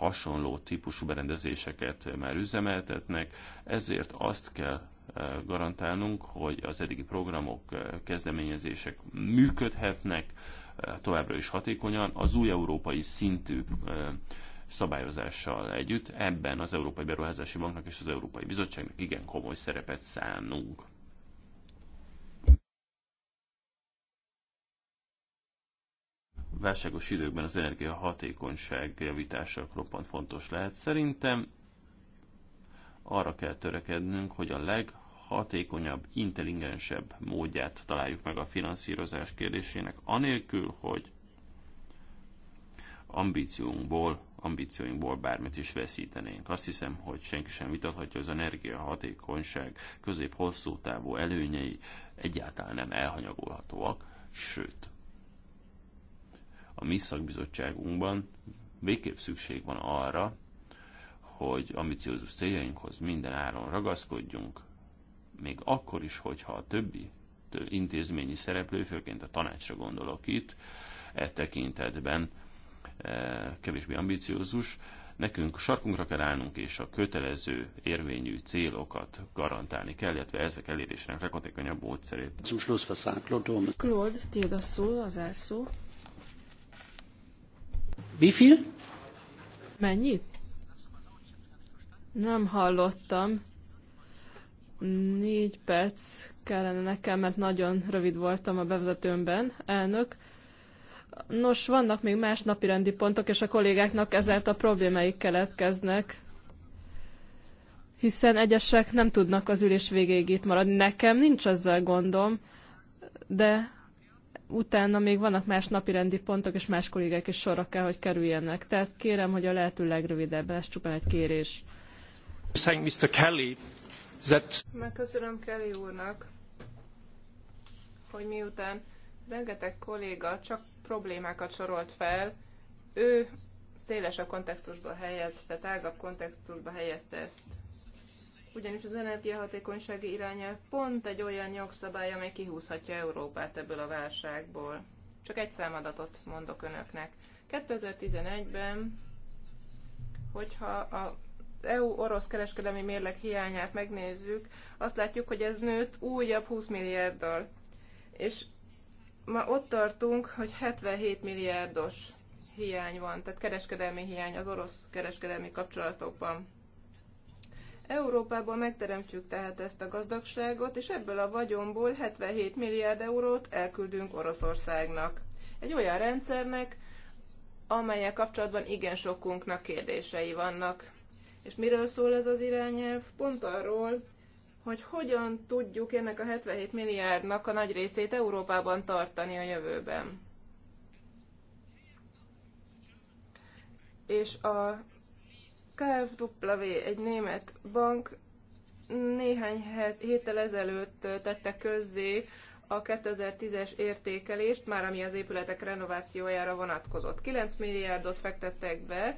hasonló típusú berendezéseket már üzemeltetnek, ezért azt kell e, garantálnunk, hogy az eddigi programok, e, kezdeményezések működhetnek e, továbbra is hatékonyan az új európai szintű szabályozással együtt. Ebben az Európai Beruházási Banknak és az Európai Bizottságnak igen komoly szerepet szánunk. válságos időkben az energia hatékonyság javítása roppant fontos lehet. Szerintem arra kell törekednünk, hogy a leghatékonyabb, intelligensebb módját találjuk meg a finanszírozás kérdésének, anélkül, hogy ambíciónkból, ambícióinkból bármit is veszítenénk. Azt hiszem, hogy senki sem vitathatja, hogy az hatékonyság közép-hosszú távú előnyei egyáltalán nem elhanyagolhatóak, sőt, a mi szakbizottságunkban végképp szükség van arra, hogy ambiciózus céljainkhoz minden áron ragaszkodjunk, még akkor is, hogyha a többi intézményi szereplő, főként a tanácsra gondolok itt, e tekintetben e, kevésbé ambiciózus, nekünk sarkunkra kell állnunk, és a kötelező érvényű célokat garantálni kell, illetve ezek elérésének leghatékonyabb módszerét. Claude, tiéd a szó, az elszó. Wie viel? Mennyi? Nem hallottam. Négy perc kellene nekem, mert nagyon rövid voltam a bevezetőmben, elnök. Nos, vannak még más napirendi pontok, és a kollégáknak a problémáik keletkeznek, hiszen egyesek nem tudnak az ülés végéig itt maradni. Nekem nincs ezzel gondom, de utána még vannak más napirendi pontok, és más kollégák is sorra kell, hogy kerüljenek. Tehát kérem, hogy a lehető legrövidebben, ez csupán egy kérés. Saying Mr. Kelly, that... Megköszönöm Kelly úrnak, hogy miután rengeteg kolléga csak problémákat sorolt fel, ő szélesebb kontextusba helyezte, tágabb kontextusba helyezte ezt ugyanis az energiahatékonysági irányelv pont egy olyan jogszabály, amely kihúzhatja Európát ebből a válságból. Csak egy számadatot mondok önöknek. 2011-ben, hogyha a EU-orosz kereskedelmi mérleg hiányát megnézzük, azt látjuk, hogy ez nőtt újabb 20 milliárddal. És ma ott tartunk, hogy 77 milliárdos hiány van, tehát kereskedelmi hiány az orosz kereskedelmi kapcsolatokban. Európában megteremtjük tehát ezt a gazdagságot, és ebből a vagyonból 77 milliárd eurót elküldünk Oroszországnak. Egy olyan rendszernek, amelyek kapcsolatban igen sokunknak kérdései vannak. És miről szól ez az irányelv? Pont arról, hogy hogyan tudjuk ennek a 77 milliárdnak a nagy részét Európában tartani a jövőben. És a KFW, egy német bank néhány héttel ezelőtt tette közzé a 2010-es értékelést, már ami az épületek renovációjára vonatkozott. 9 milliárdot fektettek be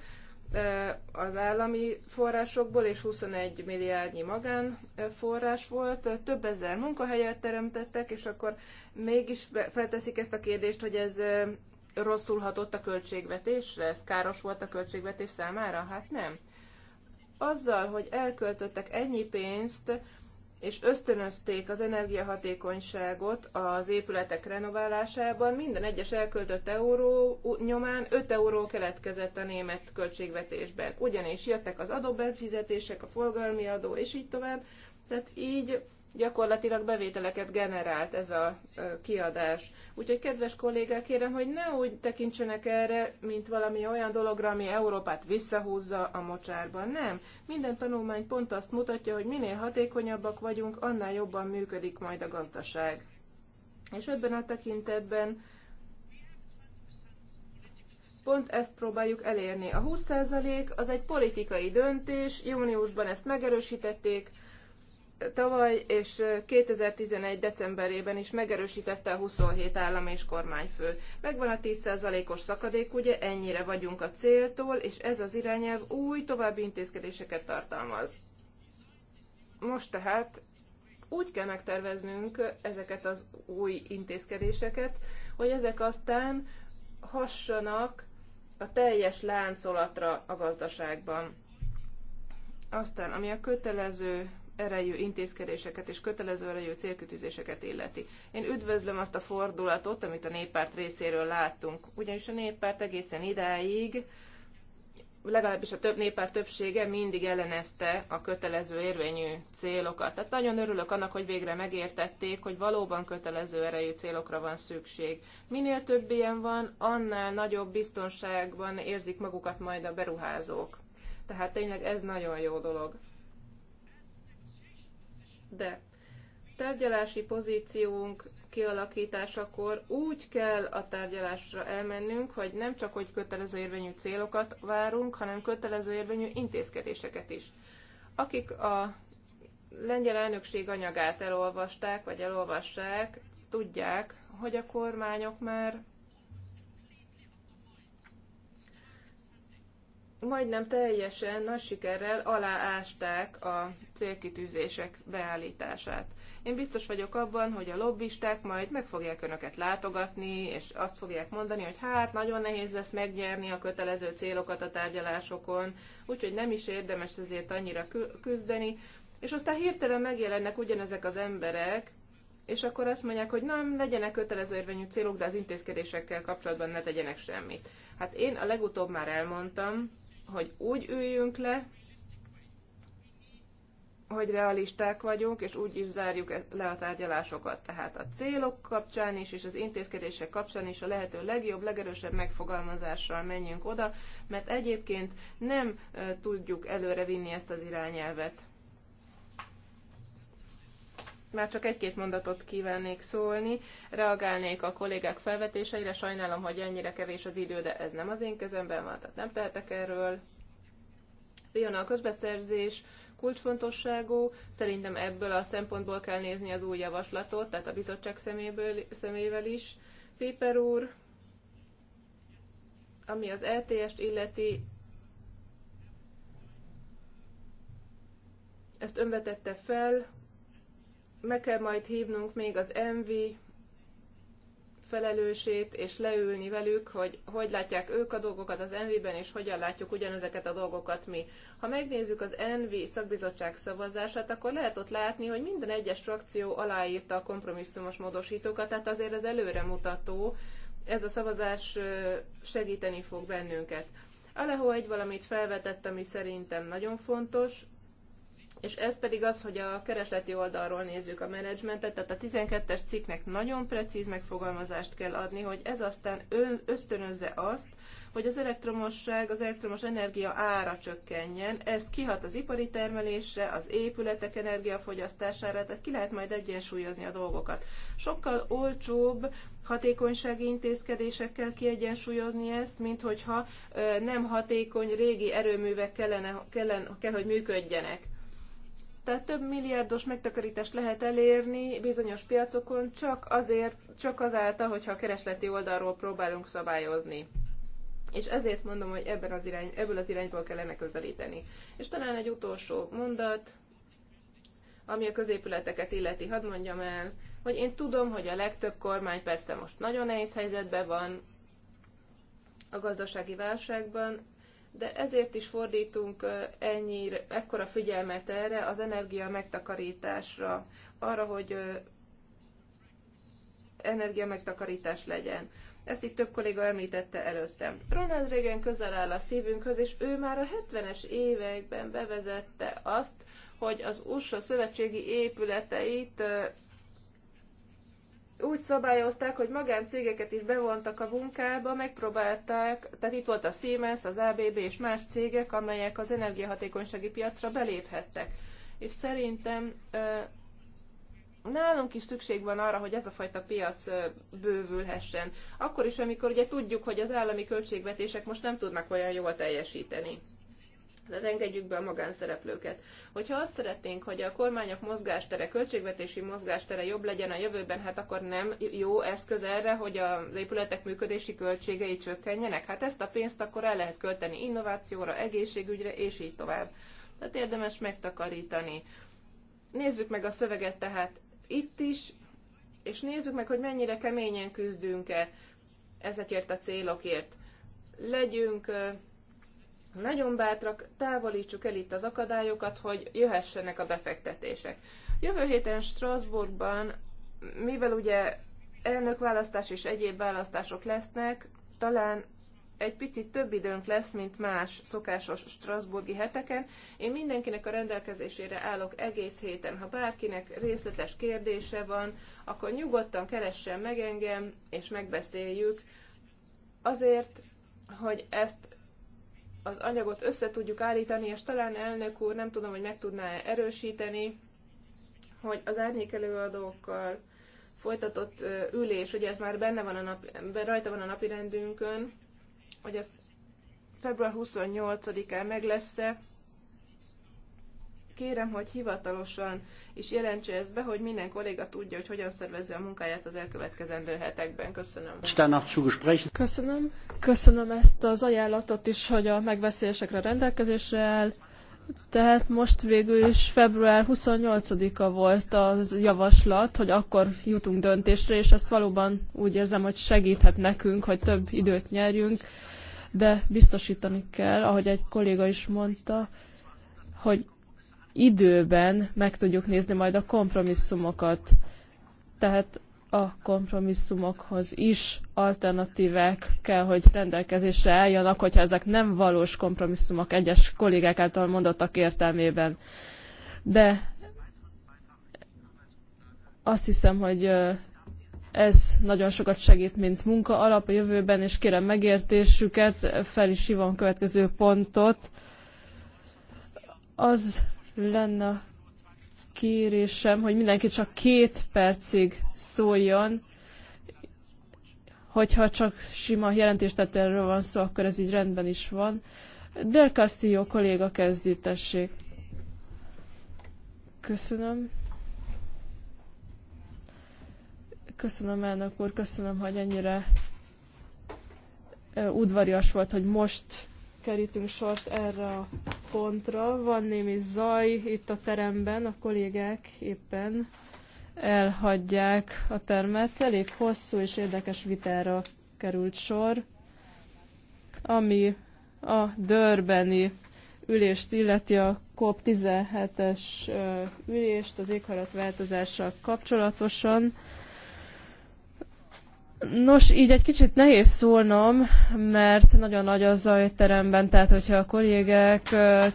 az állami forrásokból, és 21 milliárdnyi magánforrás volt. Több ezer munkahelyet teremtettek, és akkor mégis felteszik ezt a kérdést, hogy ez rosszul hatott a költségvetésre? Ez káros volt a költségvetés számára? Hát nem azzal, hogy elköltöttek ennyi pénzt, és ösztönözték az energiahatékonyságot az épületek renoválásában, minden egyes elköltött euró nyomán 5 euró keletkezett a német költségvetésben. Ugyanis jöttek az adóbefizetések, a forgalmi adó, és így tovább, tehát így gyakorlatilag bevételeket generált ez a kiadás. Úgyhogy, kedves kollégák, kérem, hogy ne úgy tekintsenek erre, mint valami olyan dologra, ami Európát visszahúzza a mocsárban. Nem. Minden tanulmány pont azt mutatja, hogy minél hatékonyabbak vagyunk, annál jobban működik majd a gazdaság. És ebben a tekintetben pont ezt próbáljuk elérni. A 20% az egy politikai döntés, júniusban ezt megerősítették, tavaly és 2011. decemberében is megerősítette a 27 állam és kormányfő. Megvan a 10%-os szakadék, ugye ennyire vagyunk a céltól, és ez az irányelv új további intézkedéseket tartalmaz. Most tehát úgy kell megterveznünk ezeket az új intézkedéseket, hogy ezek aztán hassanak a teljes láncolatra a gazdaságban. Aztán, ami a kötelező erejű intézkedéseket és kötelező erejű célkütőzéseket illeti. Én üdvözlöm azt a fordulatot, amit a néppárt részéről láttunk, ugyanis a néppárt egészen idáig legalábbis a több néppárt többsége mindig ellenezte a kötelező érvényű célokat. Tehát nagyon örülök annak, hogy végre megértették, hogy valóban kötelező erejű célokra van szükség. Minél több ilyen van, annál nagyobb biztonságban érzik magukat majd a beruházók. Tehát tényleg ez nagyon jó dolog de tárgyalási pozíciónk kialakításakor úgy kell a tárgyalásra elmennünk, hogy nem csak hogy kötelező érvényű célokat várunk, hanem kötelező érvényű intézkedéseket is. Akik a lengyel elnökség anyagát elolvasták, vagy elolvassák, tudják, hogy a kormányok már majdnem teljesen nagy sikerrel aláásták a célkitűzések beállítását. Én biztos vagyok abban, hogy a lobbisták majd meg fogják önöket látogatni, és azt fogják mondani, hogy hát nagyon nehéz lesz megnyerni a kötelező célokat a tárgyalásokon, úgyhogy nem is érdemes ezért annyira küzdeni. És aztán hirtelen megjelennek ugyanezek az emberek, és akkor azt mondják, hogy nem legyenek kötelező érvényű célok, de az intézkedésekkel kapcsolatban ne tegyenek semmit. Hát én a legutóbb már elmondtam, hogy úgy üljünk le, hogy realisták vagyunk, és úgy is zárjuk e- le a tárgyalásokat. Tehát a célok kapcsán is, és az intézkedések kapcsán is a lehető legjobb, legerősebb megfogalmazással menjünk oda, mert egyébként nem tudjuk előre vinni ezt az irányelvet már csak egy-két mondatot kívánnék szólni, reagálnék a kollégák felvetéseire, sajnálom, hogy ennyire kevés az idő, de ez nem az én kezemben van, tehát nem tehetek erről. Jön a közbeszerzés kulcsfontosságú, szerintem ebből a szempontból kell nézni az új javaslatot, tehát a bizottság szeméből, szemével is. Piper úr, ami az LTS-t e illeti, ezt önvetette fel, meg kell majd hívnunk még az MV felelősét, és leülni velük, hogy hogy látják ők a dolgokat az Envi-ben, és hogyan látjuk ugyanezeket a dolgokat mi. Ha megnézzük az NV szakbizottság szavazását, akkor lehet ott látni, hogy minden egyes frakció aláírta a kompromisszumos módosítókat, tehát azért ez előremutató, ez a szavazás segíteni fog bennünket. Aleho egy valamit felvetett, ami szerintem nagyon fontos, és ez pedig az, hogy a keresleti oldalról nézzük a menedzsmentet, tehát a 12-es cikknek nagyon precíz megfogalmazást kell adni, hogy ez aztán ön, ösztönözze azt, hogy az elektromosság, az elektromos energia ára csökkenjen, ez kihat az ipari termelésre, az épületek energiafogyasztására, tehát ki lehet majd egyensúlyozni a dolgokat. Sokkal olcsóbb hatékonysági intézkedésekkel kiegyensúlyozni ezt, mint hogyha nem hatékony régi erőművek kellene, kellene, kell, hogy működjenek tehát több milliárdos megtakarítást lehet elérni bizonyos piacokon csak azért, csak azáltal, hogyha a keresleti oldalról próbálunk szabályozni. És ezért mondom, hogy ebben az irány, ebből az irányból kellene közelíteni. És talán egy utolsó mondat, ami a középületeket illeti, hadd mondjam el, hogy én tudom, hogy a legtöbb kormány persze most nagyon nehéz helyzetben van a gazdasági válságban, de ezért is fordítunk ennyi, ekkora figyelmet erre, az energia megtakarításra, arra, hogy energia megtakarítás legyen. Ezt itt több kolléga említette előttem. Ronald Reagan közel áll a szívünkhöz, és ő már a 70-es években bevezette azt, hogy az USA szövetségi épületeit úgy szabályozták, hogy magáncégeket is bevontak a munkába, megpróbálták, tehát itt volt a Siemens, az ABB és más cégek, amelyek az energiahatékonysági piacra beléphettek. És szerintem nálunk is szükség van arra, hogy ez a fajta piac bővülhessen. Akkor is, amikor ugye tudjuk, hogy az állami költségvetések most nem tudnak olyan jól teljesíteni. Tehát engedjük be a magánszereplőket. Hogyha azt szeretnénk, hogy a kormányok mozgástere, költségvetési mozgástere jobb legyen a jövőben, hát akkor nem jó eszköz erre, hogy az épületek működési költségei csökkenjenek. Hát ezt a pénzt akkor el lehet költeni innovációra, egészségügyre, és így tovább. Tehát érdemes megtakarítani. Nézzük meg a szöveget tehát itt is, és nézzük meg, hogy mennyire keményen küzdünk-e ezekért a célokért. Legyünk nagyon bátrak, távolítsuk el itt az akadályokat, hogy jöhessenek a befektetések. Jövő héten Strasbourgban, mivel ugye elnökválasztás és egyéb választások lesznek, talán egy picit több időnk lesz, mint más szokásos Strasburgi heteken. Én mindenkinek a rendelkezésére állok egész héten. Ha bárkinek részletes kérdése van, akkor nyugodtan keressen meg engem, és megbeszéljük. Azért, hogy ezt az anyagot össze tudjuk állítani, és talán elnök úr, nem tudom, hogy meg tudná erősíteni, hogy az árnyékelőadókkal előadókkal folytatott ülés, ugye ez már benne van a nap, rajta van a napirendünkön, hogy ez február 28-án meg lesz-e, kérem, hogy hivatalosan is jelentse ezt be, hogy minden kolléga tudja, hogy hogyan szervezi a munkáját az elkövetkezendő hetekben. Köszönöm. Köszönöm. Köszönöm ezt az ajánlatot is, hogy a megbeszélésekre rendelkezésre áll. Tehát most végül is február 28-a volt az javaslat, hogy akkor jutunk döntésre, és ezt valóban úgy érzem, hogy segíthet nekünk, hogy több időt nyerjünk, de biztosítani kell, ahogy egy kolléga is mondta, hogy időben meg tudjuk nézni majd a kompromisszumokat. Tehát a kompromisszumokhoz is alternatívek kell, hogy rendelkezésre álljanak, hogyha ezek nem valós kompromisszumok egyes kollégák által mondottak értelmében. De azt hiszem, hogy ez nagyon sokat segít, mint munka alap a jövőben, és kérem megértésüket, fel is hívom a következő pontot. Az lenne a kérésem, hogy mindenki csak két percig szóljon, hogyha csak sima jelentéstetelről van szó, akkor ez így rendben is van. Del Castillo kolléga kezdítessék. Köszönöm. Köszönöm, elnök úr, köszönöm, hogy ennyire udvarias volt, hogy most kerítünk sort erre a pontra. Van némi zaj itt a teremben, a kollégák éppen elhagyják a termet. Elég hosszú és érdekes vitára került sor, ami a dörbeni ülést illeti a COP17-es ülést az éghajlatváltozással kapcsolatosan. Nos, így egy kicsit nehéz szólnom, mert nagyon nagy a zaj teremben, tehát hogyha a kollégek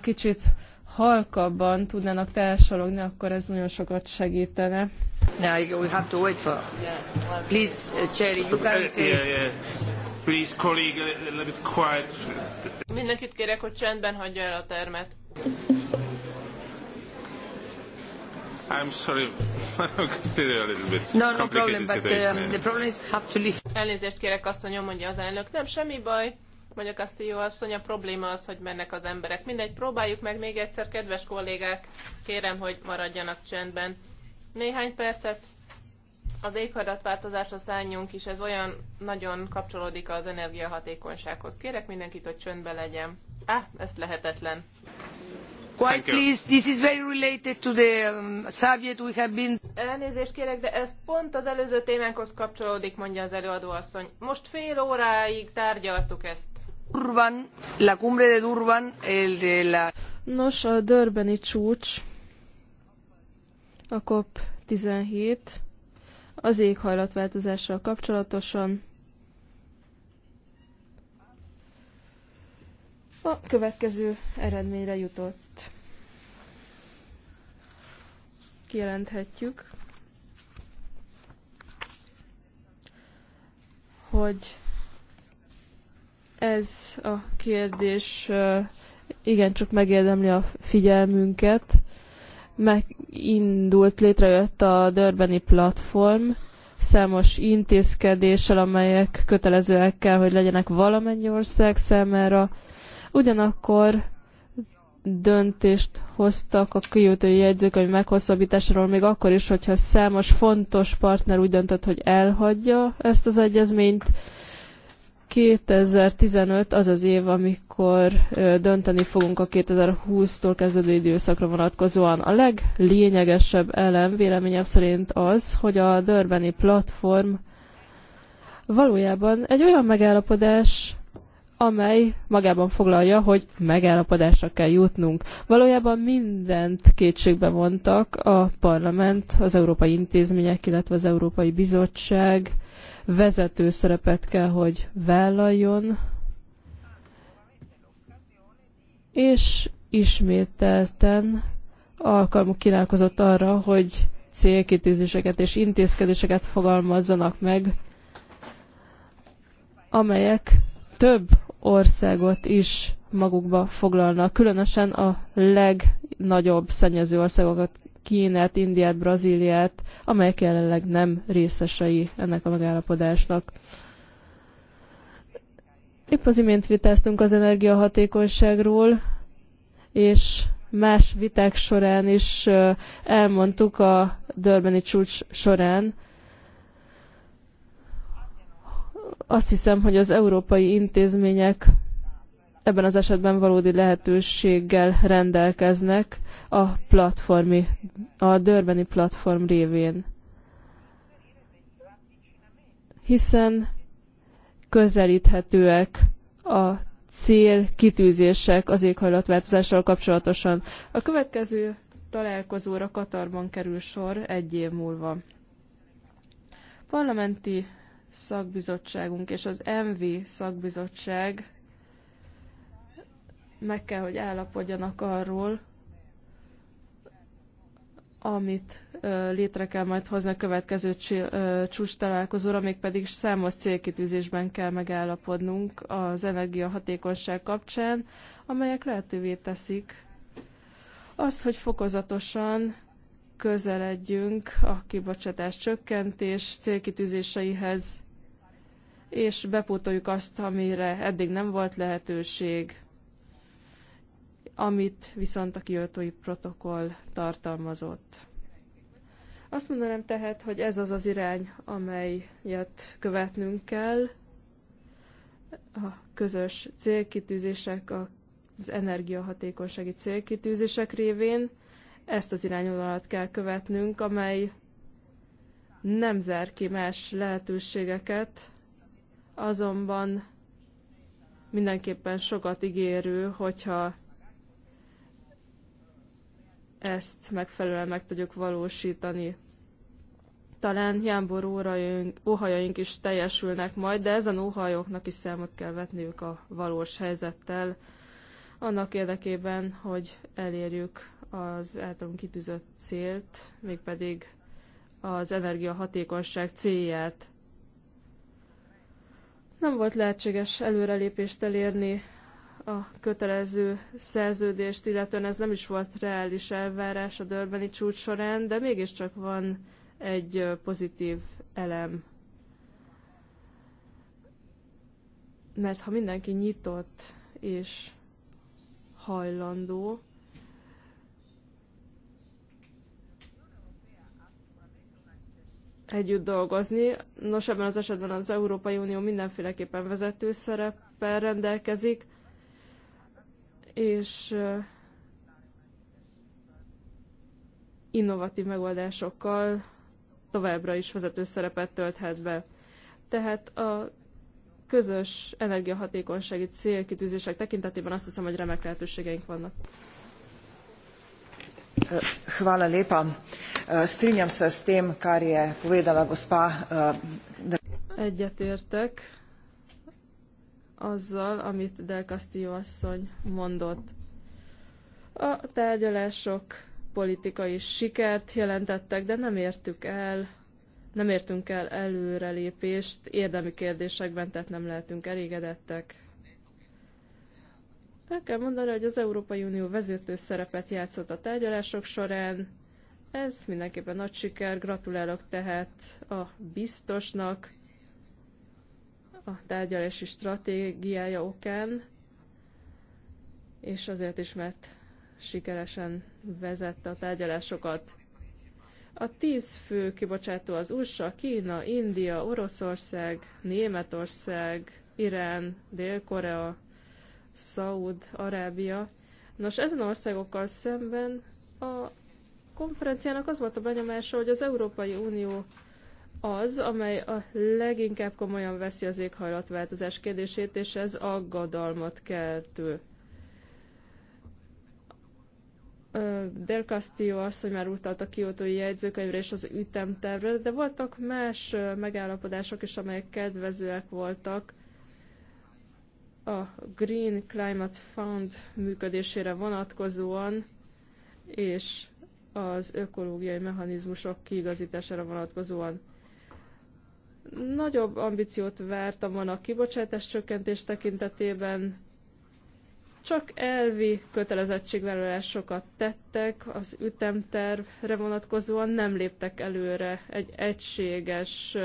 kicsit halkabban tudnának társalogni, akkor ez nagyon sokat segítene. Now we have to wait for. Please, uh, Cherry, you can Yeah, yeah. Please, colleague, a little bit quiet. Mindenkit kérek, hogy csendben hagyja el a termet. I'm sorry, still a little bit. No, no problem, but um, the problem is have to leave. Elnézést kérek, asszonyom, mondja az elnök. Nem, semmi baj. Mondja Castillo asszony, a probléma az, hogy mennek az emberek. Mindegy, próbáljuk meg még egyszer, kedves kollégák, kérem, hogy maradjanak csendben. Néhány percet az éghajlatváltozásra szálljunk is, ez olyan nagyon kapcsolódik az energiahatékonysághoz. Kérek mindenkit, hogy csöndbe legyen. ah, ez lehetetlen. Quite please, this is very related to the um, subject we have been... Elnézést kérek, de ez pont az előző témánkhoz kapcsolódik, mondja az előadóasszony. Most fél óráig tárgyaltuk ezt. Durban, la cumbre de Durban, el de la... Nos, a Durbani csúcs, a COP17, az éghajlatváltozással kapcsolatosan a következő eredményre jutott. kijelenthetjük, hogy ez a kérdés igencsak megérdemli a figyelmünket. Megindult, létrejött a Dörbeni platform számos intézkedéssel, amelyek kötelezőek kell, hogy legyenek valamennyi ország számára. Ugyanakkor döntést hoztak a kijötői jegyzőkönyv meghosszabbításról, még akkor is, hogyha számos fontos partner úgy döntött, hogy elhagyja ezt az egyezményt. 2015 az az év, amikor dönteni fogunk a 2020-tól kezdődő időszakra vonatkozóan. A leglényegesebb elem véleményem szerint az, hogy a Dörbeni platform valójában egy olyan megállapodás, amely magában foglalja, hogy megállapodásra kell jutnunk. Valójában mindent kétségbe vontak a parlament, az európai intézmények, illetve az Európai Bizottság vezető szerepet kell, hogy vállaljon, és ismételten alkalmuk kínálkozott arra, hogy célkitűzéseket és intézkedéseket fogalmazzanak meg, amelyek több országot is magukba foglalnak, különösen a legnagyobb szennyező országokat, Kínát, Indiát, Brazíliát, amelyek jelenleg nem részesei ennek a megállapodásnak. Épp az imént vitáztunk az energiahatékonyságról, és más viták során is elmondtuk a Dörbeni csúcs során, Azt hiszem, hogy az európai intézmények ebben az esetben valódi lehetőséggel rendelkeznek a platformi, a Dörbeni platform révén. Hiszen közelíthetőek a cél kitűzések az éghajlatváltozással kapcsolatosan. A következő találkozóra Katarban kerül sor egy év múlva. Parlamenti szakbizottságunk és az MV szakbizottság meg kell, hogy állapodjanak arról, amit létre kell majd hozni a következő csúcs találkozóra, mégpedig számos célkitűzésben kell megállapodnunk az energiahatékonyság kapcsán, amelyek lehetővé teszik azt, hogy fokozatosan közeledjünk a kibocsátás csökkentés célkitűzéseihez, és bepótoljuk azt, amire eddig nem volt lehetőség, amit viszont a kiöltői protokoll tartalmazott. Azt mondanám tehát, hogy ez az az irány, amelyet követnünk kell, a közös célkitűzések, az energiahatékonysági célkitűzések révén ezt az irányvonalat kell követnünk, amely nem zár ki más lehetőségeket, azonban mindenképpen sokat ígérő, hogyha ezt megfelelően meg tudjuk valósítani. Talán jámbor óhajaink is teljesülnek majd, de ezen óhajoknak is számot kell vetniük a valós helyzettel, annak érdekében, hogy elérjük az általunk kitűzött célt, mégpedig az energiahatékonyság célját nem volt lehetséges előrelépést elérni a kötelező szerződést, illetően ez nem is volt reális elvárás a dörbeni csúcs során, de mégiscsak van egy pozitív elem. Mert ha mindenki nyitott és hajlandó, együtt dolgozni. Nos, ebben az esetben az Európai Unió mindenféleképpen vezető szereppel rendelkezik, és innovatív megoldásokkal továbbra is vezető szerepet tölthet be. Tehát a közös energiahatékonysági célkitűzések tekintetében azt hiszem, hogy remek lehetőségeink vannak. Hvala lepa. Eh, strinjam se s tem, kar je povedala gospa. Eh, Egyetértek azzal, amit Del Castillo asszony mondott. A tárgyalások politikai sikert jelentettek, de nem értük el, nem értünk el előrelépést érdemi kérdésekben, tehát nem lehetünk elégedettek. El kell mondani, hogy az Európai Unió vezető szerepet játszott a tárgyalások során. Ez mindenképpen nagy siker. Gratulálok tehát a biztosnak a tárgyalási stratégiája okán, és azért is, mert sikeresen vezette a tárgyalásokat. A tíz fő kibocsátó az USA, Kína, India, Oroszország, Németország, Irán, Dél-Korea, Szaúd-Arábia. Nos, ezen országokkal szemben a konferenciának az volt a benyomása, hogy az Európai Unió az, amely a leginkább komolyan veszi az éghajlatváltozás kérdését, és ez aggodalmat keltő. Del Castillo hogy már utalt a kiotói jegyzőkönyvre és az ütemtervre, de voltak más megállapodások is, amelyek kedvezőek voltak a Green Climate Fund működésére vonatkozóan, és az ökológiai mechanizmusok kiigazítására vonatkozóan. Nagyobb ambíciót vártam volna a kibocsátás csökkentés tekintetében, csak elvi kötelezettségvállalásokat tettek, az ütemtervre vonatkozóan nem léptek előre egy egységes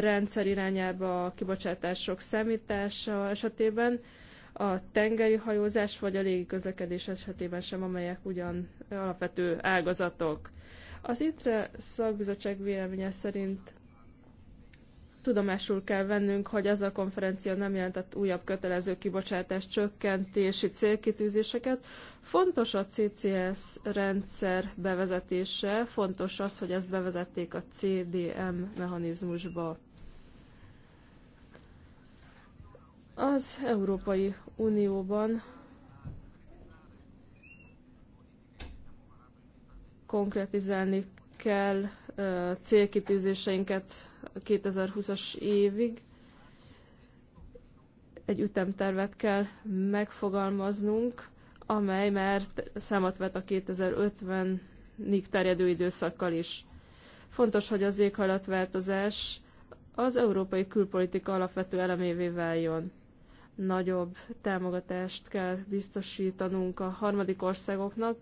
rendszer irányába a kibocsátások számítása esetében, a tengeri hajózás vagy a légi közlekedés esetében sem, amelyek ugyan alapvető ágazatok. Az ITRE szakbizottság véleménye szerint Tudomásul kell vennünk, hogy ez a konferencia nem jelentett újabb kötelező kibocsátás csökkentési célkitűzéseket. Fontos a CCS rendszer bevezetése, fontos az, hogy ezt bevezették a CDM mechanizmusba. Az Európai Unióban konkrétizálni kell célkitűzéseinket 2020-as évig. Egy ütemtervet kell megfogalmaznunk, amely már számot vet a 2050-ig terjedő időszakkal is. Fontos, hogy az éghajlatváltozás az európai külpolitika alapvető elemévé váljon. Nagyobb támogatást kell biztosítanunk a harmadik országoknak,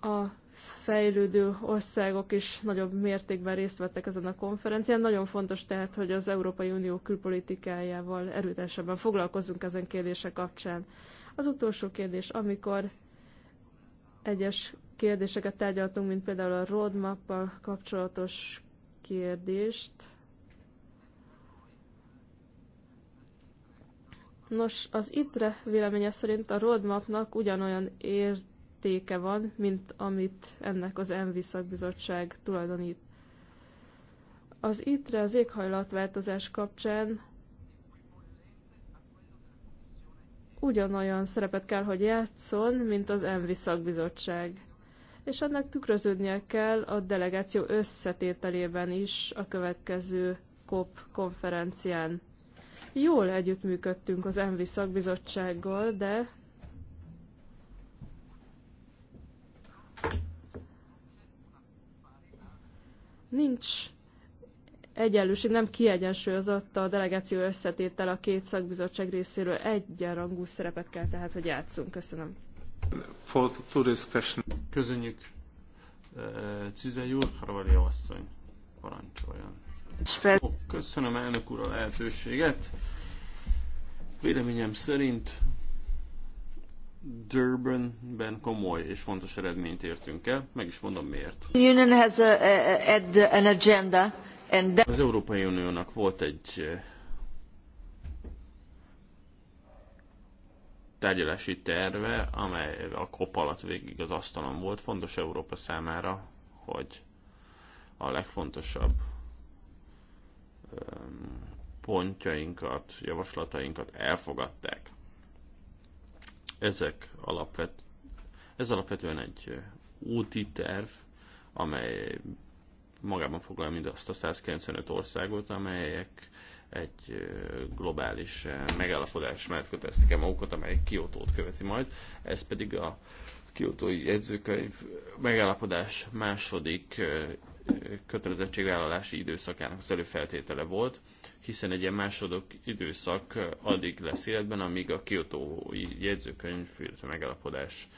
a fejlődő országok is nagyobb mértékben részt vettek ezen a konferencián. Nagyon fontos tehát, hogy az Európai Unió külpolitikájával erőteljesebben foglalkozzunk ezen kérdése kapcsán. Az utolsó kérdés, amikor egyes kérdéseket tárgyaltunk, mint például a roadmap kapcsolatos kérdést. Nos, az ITRE véleménye szerint a roadmapnak ugyanolyan ért értéke van, mint amit ennek az ENVI szakbizottság tulajdonít. Az ITRE az éghajlatváltozás kapcsán ugyanolyan szerepet kell, hogy játszon, mint az ENVI szakbizottság. És ennek tükröződnie kell a delegáció összetételében is a következő COP konferencián. Jól együttműködtünk az ENVI szakbizottsággal, de Nincs egyenlőség, nem kiegyensúlyozott a delegáció összetétel a két szakbizottság részéről. Egyenrangú szerepet kell tehát, hogy játszunk. Köszönöm. Köszönjük. Eh, Cizely úr, Harvali asszony, parancsoljon. Köszönöm elnök úr a lehetőséget. Véleményem szerint Durbanben komoly és fontos eredményt értünk el, meg is mondom miért. Az Európai Uniónak volt egy eh, tárgyalási terve, amely a kop alatt végig az asztalon volt. Fontos Európa számára, hogy a legfontosabb eh, pontjainkat, javaslatainkat elfogadták. Ezek alapvet, ez alapvetően egy úti terv, amely magában foglal mindazt a 195 országot, amelyek egy globális megállapodás mellett kötelezték el magukat, amely Kiotót követi majd. Ez pedig a Kiotói jegyzőkönyv megállapodás második kötelezettségvállalási időszakának az előfeltétele volt, hiszen egy ilyen másodok időszak addig lesz életben, amíg a kiotói jegyzőkönyv, illetve megállapodás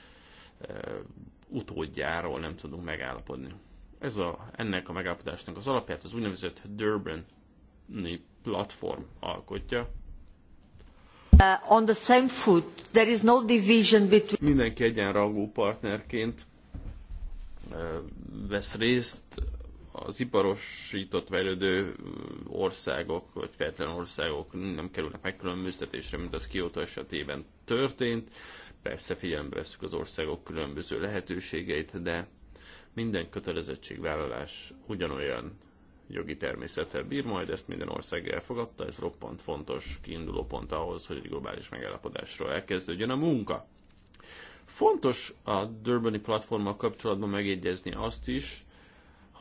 utódjáról nem tudunk megállapodni. Ez a, ennek a megállapodásnak az alapját az úgynevezett Durbani platform alkotja, uh, on the same foot. There is no division between... Mindenki egyenrangú partnerként vesz részt az iparosított fejlődő országok, vagy fejtelen országok nem kerülnek megkülönböztetésre, mint az Kyoto esetében történt. Persze figyelembe veszük az országok különböző lehetőségeit, de minden kötelezettségvállalás ugyanolyan jogi természettel bír, majd ezt minden ország elfogadta, ez roppant fontos kiinduló pont ahhoz, hogy egy globális megállapodásról elkezdődjön a munka. Fontos a Durbani platformmal kapcsolatban megjegyezni azt is,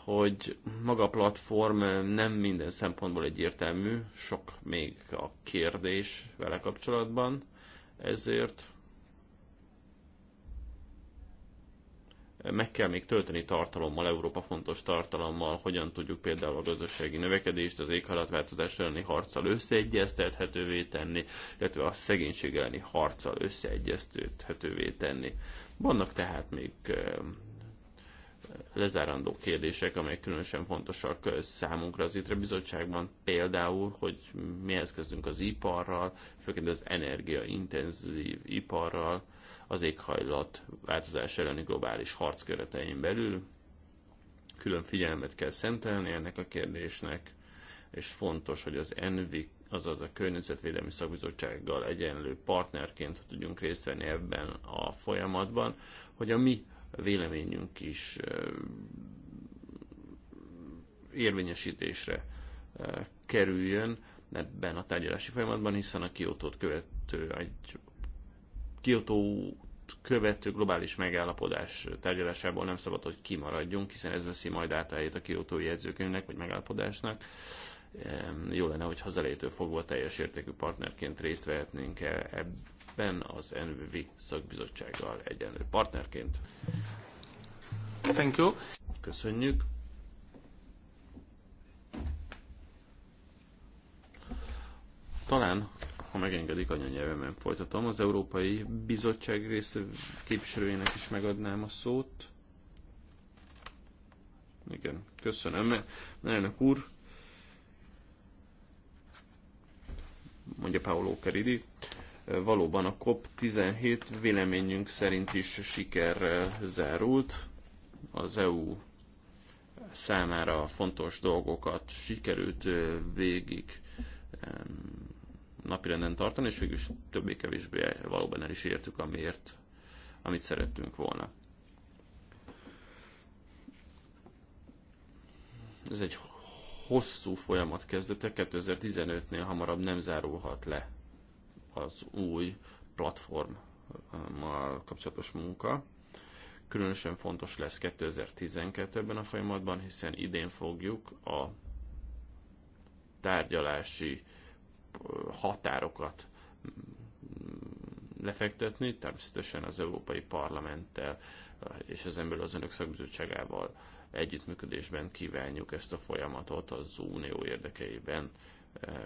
hogy maga a platform nem minden szempontból egyértelmű, sok még a kérdés vele kapcsolatban, ezért meg kell még tölteni tartalommal, Európa fontos tartalommal, hogyan tudjuk például a gazdasági növekedést, az éghajlatváltozás elleni harccal összeegyeztethetővé tenni, illetve a szegénység elleni harccal összeegyeztethetővé tenni. Vannak tehát még eh, lezárandó kérdések, amelyek különösen fontosak számunkra az ITRE bizottságban, például, hogy mihez kezdünk az iparral, főként az energiaintenzív iparral, az éghajlat változás elleni globális harc keretein belül. Külön figyelmet kell szentelni ennek a kérdésnek, és fontos, hogy az ENVI, azaz a Környezetvédelmi Szakbizottsággal egyenlő partnerként tudjunk részt venni ebben a folyamatban, hogy a mi véleményünk is érvényesítésre kerüljön ebben a tárgyalási folyamatban, hiszen a Kiotót követő, egy kiotó követő globális megállapodás tárgyalásából nem szabad, hogy kimaradjunk, hiszen ez veszi majd át a helyét a kiotói jegyzőkönyvnek vagy megállapodásnak. Jó lenne, hogy hazalétől fogva teljes értékű partnerként részt vehetnénk ben az NVV szakbizottsággal egyenlő partnerként. Thank you. Köszönjük. Talán, ha megengedik, anyanyelvemen folytatom. Az Európai Bizottság részt képviselőjének is megadnám a szót. Igen, köszönöm. Elnök úr, mondja Paolo Caridi valóban a COP17 véleményünk szerint is siker zárult. Az EU számára fontos dolgokat sikerült végig napirenden tartani, és végül is többé-kevésbé valóban el is értük, amiért, amit szerettünk volna. Ez egy hosszú folyamat kezdete, 2015-nél hamarabb nem zárulhat le az új platformmal kapcsolatos munka. Különösen fontos lesz 2012-ben a folyamatban, hiszen idén fogjuk a tárgyalási határokat mm, lefektetni, természetesen az Európai Parlamenttel és az belül az Önök Szakbizottságával együttműködésben kívánjuk ezt a folyamatot az Unió érdekeiben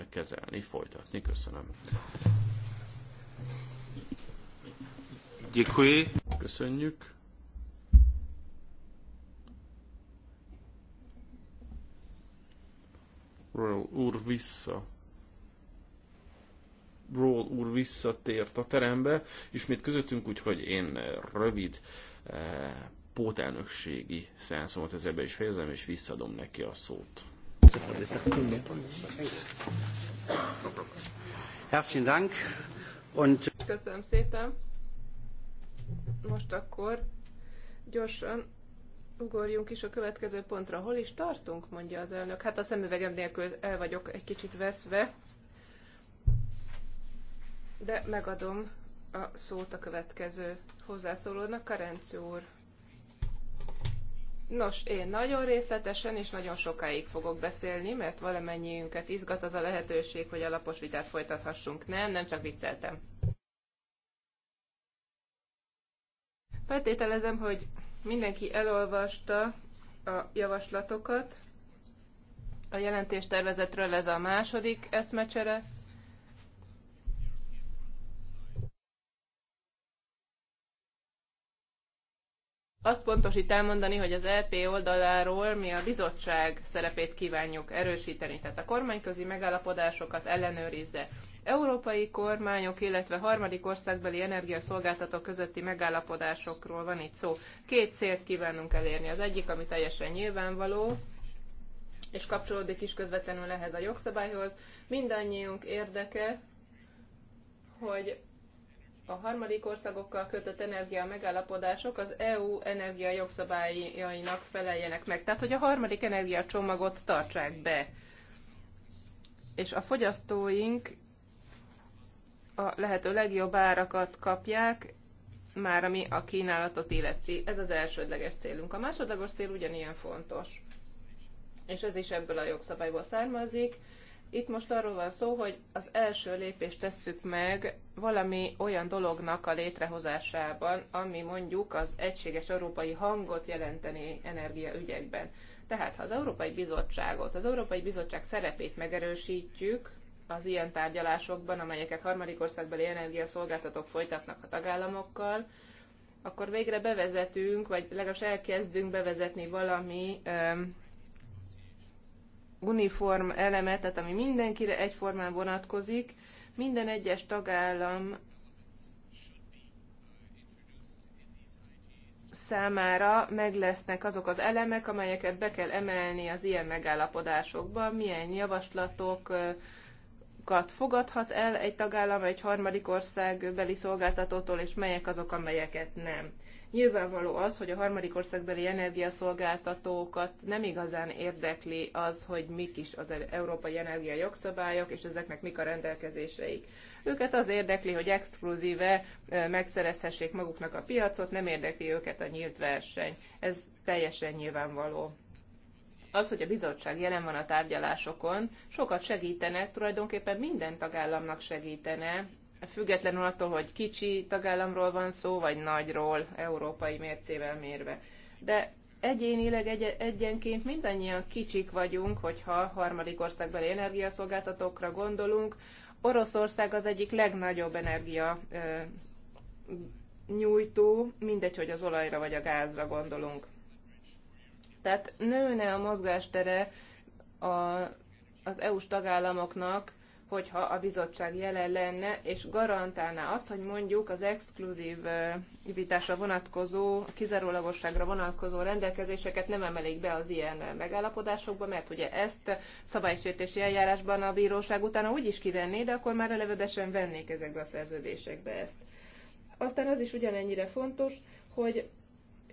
kezelni, folytatni. Köszönöm. Děkuji. Köszönjük. Royal úr vissza. Roll úr visszatért a terembe, ismét közöttünk, úgyhogy én rövid eh, pótelnökségi szenszomot ezzel be is fejezem, és visszadom neki a szót. Herzlichen Dank. Und Köszönöm szépen. Most akkor gyorsan ugorjunk is a következő pontra. Hol is tartunk, mondja az elnök. Hát a szemüvegem nélkül el vagyok egy kicsit veszve, de megadom a szót a következő hozzászólónak, Karenci úr. Nos, én nagyon részletesen és nagyon sokáig fogok beszélni, mert valamennyiünket izgat az a lehetőség, hogy alapos vitát folytathassunk. Nem, nem csak vicceltem. Feltételezem, hogy mindenki elolvasta a javaslatokat. A jelentéstervezetről ez a második eszmecsere. azt pontosít elmondani, hogy az LP e oldaláról mi a bizottság szerepét kívánjuk erősíteni, tehát a kormányközi megállapodásokat ellenőrizze. Európai kormányok, illetve harmadik országbeli energiaszolgáltatók közötti megállapodásokról van itt szó. Két célt kívánunk elérni. Az egyik, ami teljesen nyilvánvaló, és kapcsolódik is közvetlenül ehhez a jogszabályhoz. Mindannyiunk érdeke, hogy a harmadik országokkal kötött energia megállapodások az EU energia jogszabályainak feleljenek meg. Tehát, hogy a harmadik energiacsomagot tartsák be. És a fogyasztóink a lehető legjobb árakat kapják, már ami a kínálatot illeti. Ez az elsődleges célunk. A másodlagos cél ugyanilyen fontos. És ez is ebből a jogszabályból származik itt most arról van szó, hogy az első lépést tesszük meg valami olyan dolognak a létrehozásában, ami mondjuk az egységes európai hangot jelenteni energiaügyekben. Tehát ha az Európai Bizottságot, az Európai Bizottság szerepét megerősítjük az ilyen tárgyalásokban, amelyeket harmadik országbeli energiaszolgáltatók folytatnak a tagállamokkal, akkor végre bevezetünk, vagy legalábbis elkezdünk bevezetni valami öm, uniform elemet, tehát ami mindenkire egyformán vonatkozik, minden egyes tagállam számára meg lesznek azok az elemek, amelyeket be kell emelni az ilyen megállapodásokba, milyen javaslatokat fogadhat el egy tagállam egy harmadik ország beli szolgáltatótól, és melyek azok, amelyeket nem. Nyilvánvaló az, hogy a harmadik országbeli energiaszolgáltatókat nem igazán érdekli az, hogy mik is az európai energia jogszabályok, és ezeknek mik a rendelkezéseik. Őket az érdekli, hogy exkluzíve megszerezhessék maguknak a piacot, nem érdekli őket a nyílt verseny. Ez teljesen nyilvánvaló az, hogy a bizottság jelen van a tárgyalásokon, sokat segítene, tulajdonképpen minden tagállamnak segítene függetlenül attól, hogy kicsi tagállamról van szó, vagy nagyról, európai mércével mérve. De egyénileg egy- egyenként mindannyian kicsik vagyunk, hogyha harmadik országbeli energiaszolgáltatókra gondolunk. Oroszország az egyik legnagyobb energia ö, nyújtó, mindegy, hogy az olajra vagy a gázra gondolunk. Tehát nőne a mozgástere a, az EU-s tagállamoknak, hogyha a bizottság jelen lenne, és garantálná azt, hogy mondjuk az exkluzív vitásra vonatkozó, kizárólagosságra vonatkozó rendelkezéseket nem emelik be az ilyen megállapodásokba, mert ugye ezt szabálysértési eljárásban a bíróság utána úgy is kivenné, de akkor már eleve sem vennék ezekbe a szerződésekbe ezt. Aztán az is ugyanennyire fontos, hogy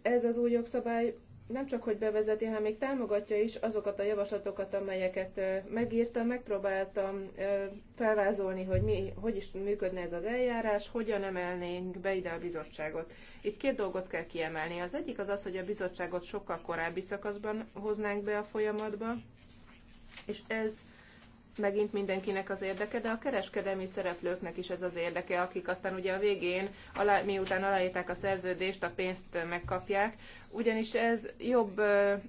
ez az új jogszabály nem csak hogy bevezeti, hanem még támogatja is azokat a javaslatokat, amelyeket megírtam, megpróbáltam felvázolni, hogy mi, hogy is működne ez az eljárás, hogyan emelnénk be ide a bizottságot. Itt két dolgot kell kiemelni. Az egyik az az, hogy a bizottságot sokkal korábbi szakaszban hoznánk be a folyamatba, és ez megint mindenkinek az érdeke, de a kereskedelmi szereplőknek is ez az érdeke, akik aztán ugye a végén, alá, miután aláírták a szerződést, a pénzt megkapják, ugyanis ez jobb,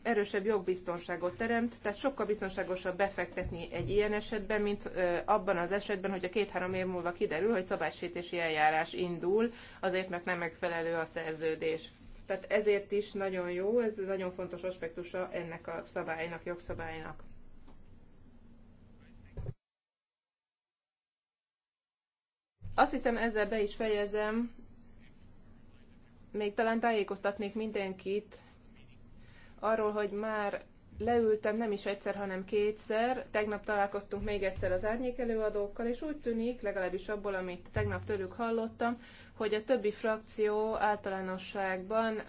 erősebb jogbiztonságot teremt, tehát sokkal biztonságosabb befektetni egy ilyen esetben, mint abban az esetben, hogy a két-három év múlva kiderül, hogy szabálysítési eljárás indul, azért, mert nem megfelelő a szerződés. Tehát ezért is nagyon jó, ez nagyon fontos aspektusa ennek a szabálynak, jogszabálynak. Azt hiszem ezzel be is fejezem. Még talán tájékoztatnék mindenkit arról, hogy már leültem nem is egyszer, hanem kétszer. Tegnap találkoztunk még egyszer az árnyék előadókkal, és úgy tűnik, legalábbis abból, amit tegnap tőlük hallottam, hogy a többi frakció általánosságban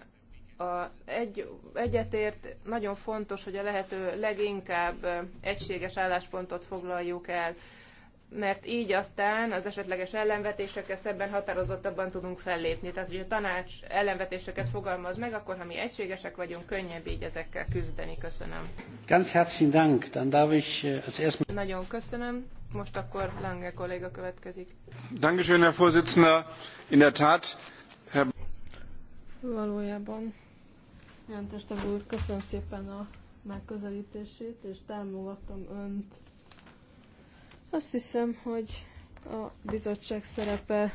a egy, egyetért nagyon fontos, hogy a lehető leginkább egységes álláspontot foglaljuk el mert így aztán az esetleges ellenvetésekkel szebben határozottabban tudunk fellépni. Tehát, hogy a tanács ellenvetéseket fogalmaz meg, akkor ha mi egységesek vagyunk, könnyebb így ezekkel küzdeni. Köszönöm. Ganz herzlichen Dank. Dann darf ich äh, als erstmal. Nagyon köszönöm. Most akkor Lange kolléga következik. Dankeschön, Herr Vorsitzender. In der Tat, Herr... Valójában. Jelentős úr, köszönöm szépen a megközelítését, és támogatom önt azt hiszem, hogy a bizottság szerepe,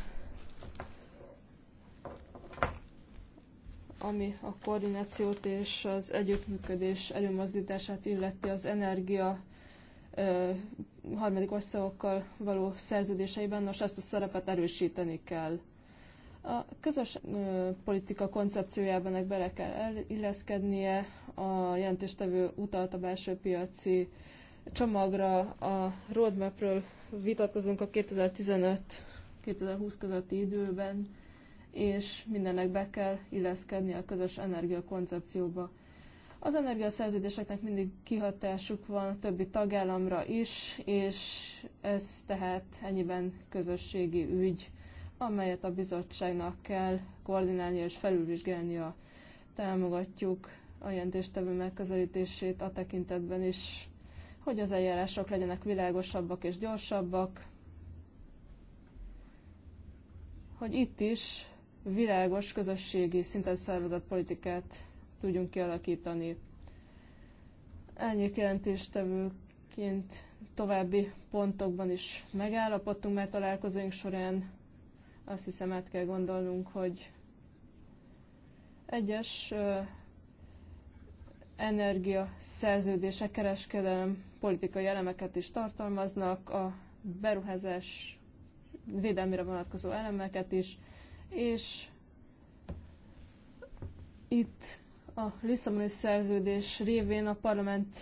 ami a koordinációt és az együttműködés előmozdítását illeti az energia ö, harmadik országokkal való szerződéseiben, nos ezt a szerepet erősíteni kell. A közös ö, politika koncepciójában bele kell illeszkednie, a jelentéstevő utalt a belső piaci csomagra, a roadmapről vitatkozunk a 2015-2020 közötti időben, és mindennek be kell illeszkedni a közös energiakoncepcióba. Az energiaszerződéseknek mindig kihatásuk van a többi tagállamra is, és ez tehát ennyiben közösségi ügy, amelyet a bizottságnak kell koordinálnia és felülvizsgálnia. Támogatjuk a jelentéstevő megközelítését a tekintetben is, hogy az eljárások legyenek világosabbak és gyorsabbak, hogy itt is világos közösségi szinten szervezett politikát tudjunk kialakítani. Ennyi jelentéstevőként további pontokban is megállapodtunk, mert találkozóink során azt hiszem át kell gondolnunk, hogy egyes energia szerződése, kereskedelem politikai elemeket is tartalmaznak, a beruházás védelmére vonatkozó elemeket is, és itt a Lisszaboni szerződés révén a parlament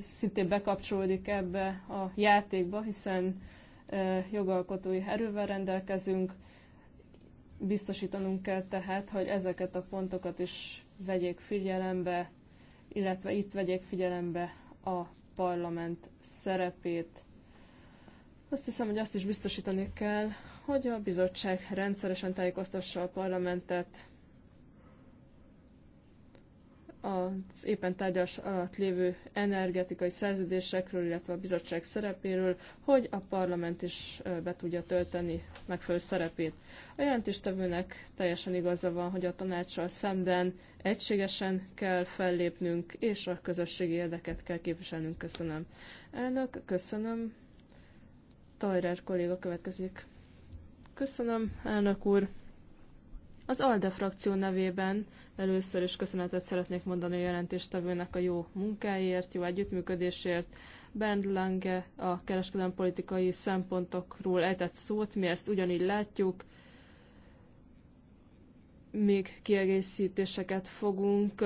szintén bekapcsolódik ebbe a játékba, hiszen jogalkotói erővel rendelkezünk, biztosítanunk kell tehát, hogy ezeket a pontokat is vegyék figyelembe illetve itt vegyék figyelembe a parlament szerepét. Azt hiszem, hogy azt is biztosítani kell, hogy a bizottság rendszeresen tájékoztassa a parlamentet az éppen tárgyas alatt lévő energetikai szerződésekről, illetve a bizottság szerepéről, hogy a parlament is be tudja tölteni megfelelő szerepét. A jelentéstevőnek teljesen igaza van, hogy a tanácssal szemben egységesen kell fellépnünk, és a közösségi érdeket kell képviselnünk. Köszönöm. Elnök, köszönöm. Tajrár kolléga következik. Köszönöm, elnök úr. Az ALDE frakció nevében először is köszönetet szeretnék mondani a jelentéstevőnek a jó munkáért, jó együttműködésért. Bernd Lange a kereskedelmi politikai szempontokról ejtett szót, mi ezt ugyanígy látjuk. Még kiegészítéseket fogunk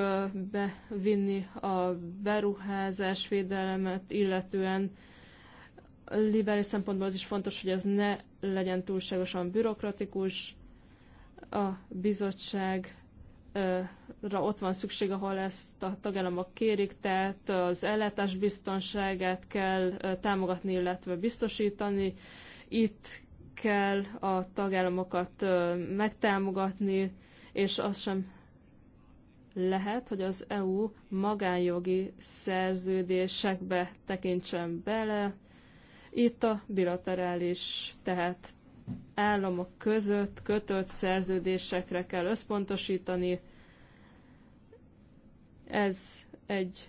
bevinni a beruházás védelemet, illetően liberális szempontból az is fontos, hogy ez ne legyen túlságosan bürokratikus, a bizottság ott van szükség, ahol ezt a tagállamok kérik, tehát az ellátás biztonságát kell támogatni, illetve biztosítani. Itt kell a tagállamokat megtámogatni, és az sem lehet, hogy az EU magánjogi szerződésekbe tekintsen bele. Itt a bilaterális, tehát államok között kötött szerződésekre kell összpontosítani. Ez, egy,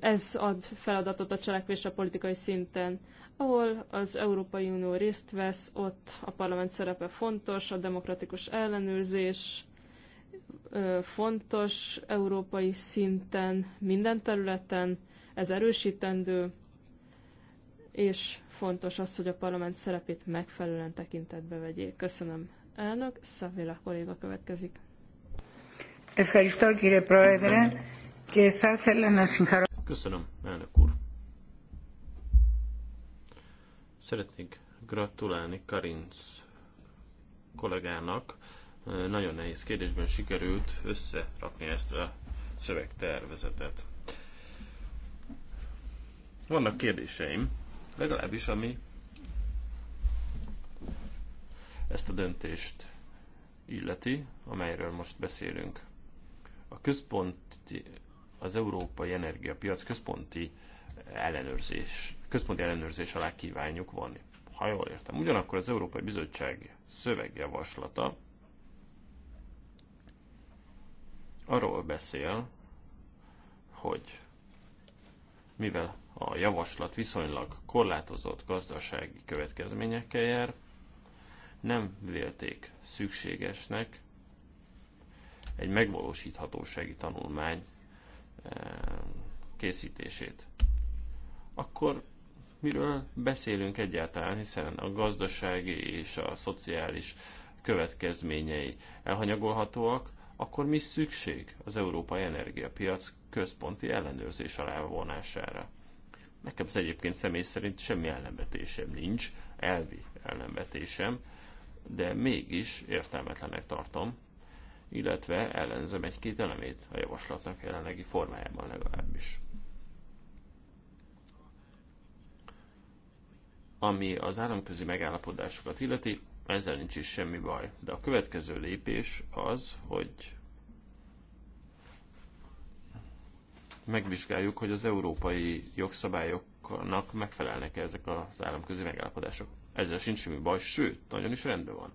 ez ad feladatot a cselekvésre politikai szinten. Ahol az Európai Unió részt vesz, ott a parlament szerepe fontos, a demokratikus ellenőrzés fontos európai szinten, minden területen, ez erősítendő, és Fontos az, hogy a parlament szerepét megfelelően tekintetbe vegyék. Köszönöm. Elnök, Szavila kolléga következik. Köszönöm, elnök úr. Szeretnék gratulálni Karinc kollégának. Nagyon nehéz kérdésben sikerült összerakni ezt a szövegtervezetet. Vannak kérdéseim, Legalábbis ami ezt a döntést illeti, amelyről most beszélünk. A központi, az európai energiapiac központi ellenőrzés, központi ellenőrzés alá kívánjuk vonni. Ha jól értem. Ugyanakkor az Európai Bizottság szövegjavaslata arról beszél, hogy mivel a javaslat viszonylag korlátozott gazdasági következményekkel jár, nem vélték szükségesnek egy megvalósíthatósági tanulmány eh, készítését. Akkor miről beszélünk egyáltalán, hiszen a gazdasági és a szociális következményei elhanyagolhatóak, akkor mi szükség az európai energiapiac központi ellenőrzés alá vonására? Nekem ez egyébként személy szerint semmi ellenvetésem nincs, elvi ellenvetésem, de mégis értelmetlenek tartom, illetve ellenzem egy-két elemét a javaslatnak jelenlegi formájában legalábbis. Ami az államközi megállapodásokat illeti, ezzel nincs is semmi baj. De a következő lépés az, hogy megvizsgáljuk, hogy az európai jogszabályoknak megfelelnek-e ezek az államközi megállapodások. Ezzel sincs semmi baj, sőt, nagyon is rendben van.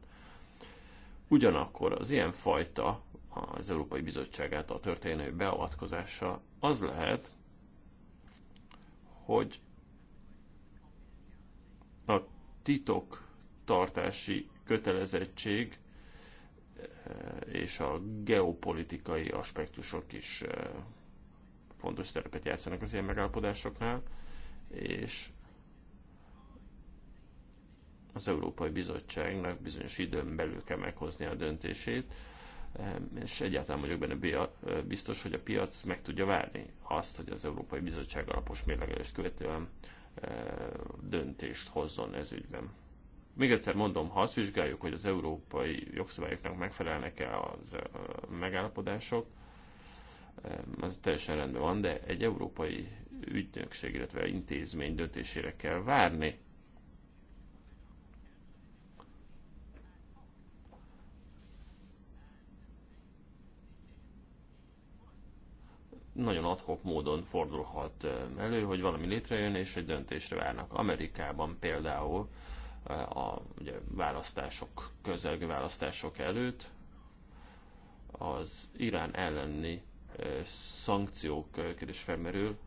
Ugyanakkor az ilyen fajta az Európai Bizottság által történő beavatkozása az lehet, hogy a titok tartási kötelezettség eh, és a geopolitikai aspektusok is eh, fontos szerepet játszanak az ilyen megállapodásoknál, és az Európai Bizottságnak bizonyos időn belül kell meghozni a döntését, ehm, és egyáltalán vagyok benne eh, biztos, hogy a piac meg tudja várni azt, hogy az Európai Bizottság alapos mérlegelést követően eh, döntést hozzon ez ügyben. Még egyszer mondom, ha azt vizsgáljuk, hogy az európai jogszabályoknak megfelelnek-e az eh, megállapodások, az teljesen rendben van, de egy európai ügynökség, illetve intézmény döntésére kell várni. Nagyon adhok módon fordulhat elő, hogy valami létrejön, és egy döntésre várnak. Amerikában például a ugye, választások, közelgő választások előtt az Irán elleni szankciók kérdés felmerül.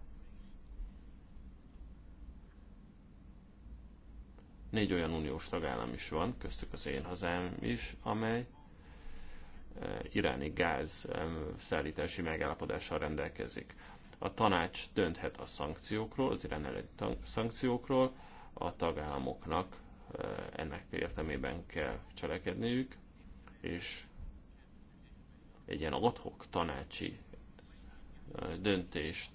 Négy olyan uniós tagállam is van, köztük az én hazám is, amely iráni gáz szállítási megállapodással rendelkezik. A tanács dönthet a szankciókról, az irán elleni szankciókról, a tagállamoknak ennek értelmében kell cselekedniük, és egy ilyen adhok tanácsi döntést,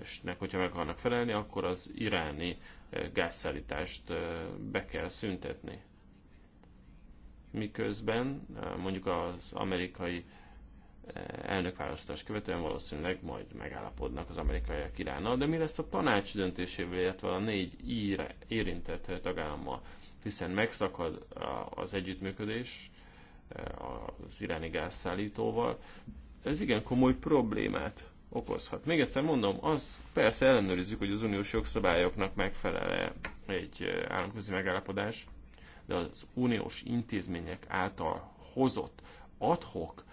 és nek, hogyha meg akarnak felelni, akkor az iráni eh, gázszállítást eh, be kell szüntetni. Miközben eh, mondjuk az amerikai elnökválasztás követően valószínűleg majd megállapodnak az amerikaiak Iránnal, de mi lesz a tanács döntésével, illetve a négy ír érintett tagállammal, hiszen megszakad az együttműködés az iráni gázszállítóval, ez igen komoly problémát okozhat. Még egyszer mondom, az persze ellenőrizzük, hogy az uniós jogszabályoknak megfelel-e egy államközi megállapodás, de az uniós intézmények által hozott adhok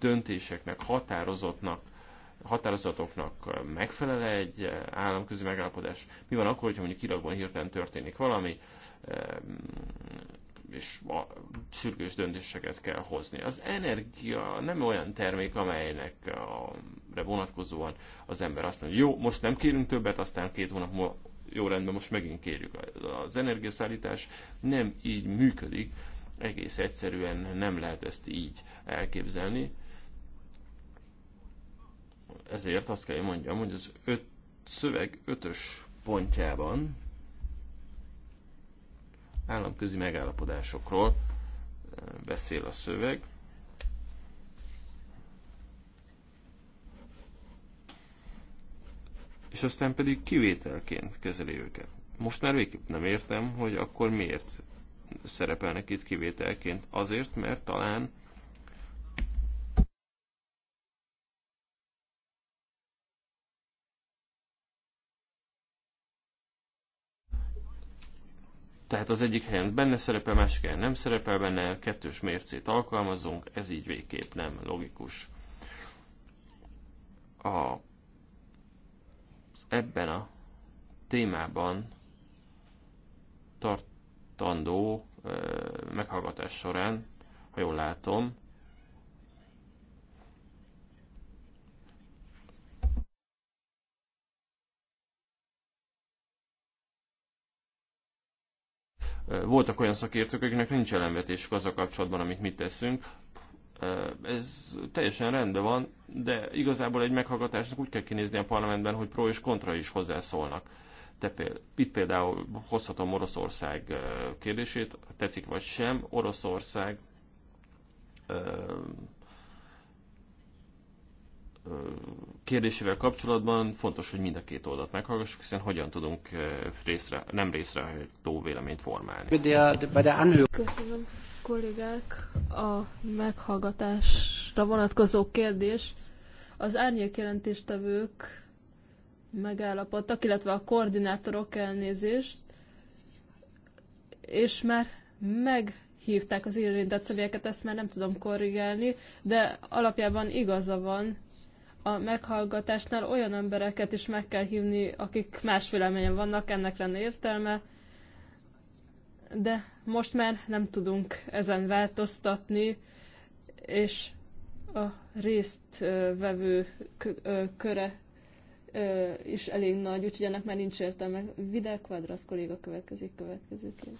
döntéseknek, határozottnak, határozatoknak megfelele egy államközi megállapodás? Mi van akkor, hogyha mondjuk Irakban hirtelen történik valami, és a sürgős döntéseket kell hozni. Az energia nem olyan termék, amelynek a, vonatkozóan az ember azt mondja, jó, most nem kérünk többet, aztán két hónap múlva jó rendben, most megint kérjük. Az energiaszállítás nem így működik, egész egyszerűen nem lehet ezt így elképzelni. Ezért azt kell, hogy mondjam, hogy az öt, szöveg ötös pontjában államközi megállapodásokról beszél a szöveg. És aztán pedig kivételként kezeli őket. Most már végképp nem értem, hogy akkor miért szerepelnek itt kivételként. Azért, mert talán Tehát az egyik helyen benne szerepel, másik helyen nem szerepel benne, kettős mércét alkalmazunk, ez így végképp nem logikus. A, ebben a témában tartandó meghallgatás során, ha jól látom, voltak olyan szakértők, akiknek nincs elemvetésük azzal kapcsolatban, amit mi teszünk. Ez teljesen rendben van, de igazából egy meghallgatásnak úgy kell kinézni a parlamentben, hogy pro és kontra is hozzászólnak. Te például, itt például hozhatom Oroszország kérdését, tetszik vagy sem, Oroszország kérdésével kapcsolatban fontos, hogy mind a két oldalt meghallgassuk, hiszen hogyan tudunk részre, nem részre tó véleményt formálni. Köszönöm, kollégák. A meghallgatásra vonatkozó kérdés. Az árnyék jelentéstevők megállapodtak, illetve a koordinátorok elnézést, és már meghívták az érintett személyeket, ezt már nem tudom korrigálni, de alapjában igaza van, a meghallgatásnál olyan embereket is meg kell hívni, akik más véleményen vannak, ennek lenne értelme, de most már nem tudunk ezen változtatni, és a résztvevő köre is elég nagy, úgyhogy ennek már nincs értelme. Vidal Quadras kolléga következik következőként.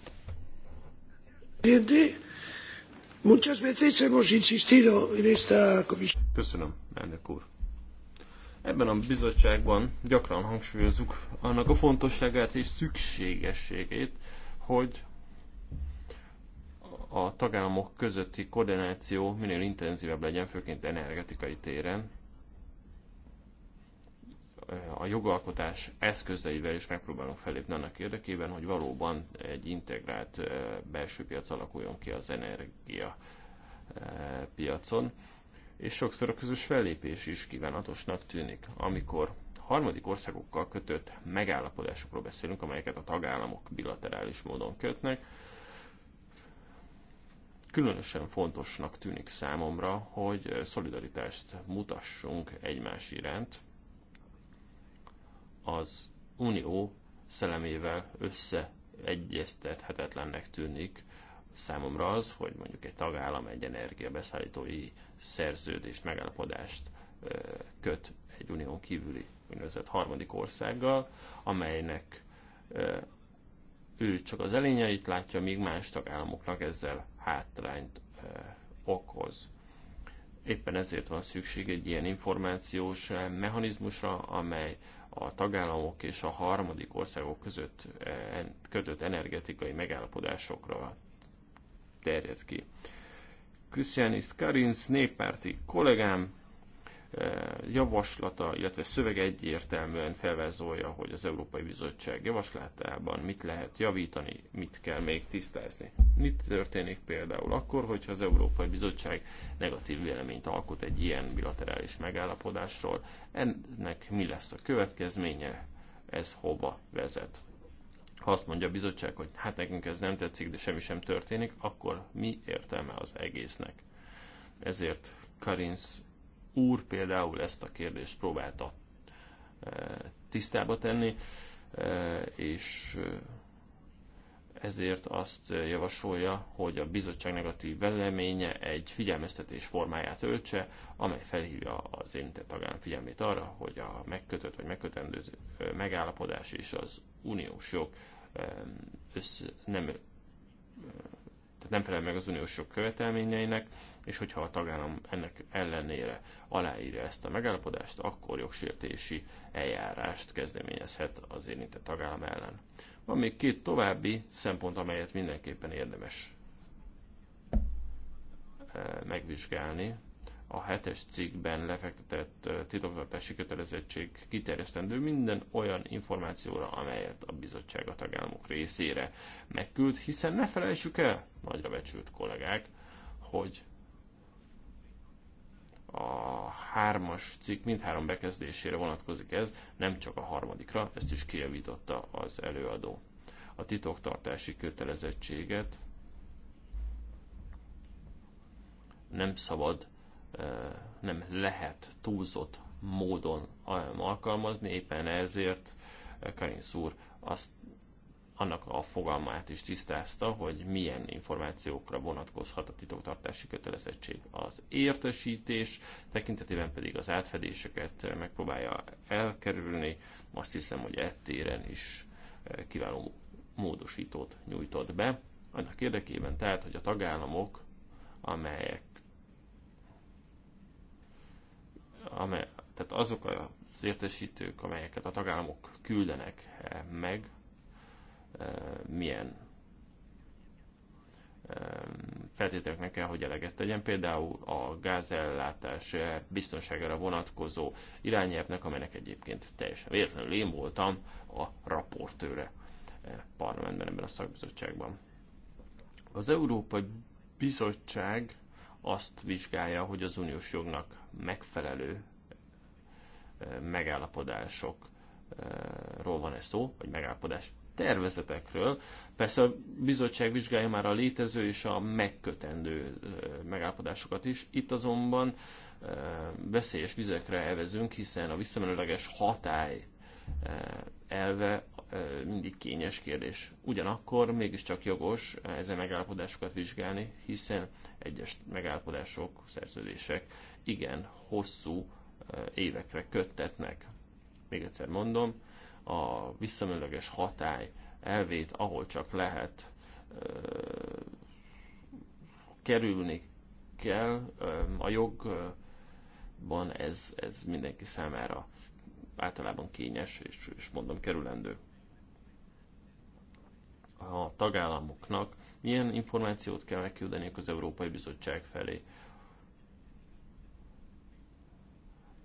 Köszönöm, elnök úr. Ebben a bizottságban gyakran hangsúlyozzuk annak a fontosságát és szükségességét, hogy a tagállamok közötti koordináció minél intenzívebb legyen, főként energetikai téren. A jogalkotás eszközeivel is megpróbálunk felépni annak érdekében, hogy valóban egy integrált eh, belső piac alakuljon ki az energia eh, piacon és sokszor a közös fellépés is kívánatosnak tűnik, amikor harmadik országokkal kötött megállapodásokról beszélünk, amelyeket a tagállamok bilaterális módon kötnek, különösen fontosnak tűnik számomra, hogy szolidaritást mutassunk egymás iránt az unió szellemével összeegyeztethetetlennek tűnik számomra az, hogy mondjuk egy tagállam egy energiabeszállítói szerződést, megállapodást köt egy unión kívüli úgynevezett harmadik országgal, amelynek ő csak az elényeit látja, míg más tagállamoknak ezzel hátrányt okoz. Éppen ezért van szükség egy ilyen információs mechanizmusra, amely a tagállamok és a harmadik országok között kötött energetikai megállapodásokra terjed ki. Christianis Karins néppárti kollégám eh, javaslata, illetve szövege egyértelműen felvázolja, hogy az Európai Bizottság javaslatában mit lehet javítani, mit kell még tisztázni. Mit történik például akkor, hogyha az Európai Bizottság negatív véleményt alkot egy ilyen bilaterális megállapodásról? Ennek mi lesz a következménye? Ez hova vezet? ha azt mondja a bizottság, hogy hát nekünk ez nem tetszik, de semmi sem történik, akkor mi értelme az egésznek? Ezért Karinsz úr például ezt a kérdést próbálta eh, tisztába tenni, eh, és eh, ezért azt javasolja, hogy a bizottság negatív veleménye egy figyelmeztetés formáját öltse, amely felhívja az érintett tagállam figyelmét arra, hogy a megkötött vagy megkötendő megállapodás és az uniós jog össz, nem, tehát nem felel meg az uniós jog követelményeinek, és hogyha a tagállam ennek ellenére aláírja ezt a megállapodást, akkor jogsértési eljárást kezdeményezhet az érintett tagállam ellen. Van még két további szempont, amelyet mindenképpen érdemes eh, megvizsgálni. A hetes cikkben lefektetett eh, titoktartási kötelezettség kiterjesztendő minden olyan információra, amelyet a bizottság a tagállamok részére megküld, hiszen ne felejtsük el, nagyra becsült kollégák, hogy a hármas cikk mindhárom bekezdésére vonatkozik ez, nem csak a harmadikra, ezt is kijavította az előadó. A titoktartási kötelezettséget nem szabad, nem lehet túlzott módon alkalmazni, éppen ezért Karin Szúr azt annak a fogalmát is tisztázta, hogy milyen információkra vonatkozhat a titoktartási kötelezettség. Az értesítés tekintetében pedig az átfedéseket megpróbálja elkerülni. Azt hiszem, hogy ettéren is e, kiváló módosítót nyújtott be. Annak érdekében tehát, hogy a tagállamok, amelyek amely, tehát azok az értesítők, amelyeket a tagállamok küldenek e, meg milyen feltételeknek kell, hogy eleget tegyen. Például a gázellátás biztonságára vonatkozó irányelvnek, amelynek egyébként teljesen véletlenül én voltam a raportőre parlamentben, ebben a szakbizottságban. Az Európai Bizottság azt vizsgálja, hogy az uniós jognak megfelelő megállapodásokról van-e szó, vagy megállapodás tervezetekről. Persze a bizottság vizsgálja már a létező és a megkötendő megállapodásokat is. Itt azonban veszélyes vizekre elvezünk, hiszen a visszamenőleges hatály elve mindig kényes kérdés. Ugyanakkor mégiscsak jogos ezen megállapodásokat vizsgálni, hiszen egyes megállapodások, szerződések igen hosszú évekre köttetnek. Még egyszer mondom, a visszamenőleges hatály elvét, ahol csak lehet kerülni kell. A jogban ez, ez mindenki számára általában kényes, és, és mondom kerülendő. A tagállamoknak milyen információt kell megküldeniük az Európai Bizottság felé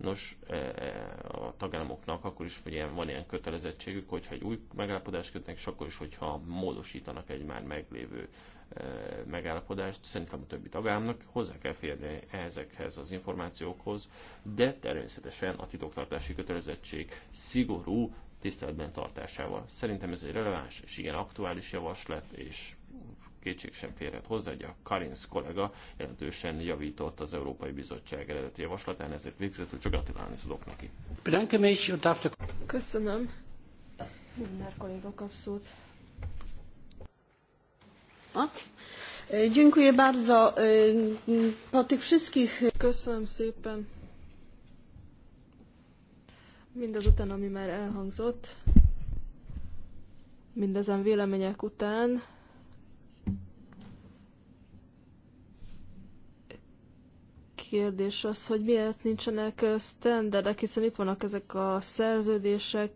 Nos, e, e, a tagállamoknak akkor is hogy ilyen, van ilyen kötelezettségük, hogyha egy új megállapodást kötnek, és akkor is, hogyha módosítanak egy már meglévő e, megállapodást, szerintem a többi tagállamnak hozzá kell férni ezekhez az információkhoz, de természetesen a titoktartási kötelezettség szigorú tiszteletben tartásával. Szerintem ez egy releváns és igen aktuális javaslat, és kétség sem férhet hozzá, hogy a Karinsz kollega jelentősen javított az Európai Bizottság eredeti javaslatán, ezért végzetül csak gratulálni tudok neki. Köszönöm. Minden kolléga kap szót. E, dziękuję bardzo. E, po tych wszystkich... Köszönöm szépen. Mindazután, ami már elhangzott, mindezen vélemények után kérdés az, hogy miért nincsenek sztenderek, hiszen itt vannak ezek a szerződések,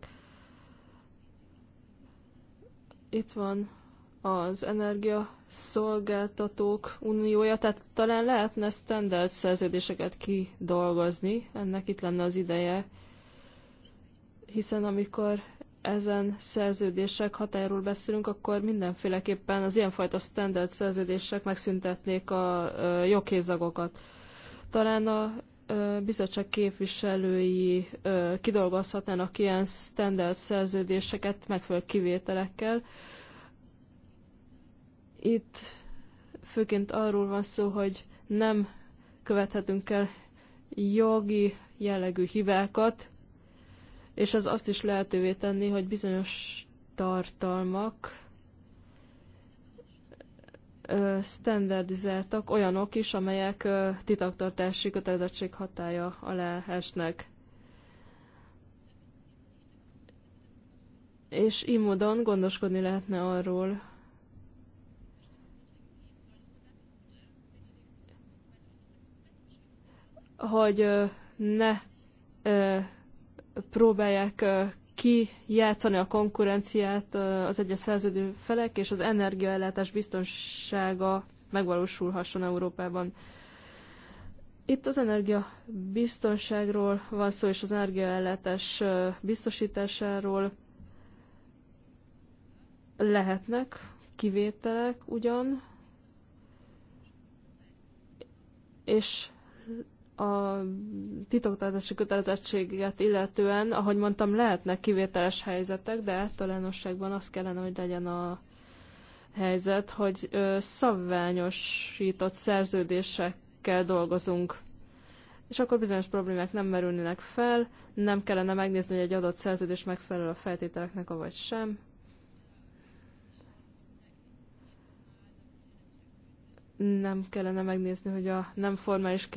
itt van az energiaszolgáltatók uniója, tehát talán lehetne standard szerződéseket kidolgozni, ennek itt lenne az ideje, hiszen amikor ezen szerződések határól beszélünk, akkor mindenféleképpen az ilyenfajta standard szerződések megszüntetnék a jogkézagokat talán a bizottság képviselői kidolgozhatnának ilyen standard szerződéseket megfelelő kivételekkel. Itt főként arról van szó, hogy nem követhetünk el jogi jellegű hibákat, és az azt is lehetővé tenni, hogy bizonyos tartalmak standardizáltak olyanok is, amelyek titoktartási kötelezettség hatája alá esnek. És így módon gondoskodni lehetne arról, hogy ne próbálják kijátszani a konkurenciát az egyes szerződő felek, és az energiaellátás biztonsága megvalósulhasson Európában. Itt az energia biztonságról van szó, és az energiaellátás biztosításáról lehetnek kivételek ugyan, és a titoktartási kötelezettséget illetően, ahogy mondtam, lehetnek kivételes helyzetek, de általánosságban az kellene, hogy legyen a helyzet, hogy szabványosított szerződésekkel dolgozunk. És akkor bizonyos problémák nem merülnének fel, nem kellene megnézni, hogy egy adott szerződés megfelel a feltételeknek, vagy sem. nem kellene megnézni, hogy a nem formális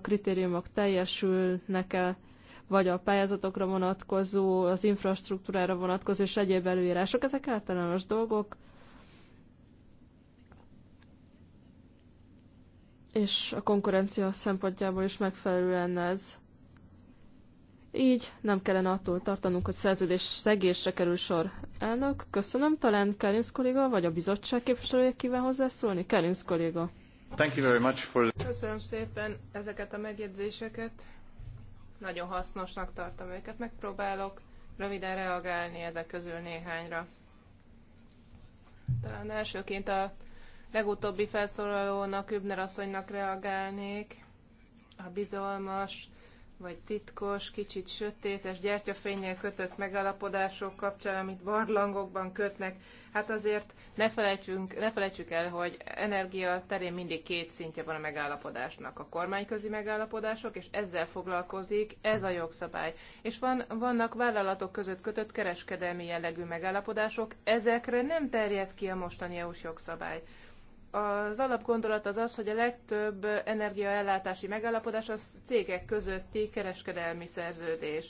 kritériumok teljesülnek-e, vagy a pályázatokra vonatkozó, az infrastruktúrára vonatkozó és egyéb előírások, ezek általános dolgok. És a konkurencia szempontjából is megfelelő lenne ez. Így nem kellene attól tartanunk, hogy szerződés szegésre kerül sor. Elnök, köszönöm. Talán Kerinsz kolléga, vagy a bizottság képviselője kíván hozzászólni? Kerinsz kolléga. Thank you very much for... Köszönöm szépen ezeket a megjegyzéseket. Nagyon hasznosnak tartom őket. Megpróbálok röviden reagálni ezek közül néhányra. Talán elsőként a legutóbbi felszólalónak, Übner asszonynak reagálnék. A bizalmas, vagy titkos, kicsit sötétes gyertyafénynél kötött megalapodások kapcsán, amit barlangokban kötnek, hát azért ne felejtsünk, ne felejtsük el, hogy energia terén mindig két szintje van a megállapodásnak. A kormányközi megállapodások, és ezzel foglalkozik ez a jogszabály. És van, vannak vállalatok között kötött kereskedelmi jellegű megállapodások, ezekre nem terjed ki a mostani EU-s jogszabály az alapgondolat az az, hogy a legtöbb energiaellátási megállapodás az cégek közötti kereskedelmi szerződés.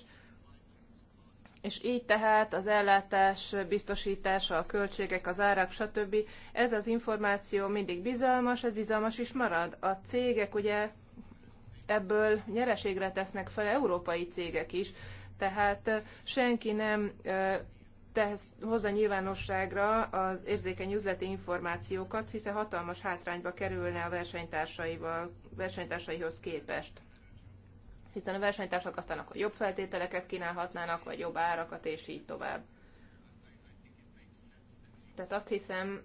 És így tehát az ellátás biztosítása, a költségek, az árak, stb. Ez az információ mindig bizalmas, ez bizalmas is marad. A cégek ugye ebből nyereségre tesznek fel európai cégek is, tehát senki nem tesz, hozzá nyilvánosságra az érzékeny üzleti információkat, hiszen hatalmas hátrányba kerülne a versenytársaival, versenytársaihoz képest. Hiszen a versenytársak aztán akkor jobb feltételeket kínálhatnának, vagy jobb árakat, és így tovább. Tehát azt hiszem,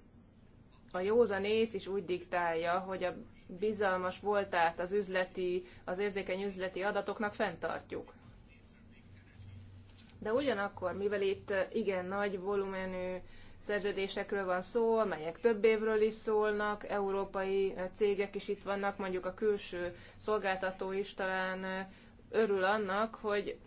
a józan ész is úgy diktálja, hogy a bizalmas voltát az üzleti, az érzékeny üzleti adatoknak fenntartjuk. De ugyanakkor, mivel itt eh, igen nagy volumenű szerződésekről van szó, amelyek több évről is szólnak, európai eh, cégek is itt vannak, mondjuk a külső szolgáltató is talán eh, örül annak, hogy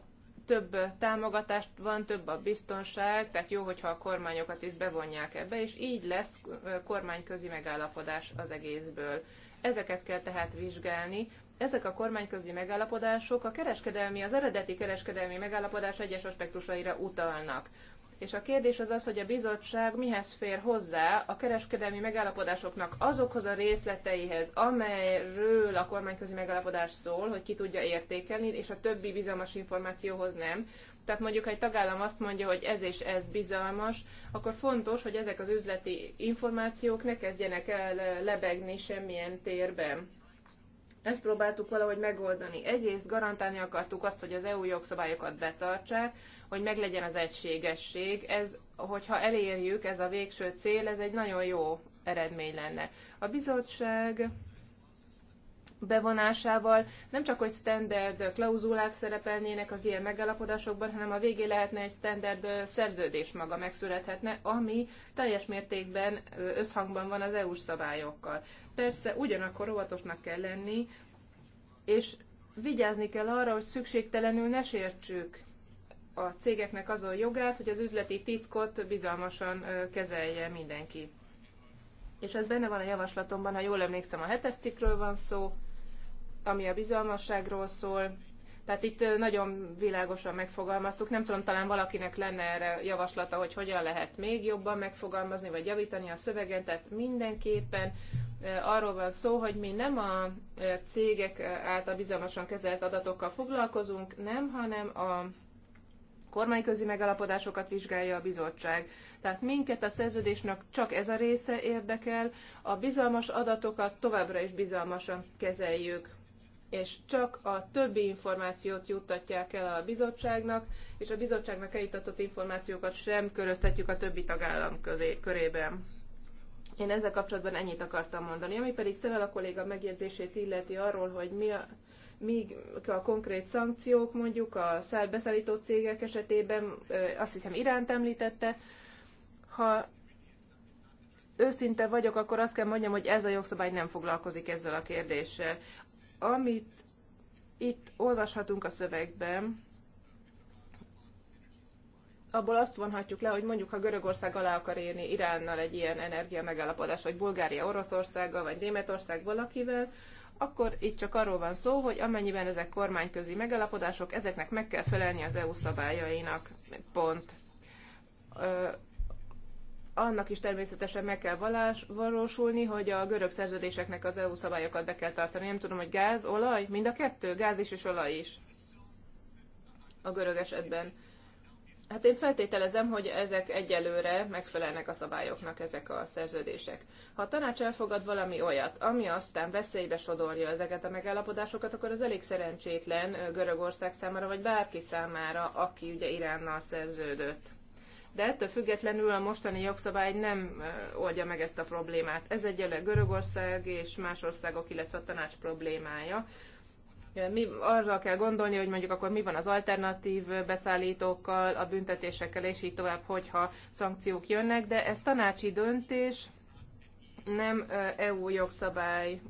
több támogatást van, több a biztonság, tehát jó, hogyha a kormányokat is bevonják ebbe, és így lesz kormányközi megállapodás az egészből. Ezeket kell tehát vizsgálni, ezek a kormányközi megállapodások a kereskedelmi, az eredeti kereskedelmi megállapodás egyes aspektusaira utalnak. És a kérdés az az, hogy a bizottság mihez fér hozzá a kereskedelmi megállapodásoknak azokhoz a részleteihez, amelyről a kormányközi megállapodás szól, hogy ki tudja értékelni, és a többi bizalmas információhoz nem. Tehát mondjuk egy tagállam azt mondja, hogy ez és ez bizalmas, akkor fontos, hogy ezek az üzleti információk ne kezdjenek el lebegni semmilyen térben ezt próbáltuk valahogy megoldani. Egyrészt garantálni akartuk azt, hogy az EU jogszabályokat betartsák, hogy meglegyen az egységesség. Ez, hogyha elérjük, ez a végső cél, ez egy nagyon jó eredmény lenne. A bizottság bevonásával nem csak, hogy standard klauzulák szerepelnének az ilyen megállapodásokban, hanem a végé lehetne egy standard szerződés maga megszülethetne, ami teljes mértékben összhangban van az EU-s szabályokkal. Persze ugyanakkor óvatosnak kell lenni, és vigyázni kell arra, hogy szükségtelenül ne sértsük a cégeknek azon jogát, hogy az üzleti titkot bizalmasan kezelje mindenki és ez benne van a javaslatomban, ha jól emlékszem, a hetes cikkről van szó, ami a bizalmasságról szól. Tehát itt nagyon világosan megfogalmaztuk. Nem tudom, talán valakinek lenne erre javaslata, hogy hogyan lehet még jobban megfogalmazni, vagy javítani a szövegen. Tehát mindenképpen arról van szó, hogy mi nem a cégek által bizalmasan kezelt adatokkal foglalkozunk, nem, hanem a kormányközi megállapodásokat vizsgálja a bizottság. Tehát minket a szerződésnek csak ez a része érdekel, a bizalmas adatokat továbbra is bizalmasan kezeljük és csak a többi információt juttatják el a bizottságnak, és a bizottságnak eljutatott információkat sem köröztetjük a többi tagállam közé, körében. Én ezzel kapcsolatban ennyit akartam mondani. Ami pedig Szevel a kolléga megjegyzését illeti arról, hogy mi a, mi a konkrét szankciók mondjuk a beszállító cégek esetében, azt hiszem Iránt említette, ha őszinte vagyok, akkor azt kell mondjam, hogy ez a jogszabály nem foglalkozik ezzel a kérdéssel. Amit itt olvashatunk a szövegben, abból azt vonhatjuk le, hogy mondjuk, ha Görögország alá akar élni Iránnal egy ilyen energia megállapodás, vagy Bulgária Oroszországgal, vagy Németország valakivel, akkor itt csak arról van szó, hogy amennyiben ezek kormányközi megállapodások, ezeknek meg kell felelni az EU szabályainak. Pont annak is természetesen meg kell valás, valósulni, hogy a görög szerződéseknek az EU szabályokat be kell tartani. Nem tudom, hogy gáz, olaj, mind a kettő, gáz is és olaj is a görög esetben. Hát én feltételezem, hogy ezek egyelőre megfelelnek a szabályoknak ezek a szerződések. Ha a tanács elfogad valami olyat, ami aztán veszélybe sodorja ezeket a megállapodásokat, akkor az elég szerencsétlen Görögország számára, vagy bárki számára, aki ugye Iránnal szerződött de ettől függetlenül a mostani jogszabály nem oldja meg ezt a problémát. Ez egyelőre Görögország és más országok, illetve a tanács problémája. Mi arra kell gondolni, hogy mondjuk akkor mi van az alternatív beszállítókkal, a büntetésekkel, és így tovább, hogyha szankciók jönnek, de ez tanácsi döntés, nem EU jogszabályról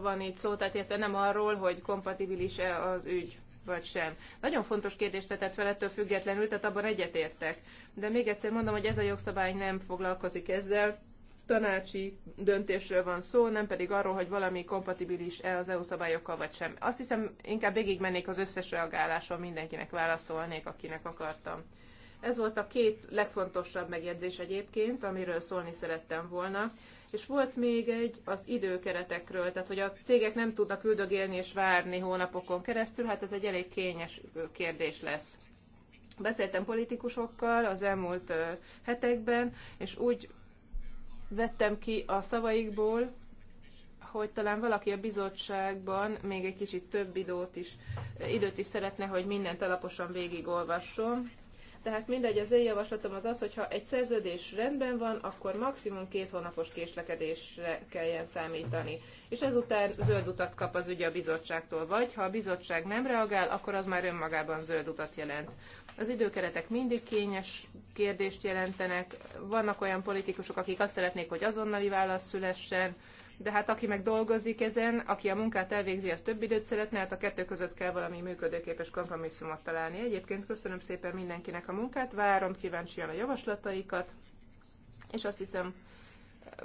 van itt szó, tehát érte nem arról, hogy kompatibilis-e az ügy vagy sem. Nagyon fontos kérdést vetett fel ettől függetlenül, tehát abban egyetértek. De még egyszer mondom, hogy ez a jogszabály nem foglalkozik ezzel, tanácsi döntésről van szó, nem pedig arról, hogy valami kompatibilis-e az EU szabályokkal vagy sem. Azt hiszem, inkább végigmennék az összes reagáláson, mindenkinek válaszolnék, akinek akartam. Ez volt a két legfontosabb megjegyzés egyébként, amiről szólni szerettem volna. És volt még egy az időkeretekről, tehát hogy a cégek nem tudnak üldögélni és várni hónapokon keresztül, hát ez egy elég kényes kérdés lesz. Beszéltem politikusokkal az elmúlt hetekben, és úgy vettem ki a szavaikból, hogy talán valaki a bizottságban még egy kicsit több időt is, időt is szeretne, hogy mindent alaposan végigolvasson. Tehát mindegy, az én javaslatom az az, hogyha egy szerződés rendben van, akkor maximum két hónapos késlekedésre kelljen számítani. És ezután zöld utat kap az ügy a bizottságtól, vagy ha a bizottság nem reagál, akkor az már önmagában zöld utat jelent. Az időkeretek mindig kényes kérdést jelentenek, vannak olyan politikusok, akik azt szeretnék, hogy azonnali válasz szülessen, de hát aki meg dolgozik ezen, aki a munkát elvégzi, az több időt szeretne, hát a kettő között kell valami működőképes kompromisszumot találni. Egyébként köszönöm szépen mindenkinek a munkát, várom kíváncsian a javaslataikat, és azt hiszem,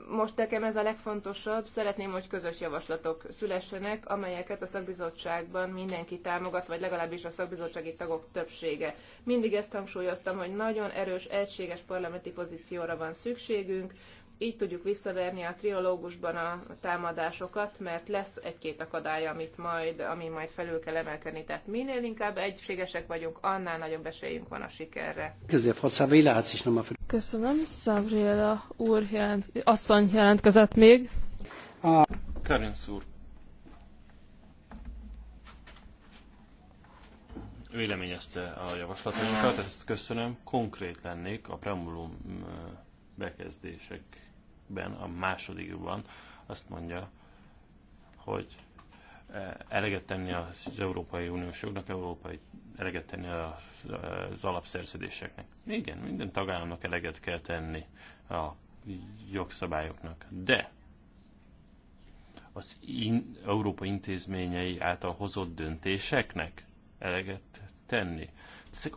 most nekem ez a legfontosabb, szeretném, hogy közös javaslatok szülessenek, amelyeket a szakbizottságban mindenki támogat, vagy legalábbis a szakbizottsági tagok többsége. Mindig ezt hangsúlyoztam, hogy nagyon erős, egységes parlamenti pozícióra van szükségünk, így tudjuk visszaverni a triológusban a támadásokat, mert lesz egy-két akadály, amit majd, ami majd felül kell emelkedni. Tehát minél inkább egységesek vagyunk, annál nagyobb esélyünk van a sikerre. Köszönöm, Szavrila úr jelent, asszony jelentkezett még. A... Karin szúr. Véleményezte a javaslatainkat, ezt köszönöm. Konkrét lennék a preambulum bekezdések cikkben, a másodikban azt mondja, hogy eh, eleget tenni az Európai Uniós jognak, európai, eleget tenni az, az alapszerződéseknek. Igen, minden tagállamnak eleget kell tenni a jogszabályoknak, de az in, Európa intézményei által hozott döntéseknek eleget tenni. Ezek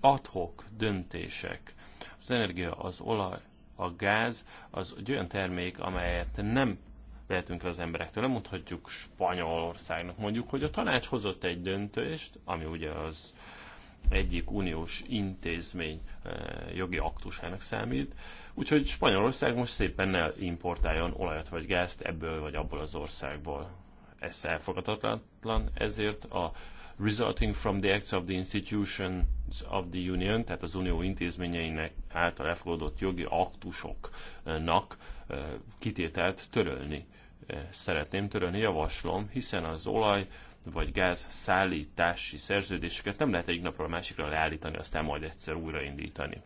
adhok döntések. Az energia, az olaj, a gáz az egy olyan termék, amelyet nem vehetünk el az emberektől. Nem mondhatjuk Spanyolországnak mondjuk, hogy a tanács hozott egy döntést, ami ugye az egyik uniós intézmény eh, jogi aktusának számít. Úgyhogy Spanyolország most szépen ne importáljon olajat vagy gázt ebből vagy abból az országból. Ez elfogadhatatlan, ezért a resulting from the acts of the institutions of the Union, tehát az unió intézményeinek által elfogadott jogi aktusoknak kitételt törölni szeretném törölni, javaslom, hiszen az olaj vagy gáz szállítási szerződéseket nem lehet egyik napról a másikra leállítani, aztán majd egyszer újraindítani.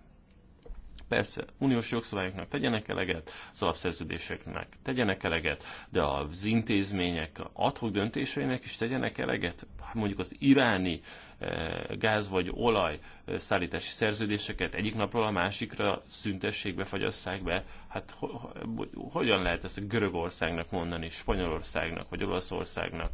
Persze, uniós jogszabályoknak tegyenek eleget, az alapszerződéseknek tegyenek eleget, de az intézmények adhok döntéseinek is tegyenek eleget. Hát mondjuk az iráni eh, gáz vagy olaj eh, szállítási szerződéseket egyik napról a másikra szüntessék be, fagyasszák be. Hát ho- ho- hogyan lehet ezt a Görögországnak mondani, Spanyolországnak vagy Olaszországnak?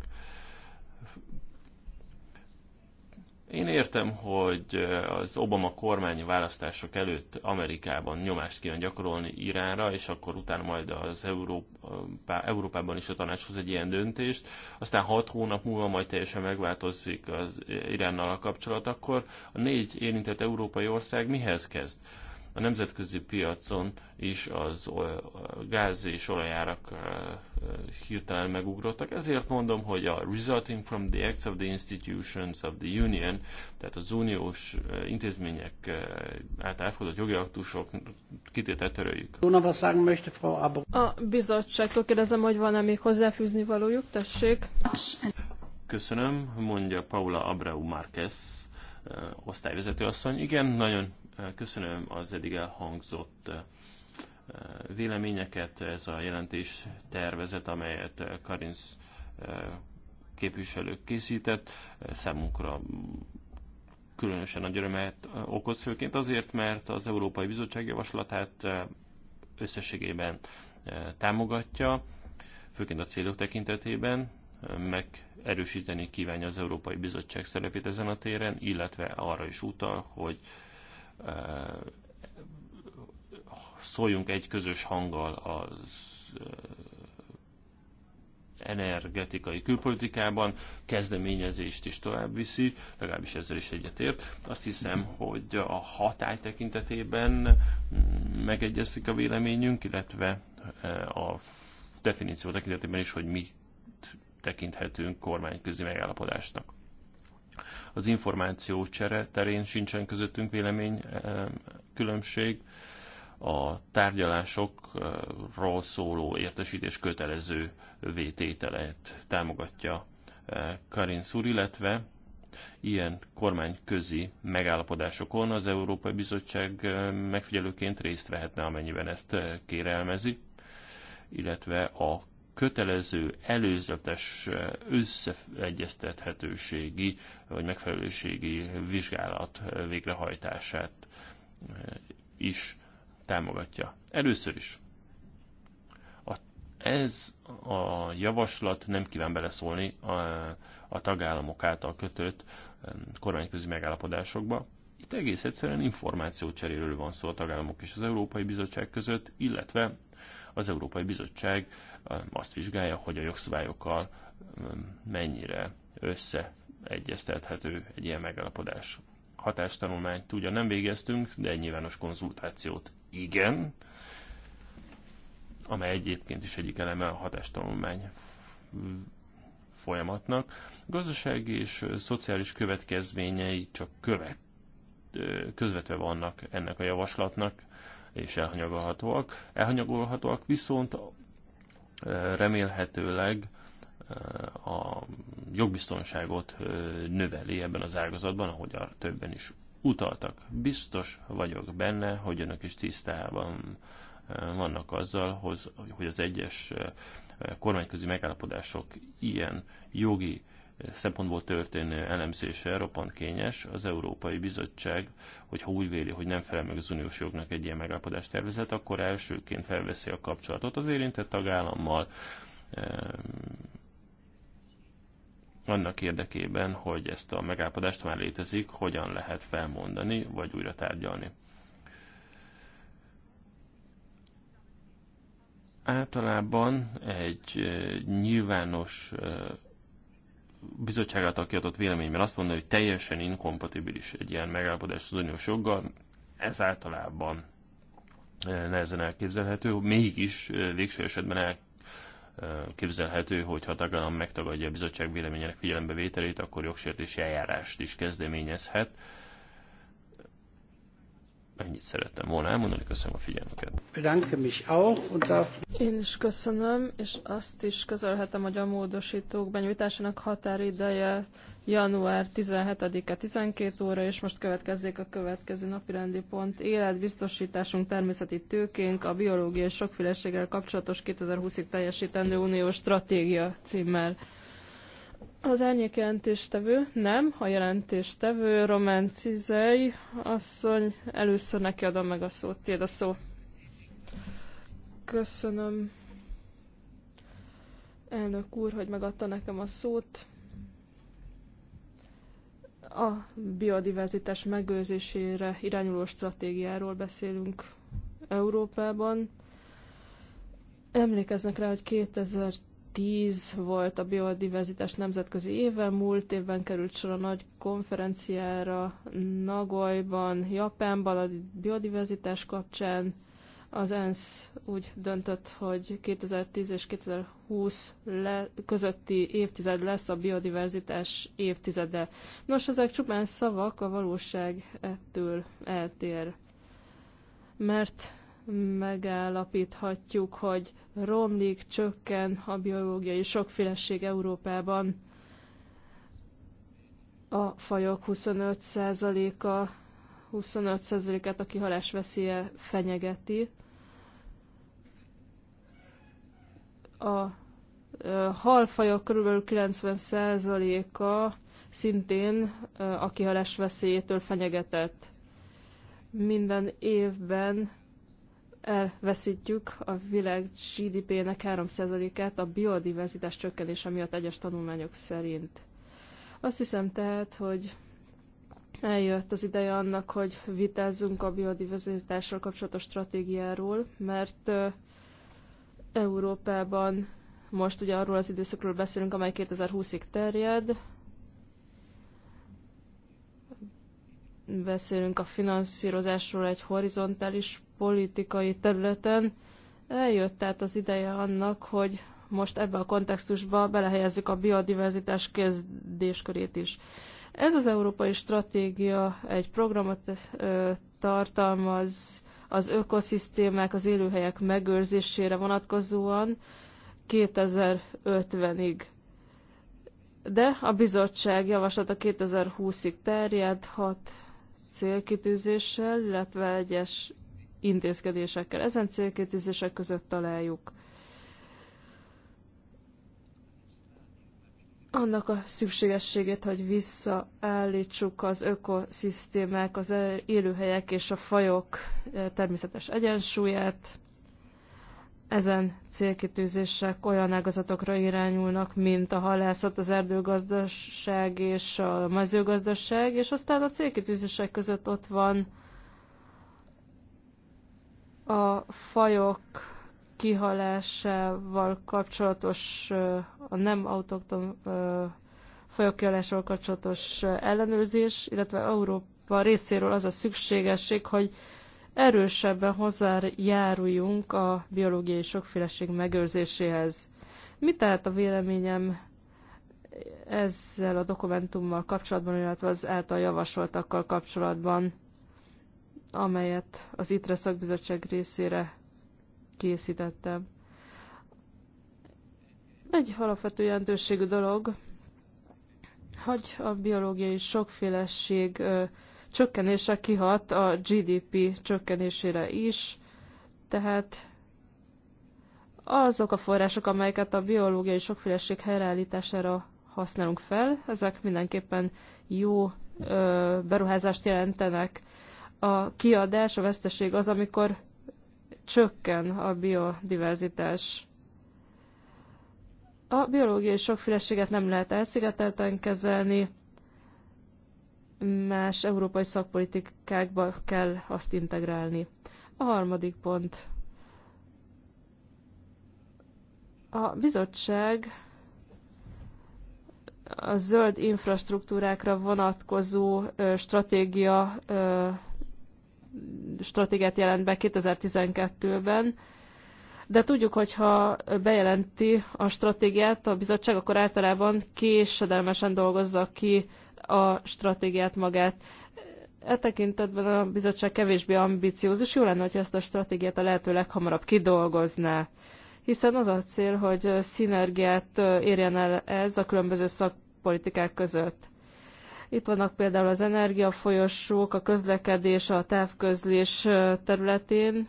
Én értem, hogy eh, az Obama kormány választások előtt Amerikában nyomást kíván gyakorolni Iránra, és akkor utána majd az Európa, Európában is a tanácshoz egy ilyen döntést, aztán hat hónap múlva majd teljesen megváltozik az Iránnal a kapcsolat, akkor a négy érintett európai ország mihez kezd? a nemzetközi piacon is az gáz és olajárak hirtelen megugrottak. Ezért mondom, hogy a resulting from the acts of the institutions of the union, tehát az uniós intézmények által elfogadott jogi aktusok kitételt töröljük. A bizottságtól kérdezem, hogy van-e még hozzáfűzni valójuk, tessék. Köszönöm, mondja Paula Abreu Márquez osztályvezető asszony. Igen, nagyon Köszönöm az eddig elhangzott eh, véleményeket, ez a jelentés tervezet, amelyet eh, Karinsz eh, képviselők készített, számunkra különösen nagy örömet okoz, főként azért, mert az Európai Bizottság javaslatát összességében támogatja, főként a célok tekintetében, meg erősíteni kívánja az Európai Bizottság szerepét ezen a téren, illetve arra is utal, hogy szóljunk egy közös hanggal az energetikai külpolitikában, kezdeményezést is tovább viszi, legalábbis ezzel is egyetért. Azt hiszem, hogy a hatály tekintetében megegyezik a véleményünk, illetve a definíció tekintetében is, hogy mi tekinthetünk kormányközi megállapodásnak az információ csere terén sincsen közöttünk vélemény eh, különbség, a tárgyalásokról szóló értesítés kötelező vétételet támogatja eh, Karin Szúr, illetve ilyen kormányközi megállapodásokon az Európai Bizottság eh, megfigyelőként részt vehetne, amennyiben ezt kérelmezi, illetve a kötelező, előzetes, összeegyeztethetőségi vagy megfelelőségi vizsgálat végrehajtását eh, is támogatja. Először is a, ez a javaslat nem kíván beleszólni a, a tagállamok által kötött eh, kormányközi megállapodásokba. Itt egész egyszerűen információcseréről van szó a tagállamok és az Európai Bizottság között, illetve az Európai Bizottság azt vizsgálja, hogy a jogszabályokkal mennyire összeegyeztethető egy ilyen megállapodás. Hatástanulmányt ugyan nem végeztünk, de egy nyilvános konzultációt igen, amely egyébként is egyik eleme a hatástanulmány folyamatnak. gazdasági és szociális következményei csak követ, közvetve vannak ennek a javaslatnak, és elhanyagolhatóak. Elhanyagolhatóak viszont remélhetőleg a jogbiztonságot növeli ebben az ágazatban, ahogy a többen is utaltak. Biztos vagyok benne, hogy önök is tisztában vannak azzal, hogy az egyes kormányközi megállapodások ilyen jogi szempontból történő elemzése roppant kényes. Az Európai Bizottság, hogyha úgy véli, hogy nem felel meg az uniós jognak egy ilyen megállapodás tervezet, akkor elsőként felveszi a kapcsolatot az érintett tagállammal, ehm, annak érdekében, hogy ezt a megállapodást már létezik, hogyan lehet felmondani, vagy újra tárgyalni. Általában egy eh, nyilvános eh, bizottság által kiadott véleményben azt mondani, hogy teljesen inkompatibilis egy ilyen megállapodás az uniós joggal, ez általában eh, nehezen elképzelhető, mégis eh, végső esetben eh, képzelhető, hogy ha tagállam megtagadja a bizottság véleményének figyelembevételét, akkor jogsértési eljárást is kezdeményezhet Ennyit szerettem volna elmondani, köszönöm a figyelmüket. Én is köszönöm, és azt is közölhetem, hogy a módosítók benyújtásának határideje január 17-e 12 óra, és most következzék a következő napirendi pont. Életbiztosításunk természeti tőkénk, a biológiai sokféleséggel kapcsolatos 2020-ig teljesítendő uniós stratégia címmel. Az elnyék jelentéstevő nem, a jelentéstevő Román Cizei asszony, először neki adom meg a szót, tiéd a szó. Köszönöm, elnök úr, hogy megadta nekem a szót. A biodiverzitás megőrzésére irányuló stratégiáról beszélünk Európában. Emlékeznek rá, hogy 2000 2010 volt a biodiverzitás nemzetközi éve, múlt évben került sor a nagy konferenciára Nagoyban, Japánban a biodiverzitás kapcsán. Az ENSZ úgy döntött, hogy 2010 és 2020 le, közötti évtized lesz a biodiverzitás évtizede. Nos, ezek csupán szavak, a valóság ettől eltér. Mert megállapíthatjuk, hogy romlik, csökken a biológiai sokféleség Európában. A fajok 25%-a 25%-át a kihalás veszélye fenyegeti. A halfajok kb. 90%-a szintén a kihalás veszélyétől fenyegetett. Minden évben elveszítjük a világ GDP-nek 3%-át a biodiverzitás csökkenése miatt egyes tanulmányok szerint. Azt hiszem tehát, hogy eljött az ideje annak, hogy vitázzunk a biodiverzitással kapcsolatos stratégiáról, mert Európában most ugye arról az időszakról beszélünk, amely 2020-ig terjed, beszélünk a finanszírozásról egy horizontális politikai területen. Eljött tehát az ideje annak, hogy most ebbe a kontextusba belehelyezzük a biodiverzitás kérdéskörét is. Ez az európai stratégia egy programot ö, tartalmaz az ökoszisztémák, az élőhelyek megőrzésére vonatkozóan 2050-ig. De a bizottság javaslata 2020-ig terjedhat célkitűzéssel, illetve egyes intézkedésekkel. Ezen célkétűzések között találjuk annak a szükségességét, hogy visszaállítsuk az ökoszisztémák, az élőhelyek és a fajok eh, természetes egyensúlyát. Ezen célkitűzések olyan ágazatokra irányulnak, mint a halászat, az erdőgazdaság és a mezőgazdaság, és aztán a célkitűzések között ott van a fajok kihalásával kapcsolatos, a nem autokton fajok kihalásával kapcsolatos ellenőrzés, illetve Európa részéről az a szükségesség, hogy erősebben hozzájáruljunk a biológiai sokféleség megőrzéséhez. Mi tehát a véleményem ezzel a dokumentummal kapcsolatban, illetve az által javasoltakkal kapcsolatban? amelyet az ITRE szakbizottság részére készítettem. Egy alapvető jelentőségű dolog, hogy a biológiai sokféleség csökkenése kihat a GDP csökkenésére is, tehát azok a források, amelyeket a biológiai sokféleség helyreállítására használunk fel, ezek mindenképpen jó ö, beruházást jelentenek a kiadás, a veszteség az, amikor csökken a biodiverzitás. A biológiai sokféleséget nem lehet elszigetelten kezelni, más európai szakpolitikákba kell azt integrálni. A harmadik pont. A bizottság a zöld infrastruktúrákra vonatkozó stratégia stratégiát jelent be 2012-ben, de tudjuk, hogy ha bejelenti a stratégiát a bizottság, akkor általában késedelmesen dolgozza ki a stratégiát magát. E tekintetben a bizottság kevésbé ambiciózus, jó lenne, hogy ezt a stratégiát a lehető leghamarabb kidolgozná hiszen az a cél, hogy szinergiát érjen el ez a különböző szakpolitikák között. Itt vannak például az energiafolyosók, a közlekedés, a távközlés területén,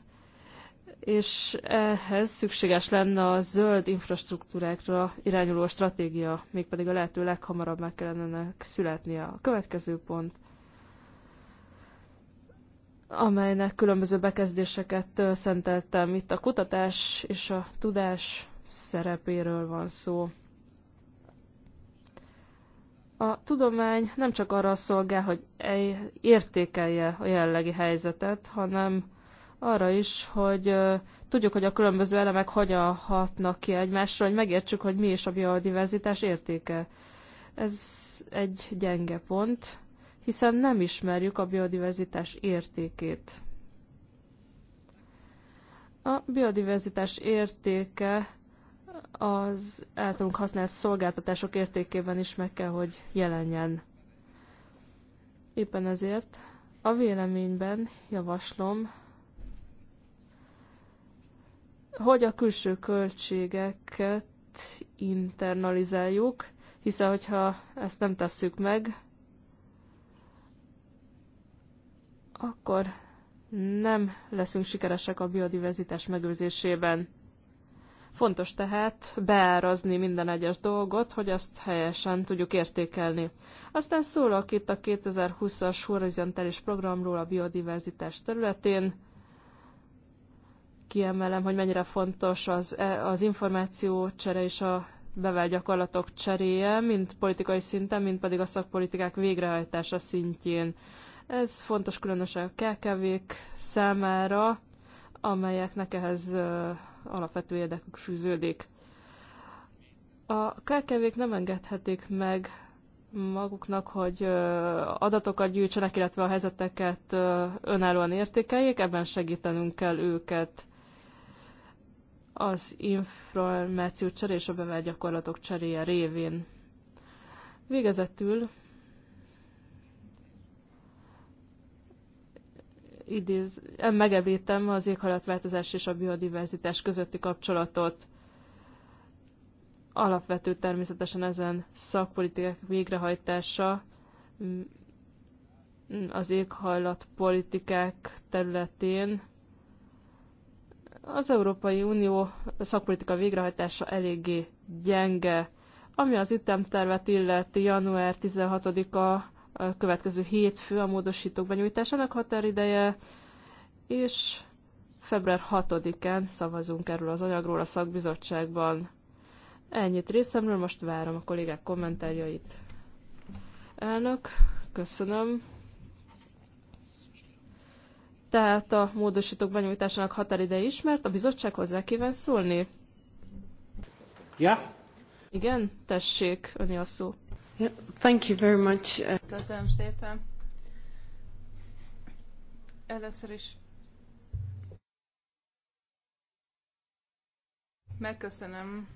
és ehhez szükséges lenne a zöld infrastruktúrákra irányuló stratégia, mégpedig a lehető leghamarabb meg kellene születnie. A következő pont, amelynek különböző bekezdéseket szenteltem, itt a kutatás és a tudás szerepéről van szó. A tudomány nem csak arra szolgál, hogy értékelje a jellegi helyzetet, hanem arra is, hogy tudjuk, hogy a különböző elemek hogyan hatnak ki egymásra, hogy megértsük, hogy mi is a biodiverzitás értéke. Ez egy gyenge pont, hiszen nem ismerjük a biodiverzitás értékét. A biodiverzitás értéke az általunk használt szolgáltatások értékében is meg kell, hogy jelenjen. Éppen ezért a véleményben javaslom, hogy a külső költségeket internalizáljuk, hiszen hogyha ezt nem tesszük meg, akkor nem leszünk sikeresek a biodiverzitás megőrzésében. Fontos tehát beárazni minden egyes dolgot, hogy azt helyesen tudjuk értékelni. Aztán szólok itt a 2020-as horizontális programról a biodiverzitás területén. Kiemelem, hogy mennyire fontos az, e, az információ csere és a bevált gyakorlatok cseréje, mind politikai szinten, mind pedig a szakpolitikák végrehajtása szintjén. Ez fontos különösen a KKV-k számára, amelyeknek ehhez alapvető érdekük fűződik. A kkv nem engedhetik meg maguknak, hogy adatokat gyűjtsenek, illetve a helyzeteket önállóan értékeljék, ebben segítenünk kell őket az információ cseré és a bevált gyakorlatok cseréje révén. Végezetül idéz, megemlítem az éghajlatváltozás és a biodiverzitás közötti kapcsolatot. Alapvető természetesen ezen szakpolitikák végrehajtása az éghajlatpolitikák területén. Az Európai Unió szakpolitika végrehajtása eléggé gyenge. Ami az ütemtervet illeti, január 16-a a következő hétfő a módosítók benyújtásának határideje, és február 6-án szavazunk erről az anyagról a szakbizottságban. Ennyit részemről, most várom a kollégák kommentárjait. Elnök, köszönöm. Tehát a módosítók benyújtásának határideje ismert, a bizottság hozzá kíván szólni? Ja. Igen, tessék, öni a szó thank you very much. Köszönöm szépen. Először is megköszönöm,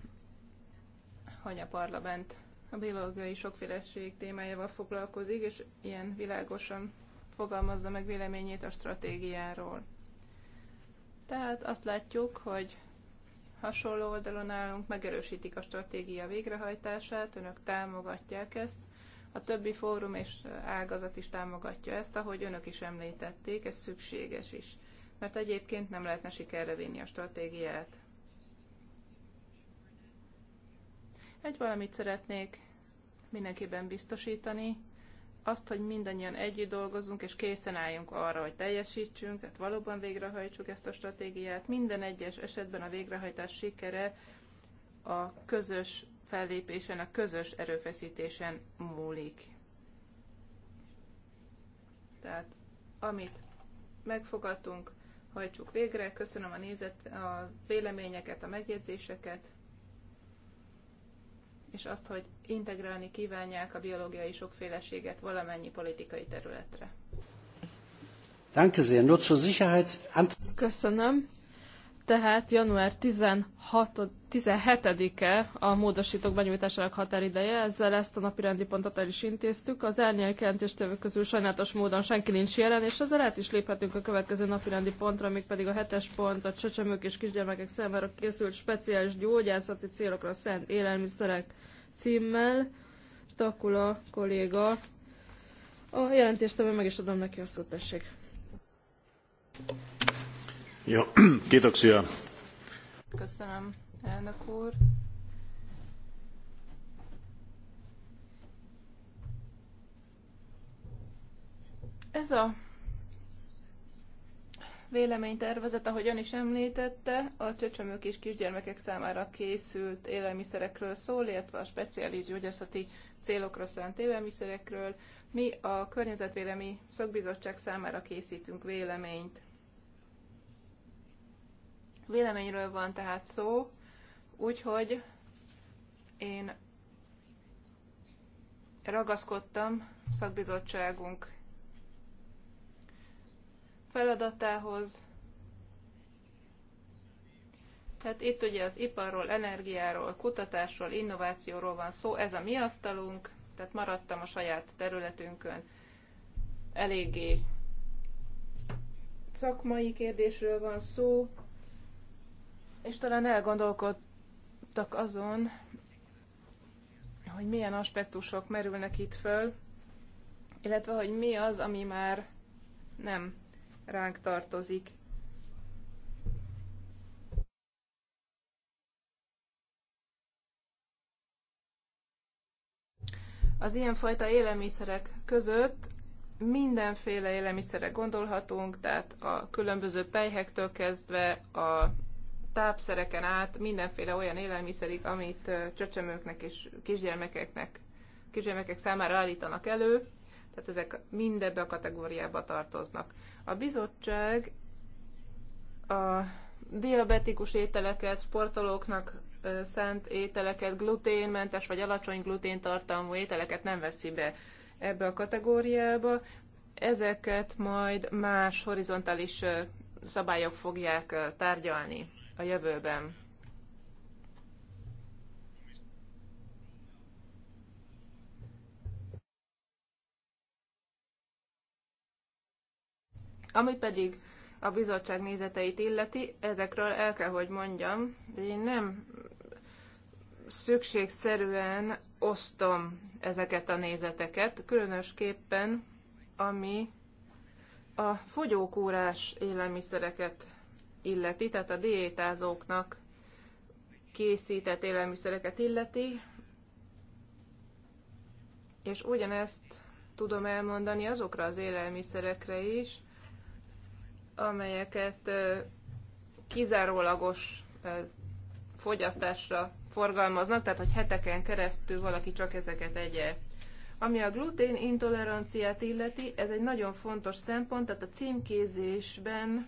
hogy a parlament a biológiai sokféleség témájával foglalkozik, és ilyen világosan fogalmazza meg véleményét a stratégiáról. Tehát azt látjuk, hogy hasonló oldalon állunk, megerősítik a stratégia végrehajtását, önök támogatják ezt, a többi fórum és ágazat is támogatja ezt, ahogy önök is említették, ez szükséges is, mert egyébként nem lehetne sikerre vinni a stratégiát. Egy valamit szeretnék mindenképpen biztosítani, azt, hogy mindannyian együtt dolgozunk és készen álljunk arra, hogy teljesítsünk, tehát valóban végrehajtsuk ezt a stratégiát. Minden egyes esetben a végrehajtás sikere a közös fellépésen, a közös erőfeszítésen múlik. Tehát amit megfogadtunk, hajtsuk végre. Köszönöm a, nézet, a véleményeket, a megjegyzéseket és azt, hogy integrálni kívánják a biológiai sokféleséget valamennyi politikai területre. Köszönöm tehát január 17-e a módosítók benyújtásának határideje, ezzel ezt a napi rendi pontot el is intéztük. Az árnyék jelentéstevők közül sajnálatos módon senki nincs jelen, és ezzel át is léphetünk a következő napi rendi pontra, még pedig a hetes pont a csecsemők és kisgyermekek számára készült speciális gyógyászati célokra szent élelmiszerek címmel. Takula kolléga. A jelentéstevő meg is adom neki a szót, tessék. Jó, kiitoksia. Köszönöm, elnök úr. Ez a véleménytervezet, ahogy ön is említette, a csöcsömök és kisgyermekek számára készült élelmiszerekről szól, illetve a speciális gyógyászati célokra szánt élelmiszerekről. Mi a Környezetvédelmi Szakbizottság számára készítünk véleményt. Véleményről van tehát szó, úgyhogy én ragaszkodtam szakbizottságunk feladatához. Tehát itt ugye az iparról, energiáról, kutatásról, innovációról van szó, ez a mi asztalunk, tehát maradtam a saját területünkön. Eléggé szakmai kérdésről van szó, és talán elgondolkodtak azon, hogy milyen aspektusok merülnek itt föl, illetve hogy mi az, ami már nem ránk tartozik. Az ilyenfajta élelmiszerek között mindenféle élelmiszerek gondolhatunk, tehát a különböző pejhektől kezdve a tápszereken át mindenféle olyan élelmiszerig, amit csecsemőknek és kisgyermekeknek, kisgyermekek számára állítanak elő, tehát ezek mindebbe a kategóriába tartoznak. A bizottság a diabetikus ételeket, sportolóknak szánt ételeket, gluténmentes vagy alacsony gluténtartalmú ételeket nem veszi be ebbe a kategóriába. Ezeket majd más horizontális szabályok fogják tárgyalni a jövőben. Ami pedig a bizottság nézeteit illeti, ezekről el kell, hogy mondjam, hogy én nem szükségszerűen osztom ezeket a nézeteket, különösképpen ami a fogyókúrás élelmiszereket illeti, tehát a diétázóknak készített élelmiszereket illeti, és ugyanezt tudom elmondani azokra az élelmiszerekre is, amelyeket kizárólagos fogyasztásra forgalmaznak, tehát hogy heteken keresztül valaki csak ezeket egye. Ami a glutén intoleranciát illeti, ez egy nagyon fontos szempont, tehát a címkézésben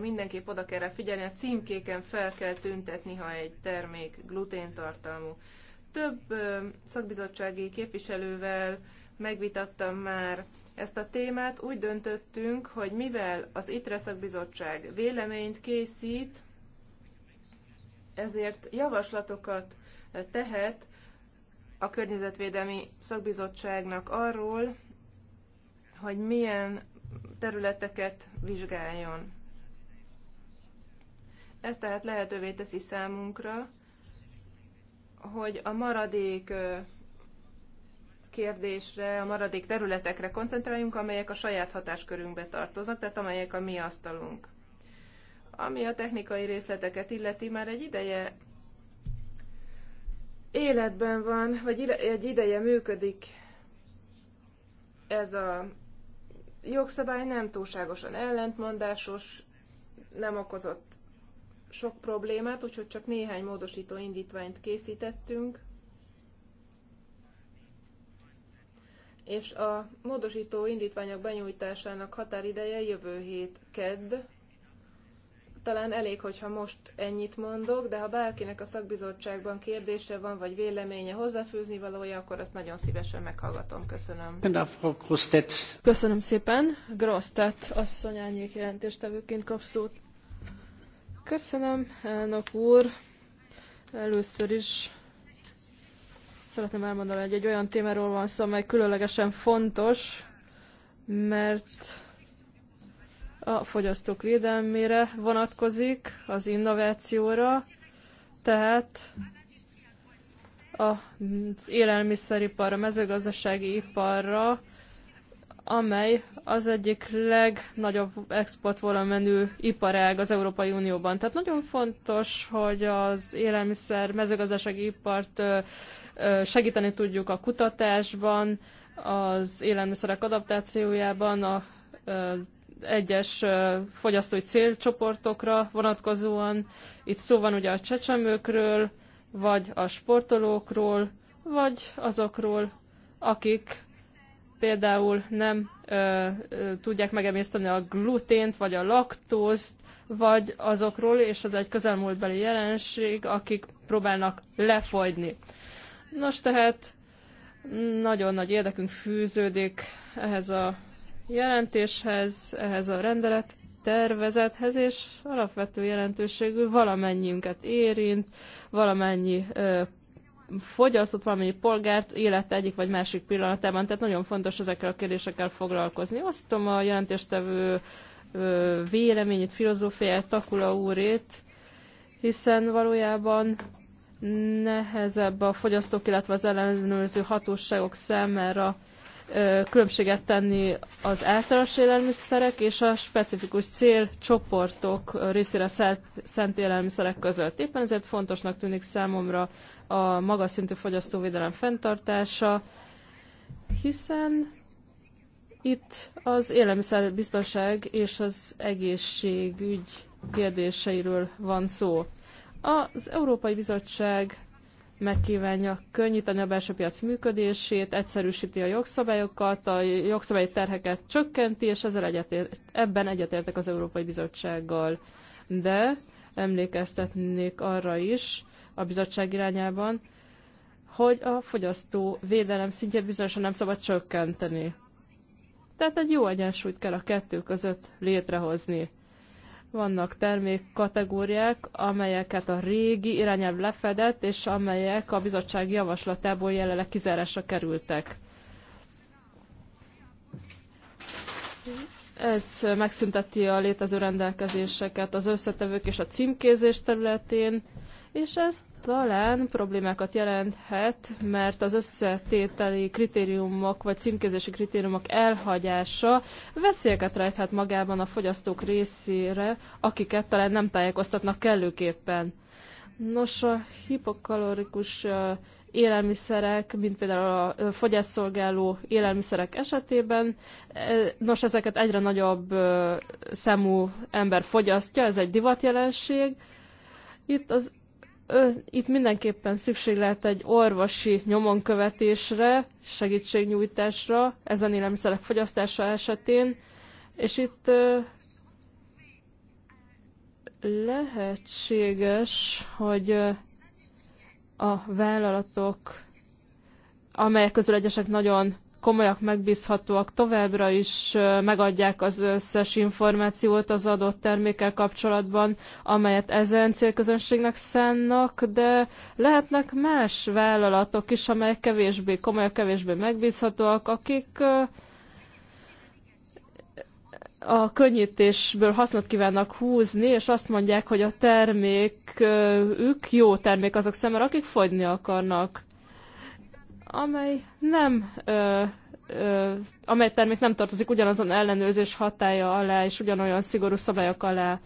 mindenképp oda kell rá figyelni, a címkéken fel kell tüntetni, ha egy termék gluténtartalmú. Több szakbizottsági képviselővel megvitattam már ezt a témát. Úgy döntöttünk, hogy mivel az ITRE szakbizottság véleményt készít, ezért javaslatokat tehet a Környezetvédelmi Szakbizottságnak arról, hogy milyen területeket vizsgáljon. Ez tehát lehetővé teszi számunkra, hogy a maradék kérdésre, a maradék területekre koncentráljunk, amelyek a saját hatáskörünkbe tartoznak, tehát amelyek a mi asztalunk. Ami a technikai részleteket illeti, már egy ideje életben van, vagy egy ideje működik ez a jogszabály, nem túlságosan ellentmondásos, nem okozott sok problémát, úgyhogy csak néhány módosító indítványt készítettünk. És a módosító indítványok benyújtásának határideje jövő hét kedd. Talán elég, hogyha most ennyit mondok, de ha bárkinek a szakbizottságban kérdése van, vagy véleménye hozzáfűzni valója, akkor azt nagyon szívesen meghallgatom. Köszönöm. Köszönöm szépen. Grosztet asszonyányék jelentéstevőként kap szót. Köszönöm, elnök úr. Először is szeretném elmondani, hogy egy olyan témáról van szó, amely különlegesen fontos, mert a fogyasztók védelmére vonatkozik, az innovációra, tehát az élelmiszeriparra, mezőgazdasági iparra, amely az egyik legnagyobb exportvolumenű iparág az Európai Unióban. Tehát nagyon fontos, hogy az élelmiszer, mezőgazdasági ipart segíteni tudjuk a kutatásban, az élelmiszerek adaptációjában, a egyes fogyasztói célcsoportokra vonatkozóan. Itt szó van ugye a csecsemőkről, vagy a sportolókról, vagy azokról, akik például nem ö, ö, tudják megemészteni a glutént, vagy a laktózt, vagy azokról, és az egy közelmúltbeli jelenség, akik próbálnak lefogyni. Nos, tehát nagyon nagy érdekünk fűződik ehhez a jelentéshez, ehhez a rendelet tervezethez, és alapvető jelentőségű valamennyiünket érint, valamennyi ö, fogyasztott valamennyi polgárt élet egyik vagy másik pillanatában, tehát nagyon fontos ezekkel a kérdésekkel foglalkozni. Osztom a jelentéstevő véleményét, filozófiáját, Takula úrét, hiszen valójában nehezebb a fogyasztók, illetve az ellenőrző hatóságok számára különbséget tenni az általános élelmiszerek és a specifikus célcsoportok részére szent élelmiszerek között. Éppen ezért fontosnak tűnik számomra a magas szintű fogyasztóvédelem fenntartása, hiszen itt az élelmiszerbiztonság és az egészségügy kérdéseiről van szó. Az Európai Bizottság megkívánja könnyíteni a belső piac működését, egyszerűsíti a jogszabályokat, a jogszabályi terheket csökkenti, és ezzel egyetért, ebben egyetértek az Európai Bizottsággal. De emlékeztetnék arra is a bizottság irányában, hogy a fogyasztó védelem szintjét bizonyosan nem szabad csökkenteni. Tehát egy jó egyensúlyt kell a kettő között létrehozni. Vannak termékkategóriák, amelyeket a régi irányelv lefedett, és amelyek a bizottság javaslatából jelenleg kizárásra kerültek. Ez megszünteti a létező rendelkezéseket az összetevők és a címkézés területén, és ez talán problémákat jelenthet, mert az összetételi kritériumok vagy címkézési kritériumok elhagyása veszélyeket rejthet magában a fogyasztók részére, akiket talán nem tájékoztatnak kellőképpen. Nos, a hipokalorikus élelmiszerek, mint például a fogyásszolgáló élelmiszerek esetében. E, nos, ezeket egyre nagyobb számú ember fogyasztja, ez egy divatjelenség. Itt az itt mindenképpen szükség lehet egy orvosi nyomonkövetésre, segítségnyújtásra, ezen élelmiszerek fogyasztása esetén, és itt lehetséges, hogy a vállalatok, amelyek közül egyesek nagyon komolyak, megbízhatóak, továbbra is megadják az összes információt az adott termékkel kapcsolatban, amelyet ezen célközönségnek szánnak, de lehetnek más vállalatok is, amelyek kevésbé komolyak, kevésbé megbízhatóak, akik a könnyítésből hasznot kívánnak húzni, és azt mondják, hogy a termékük jó termék azok számára, akik fogyni akarnak amely nem ö, ö, amely termék nem tartozik ugyanazon ellenőrzés hatája alá és ugyanolyan szigorú szabályok alá.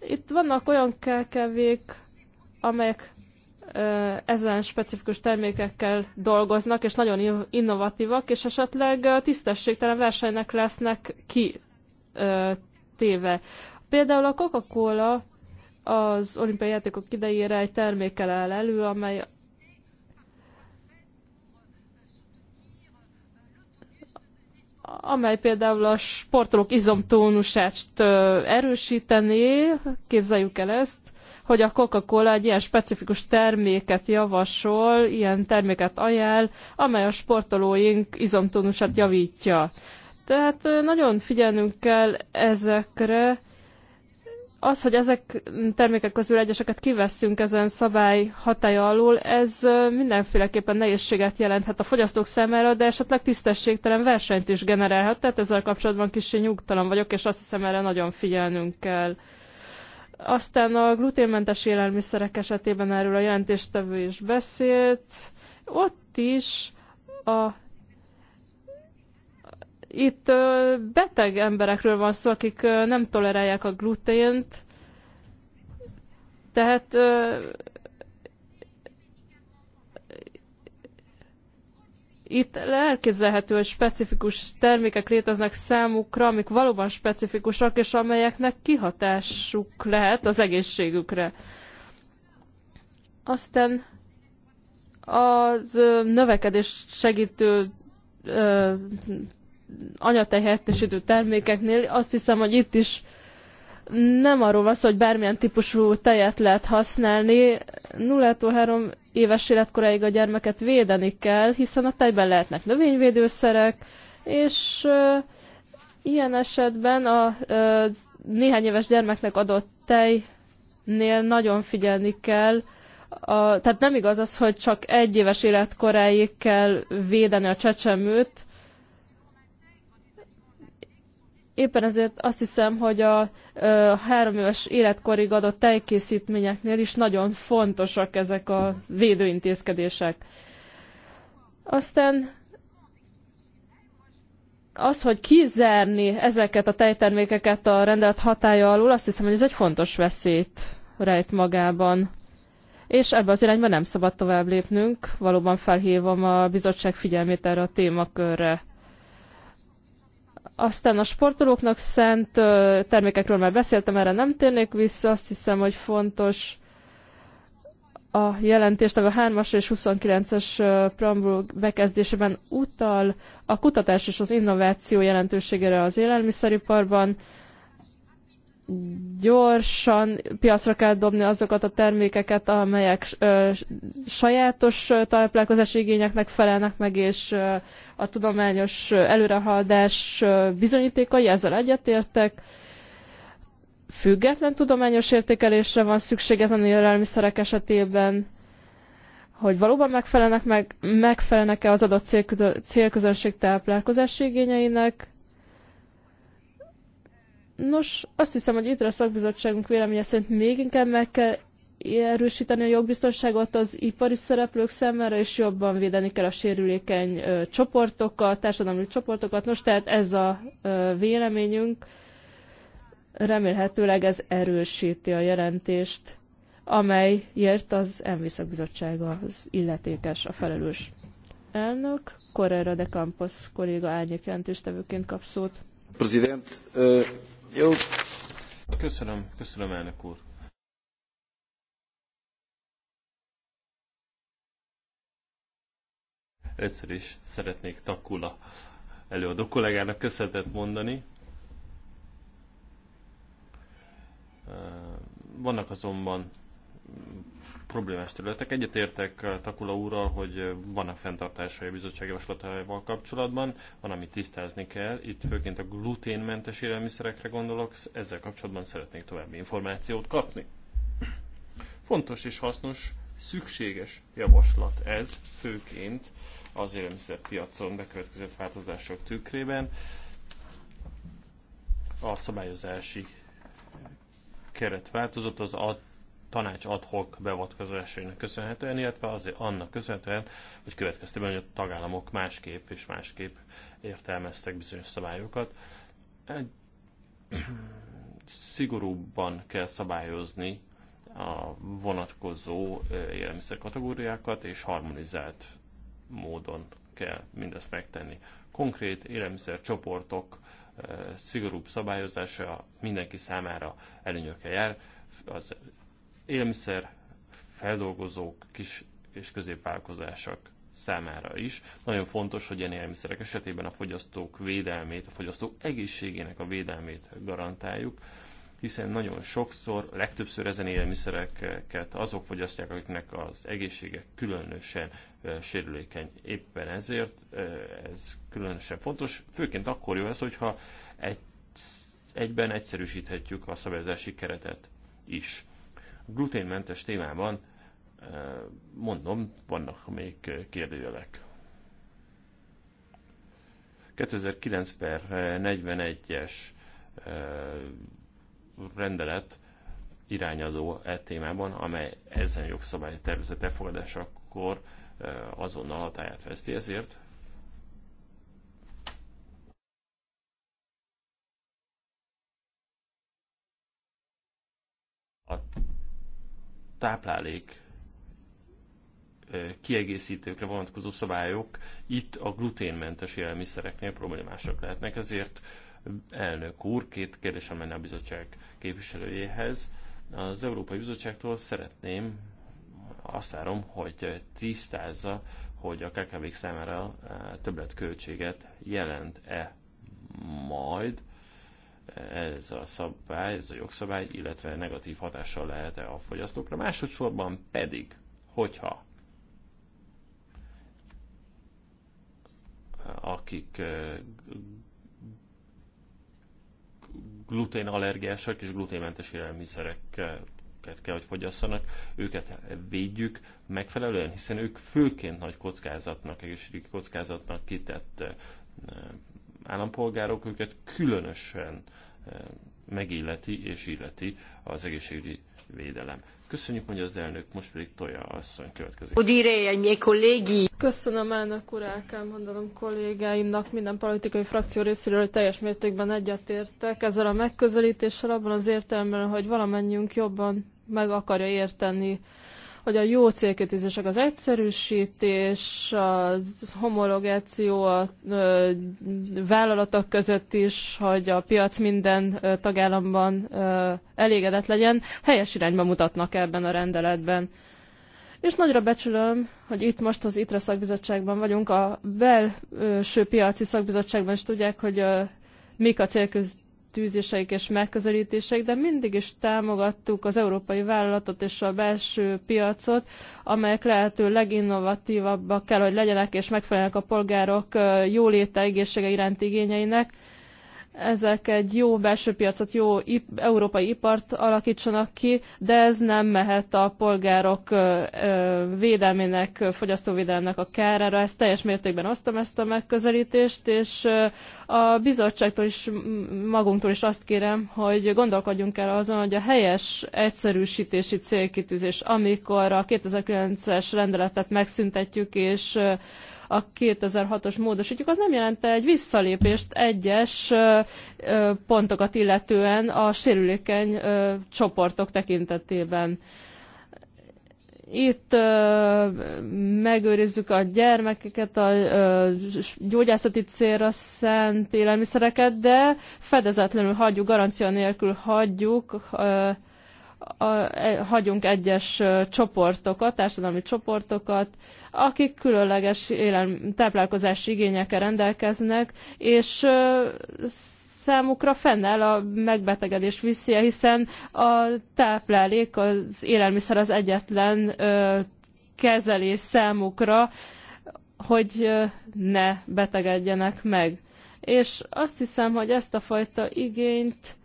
Itt vannak olyan kelkevék, amelyek ö, ezen specifikus termékekkel dolgoznak, és nagyon innovatívak, és esetleg tisztességtelen versenynek lesznek ki ö, téve. Például a Coca-Cola az olimpiai játékok idejére egy termékkel áll elő, amely amely például a sportolók izomtónusát erősítené, képzeljük el ezt, hogy a Coca-Cola egy ilyen specifikus terméket javasol, ilyen terméket ajánl, amely a sportolóink izomtónusát javítja. Tehát nagyon figyelnünk kell ezekre, az, hogy ezek termékek közül egyeseket kivesszünk ezen szabály hatája alól, ez mindenféleképpen nehézséget jelenthet a fogyasztók számára, de esetleg tisztességtelen versenyt is generálhat, tehát ezzel kapcsolatban kicsi nyugtalan vagyok, és azt hiszem erre nagyon figyelnünk kell. Aztán a gluténmentes élelmiszerek esetében erről a jelentéstevő is beszélt. Ott is a itt beteg emberekről van szó, akik nem tolerálják a glutént, tehát itt elképzelhető, hogy specifikus termékek léteznek számukra, amik valóban specifikusak, és amelyeknek kihatásuk lehet az egészségükre. Aztán az növekedés segítő anyatehelyettesítő termékeknél azt hiszem, hogy itt is nem arról van szó, hogy bármilyen típusú tejet lehet használni. 0-3 éves életkoráig a gyermeket védeni kell, hiszen a tejben lehetnek növényvédőszerek, és uh, ilyen esetben a uh, néhány éves gyermeknek adott tejnél nagyon figyelni kell, a, tehát nem igaz az, hogy csak egy éves életkoráig kell védeni a csecsemőt, Éppen ezért azt hiszem, hogy a ö, három éves életkorig adott tejkészítményeknél is nagyon fontosak ezek a védőintézkedések. Aztán az, hogy kizárni ezeket a tejtermékeket a rendelet hatája alól, azt hiszem, hogy ez egy fontos veszélyt rejt magában. És ebbe az irányba nem szabad tovább lépnünk. Valóban felhívom a bizottság figyelmét erre a témakörre. Aztán a sportolóknak szent termékekről már beszéltem, erre nem térnék vissza, azt hiszem, hogy fontos a jelentést, a 3-as és 29-es preambul bekezdésében utal a kutatás és az innováció jelentőségére az élelmiszeriparban, gyorsan piacra kell dobni azokat a termékeket, amelyek ö, sajátos táplálkozási igényeknek felelnek meg, és ö, a tudományos előrehaladás bizonyítékai, ezzel egyetértek. Független tudományos értékelésre van szükség ezen élelmiszerek esetében, hogy valóban megfelelnek meg, megfelelnek-e az adott célközönség táplálkozási igényeinek, Nos, azt hiszem, hogy itt a szakbizottságunk véleménye szerint még inkább meg kell erősíteni a jogbiztonságot az ipari szereplők számára, és jobban védeni kell a sérülékeny ö, csoportokat, társadalmi csoportokat. Nos, tehát ez a ö, véleményünk. Remélhetőleg ez erősíti a jelentést, amelyért az Enviszak szakbizottság az illetékes, a felelős elnök. Correra de Campos kolléga árnyék jelentéstevőként kap szót. Prezident, uh... Jó. Köszönöm, köszönöm elnök úr. Először is szeretnék Takula előadó kollégának köszönetet mondani. Vannak azonban problémás területek. Egyetértek Takula úrral, hogy van a fenntartásai a bizottság javaslatával kapcsolatban, van, amit tisztázni kell. Itt főként a gluténmentes élelmiszerekre gondolok, ezzel kapcsolatban szeretnék további információt kapni. Fontos és hasznos, szükséges javaslat ez, főként az élelmiszerpiacon bekövetkezett változások tükrében. A szabályozási keret változott, az tanács adhok beavatkozásainak köszönhetően, illetve azért annak köszönhetően, hogy következtében hogy a tagállamok másképp és másképp értelmeztek bizonyos szabályokat. Egy szigorúbban kell szabályozni a vonatkozó élelmiszer kategóriákat, és harmonizált módon kell mindezt megtenni. Konkrét élelmiszer csoportok szigorúbb szabályozása mindenki számára előnyökkel jár, az Élmiszer feldolgozók, kis és középvállalkozások számára is. Nagyon fontos, hogy ilyen élmiszerek esetében a fogyasztók védelmét, a fogyasztók egészségének a védelmét garantáljuk, hiszen nagyon sokszor, legtöbbször ezen élmiszereket azok fogyasztják, akiknek az egészsége különösen sérülékeny. Éppen ezért ez különösen fontos, főként akkor jó ez, hogyha egy, egyben egyszerűsíthetjük a szabályozási keretet is gluténmentes témában eh, mondom, vannak még kérdőjelek. 2009 per 41-es eh, rendelet irányadó e témában, amely ezen jogszabály tervezet elfogadásakor eh, azonnal hatáját veszti, ezért a táplálék kiegészítőkre vonatkozó szabályok itt a gluténmentes élelmiszereknél problémásak lehetnek, ezért elnök úr, két kérdésem lenne a bizottság képviselőjéhez. Az Európai Bizottságtól szeretném, azt várom, hogy tisztázza, hogy a kkv számára többletköltséget jelent-e majd, ez a szabály, ez a jogszabály, illetve negatív hatással lehet-e a fogyasztókra. Másodszorban pedig, hogyha akik eh, gluténallergiásak és gluténmentes élelmiszereket kell, hogy fogyasszanak, őket védjük megfelelően, hiszen ők főként nagy kockázatnak, egészségügyi kockázatnak kitett eh, állampolgárok, őket különösen eh, megilleti és illeti az egészségügyi védelem. Köszönjük, mondja az elnök, most pedig Toja asszony következik. Köszönöm elnök úr, el kell mondanom kollégáimnak, minden politikai frakció részéről teljes mértékben egyetértek ezzel a megközelítéssel abban az értelemben, hogy valamennyiünk jobban meg akarja érteni hogy a jó célkötőzések az egyszerűsítés, a homologáció a vállalatok között is, hogy a piac minden tagállamban elégedett legyen, helyes irányba mutatnak ebben a rendeletben. És nagyra becsülöm, hogy itt most az ITRA szakbizottságban vagyunk, a belső piaci szakbizottságban is tudják, hogy mik a célköz tűzéseik és megközelítéseik, de mindig is támogattuk az európai vállalatot és a belső piacot, amelyek lehető leginnovatívabbak kell, hogy legyenek, és megfelelnek a polgárok jóléte, egészsége iránti igényeinek ezek egy jó belső piacot, jó ip, európai ipart alakítsanak ki, de ez nem mehet a polgárok ö, védelmének, fogyasztóvédelmének a kárára. Ezt teljes mértékben osztom ezt a megközelítést, és ö, a bizottságtól is, magunktól is azt kérem, hogy gondolkodjunk el azon, hogy a helyes egyszerűsítési célkitűzés, amikor a 2009-es rendeletet megszüntetjük, és ö, a 2006-os módosítjuk, az nem jelente egy visszalépést egyes pontokat illetően a sérülékeny csoportok tekintetében itt ö, megőrizzük a gyermekeket, a ö, gyógyászati célra szent élelmiszereket, de fedezetlenül hagyjuk, garancia nélkül hagyjuk ö, a, e, hagyunk egyes csoportokat, társadalmi csoportokat, akik különleges élel, táplálkozási igényekkel rendelkeznek, és e, számukra fennáll a megbetegedés viszje, hiszen a táplálék, az élelmiszer az egyetlen kezelés számukra, hogy ne betegedjenek meg. És azt hiszem, hogy ezt a fajta igényt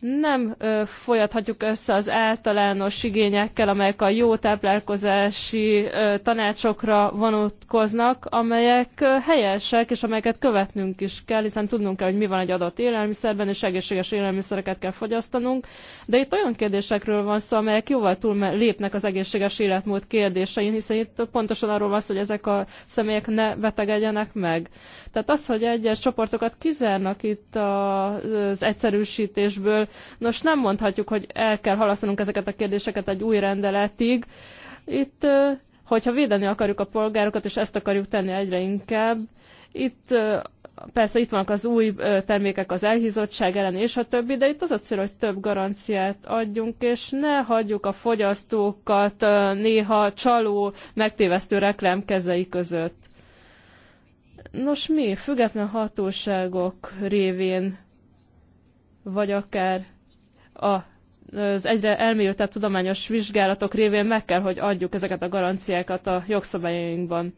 nem ö, folyathatjuk össze az általános igényekkel, amelyek a jó táplálkozási ö, tanácsokra vonatkoznak, amelyek ö, helyesek, és amelyeket követnünk is kell, hiszen tudnunk kell, hogy mi van egy adott élelmiszerben, és egészséges élelmiszereket kell fogyasztanunk. De itt olyan kérdésekről van szó, amelyek jóval túl lépnek az egészséges életmód kérdésein, hiszen itt pontosan arról van szó, hogy ezek a személyek ne betegedjenek meg. Tehát az, hogy egyes csoportokat kizárnak itt az egyszerűsítésből, részéről. Nos, nem mondhatjuk, hogy el kell halasztanunk ezeket a kérdéseket egy új rendeletig. Itt, hogyha védeni akarjuk a polgárokat, és ezt akarjuk tenni egyre inkább, itt persze itt vannak az új termékek, az elhízottság ellen és a többi, de itt az a cél, hogy több garanciát adjunk, és ne hagyjuk a fogyasztókat néha csaló, megtévesztő reklám kezei között. Nos mi, független hatóságok révén vagy akár a az egyre elmélyültebb tudományos vizsgálatok révén meg kell, hogy adjuk ezeket a garanciákat a jogszabályainkban.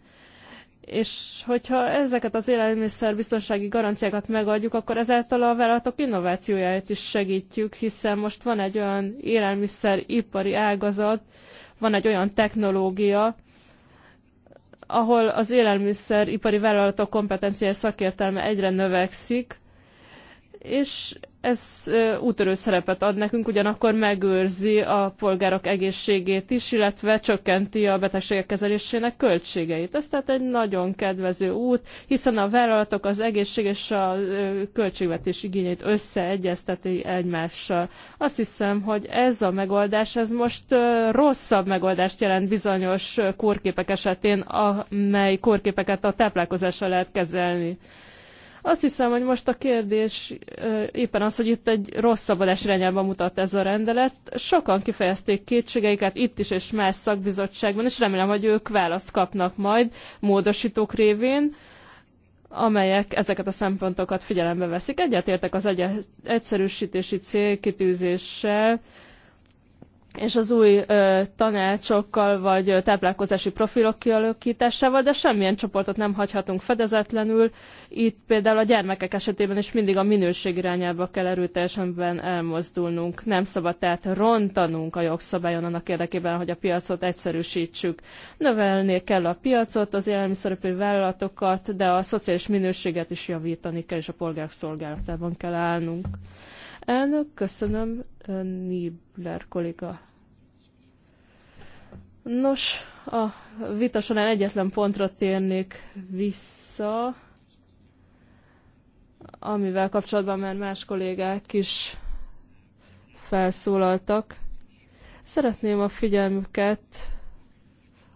És hogyha ezeket az élelmiszerbiztonsági garanciákat megadjuk, akkor ezáltal a vállalatok innovációját is segítjük, hiszen most van egy olyan élelmiszeripari ágazat, van egy olyan technológia, ahol az élelmiszeripari vállalatok kompetenciája szakértelme egyre növekszik, és ez útörő szerepet ad nekünk, ugyanakkor megőrzi a polgárok egészségét is, illetve csökkenti a betegségek kezelésének költségeit. Ez tehát egy nagyon kedvező út, hiszen a vállalatok az egészség és a költségvetés igényeit összeegyezteti egymással. Azt hiszem, hogy ez a megoldás, ez most rosszabb megoldást jelent bizonyos kórképek esetén, amely kórképeket a táplálkozással lehet kezelni. Azt hiszem, hogy most a kérdés éppen az, hogy itt egy rosszabbadás irányába mutat ez a rendelet. Sokan kifejezték kétségeiket itt is és más szakbizottságban, és remélem, hogy ők választ kapnak majd módosítók révén, amelyek ezeket a szempontokat figyelembe veszik. Egyetértek az egyszerűsítési célkitűzéssel, és az új ö, tanácsokkal vagy ö, táplálkozási profilok kialakításával, de semmilyen csoportot nem hagyhatunk fedezetlenül. Itt például a gyermekek esetében is mindig a minőség irányába kell erőteljesen elmozdulnunk. Nem szabad tehát rontanunk a jogszabályon annak érdekében, hogy a piacot egyszerűsítsük. Növelni kell a piacot, az élelmiszeripari vállalatokat, de a szociális minőséget is javítani kell, és a polgárok szolgálatában kell állnunk. Elnök, köszönöm, Nibler kolléga. Nos, a vita során egyetlen pontra térnék vissza, amivel kapcsolatban már más kollégák is felszólaltak. Szeretném a figyelmüket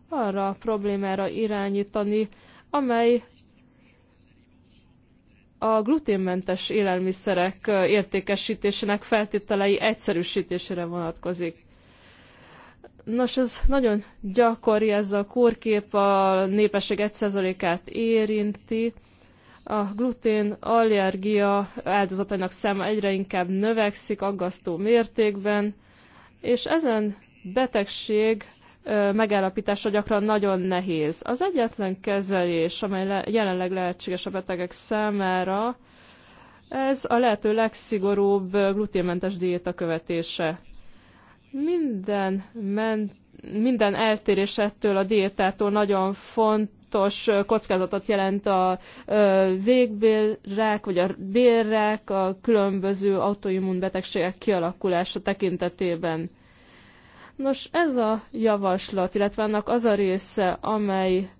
arra a problémára irányítani, amely a gluténmentes élelmiszerek értékesítésének feltételei egyszerűsítésére vonatkozik. Nos, ez nagyon gyakori, ez a kórkép a népesség 1%-át érinti. A glutén allergia áldozatainak száma egyre inkább növekszik aggasztó mértékben, és ezen betegség megállapítása gyakran nagyon nehéz. Az egyetlen kezelés, amely le, jelenleg lehetséges a betegek számára, ez a lehető legszigorúbb gluténmentes diéta követése. Minden, men, minden eltérés ettől a diétától nagyon fontos kockázatot jelent a végbélrák, vagy a bélrák, a különböző autoimmun betegségek kialakulása tekintetében Nos, ez a javaslat, illetve annak az a része, amely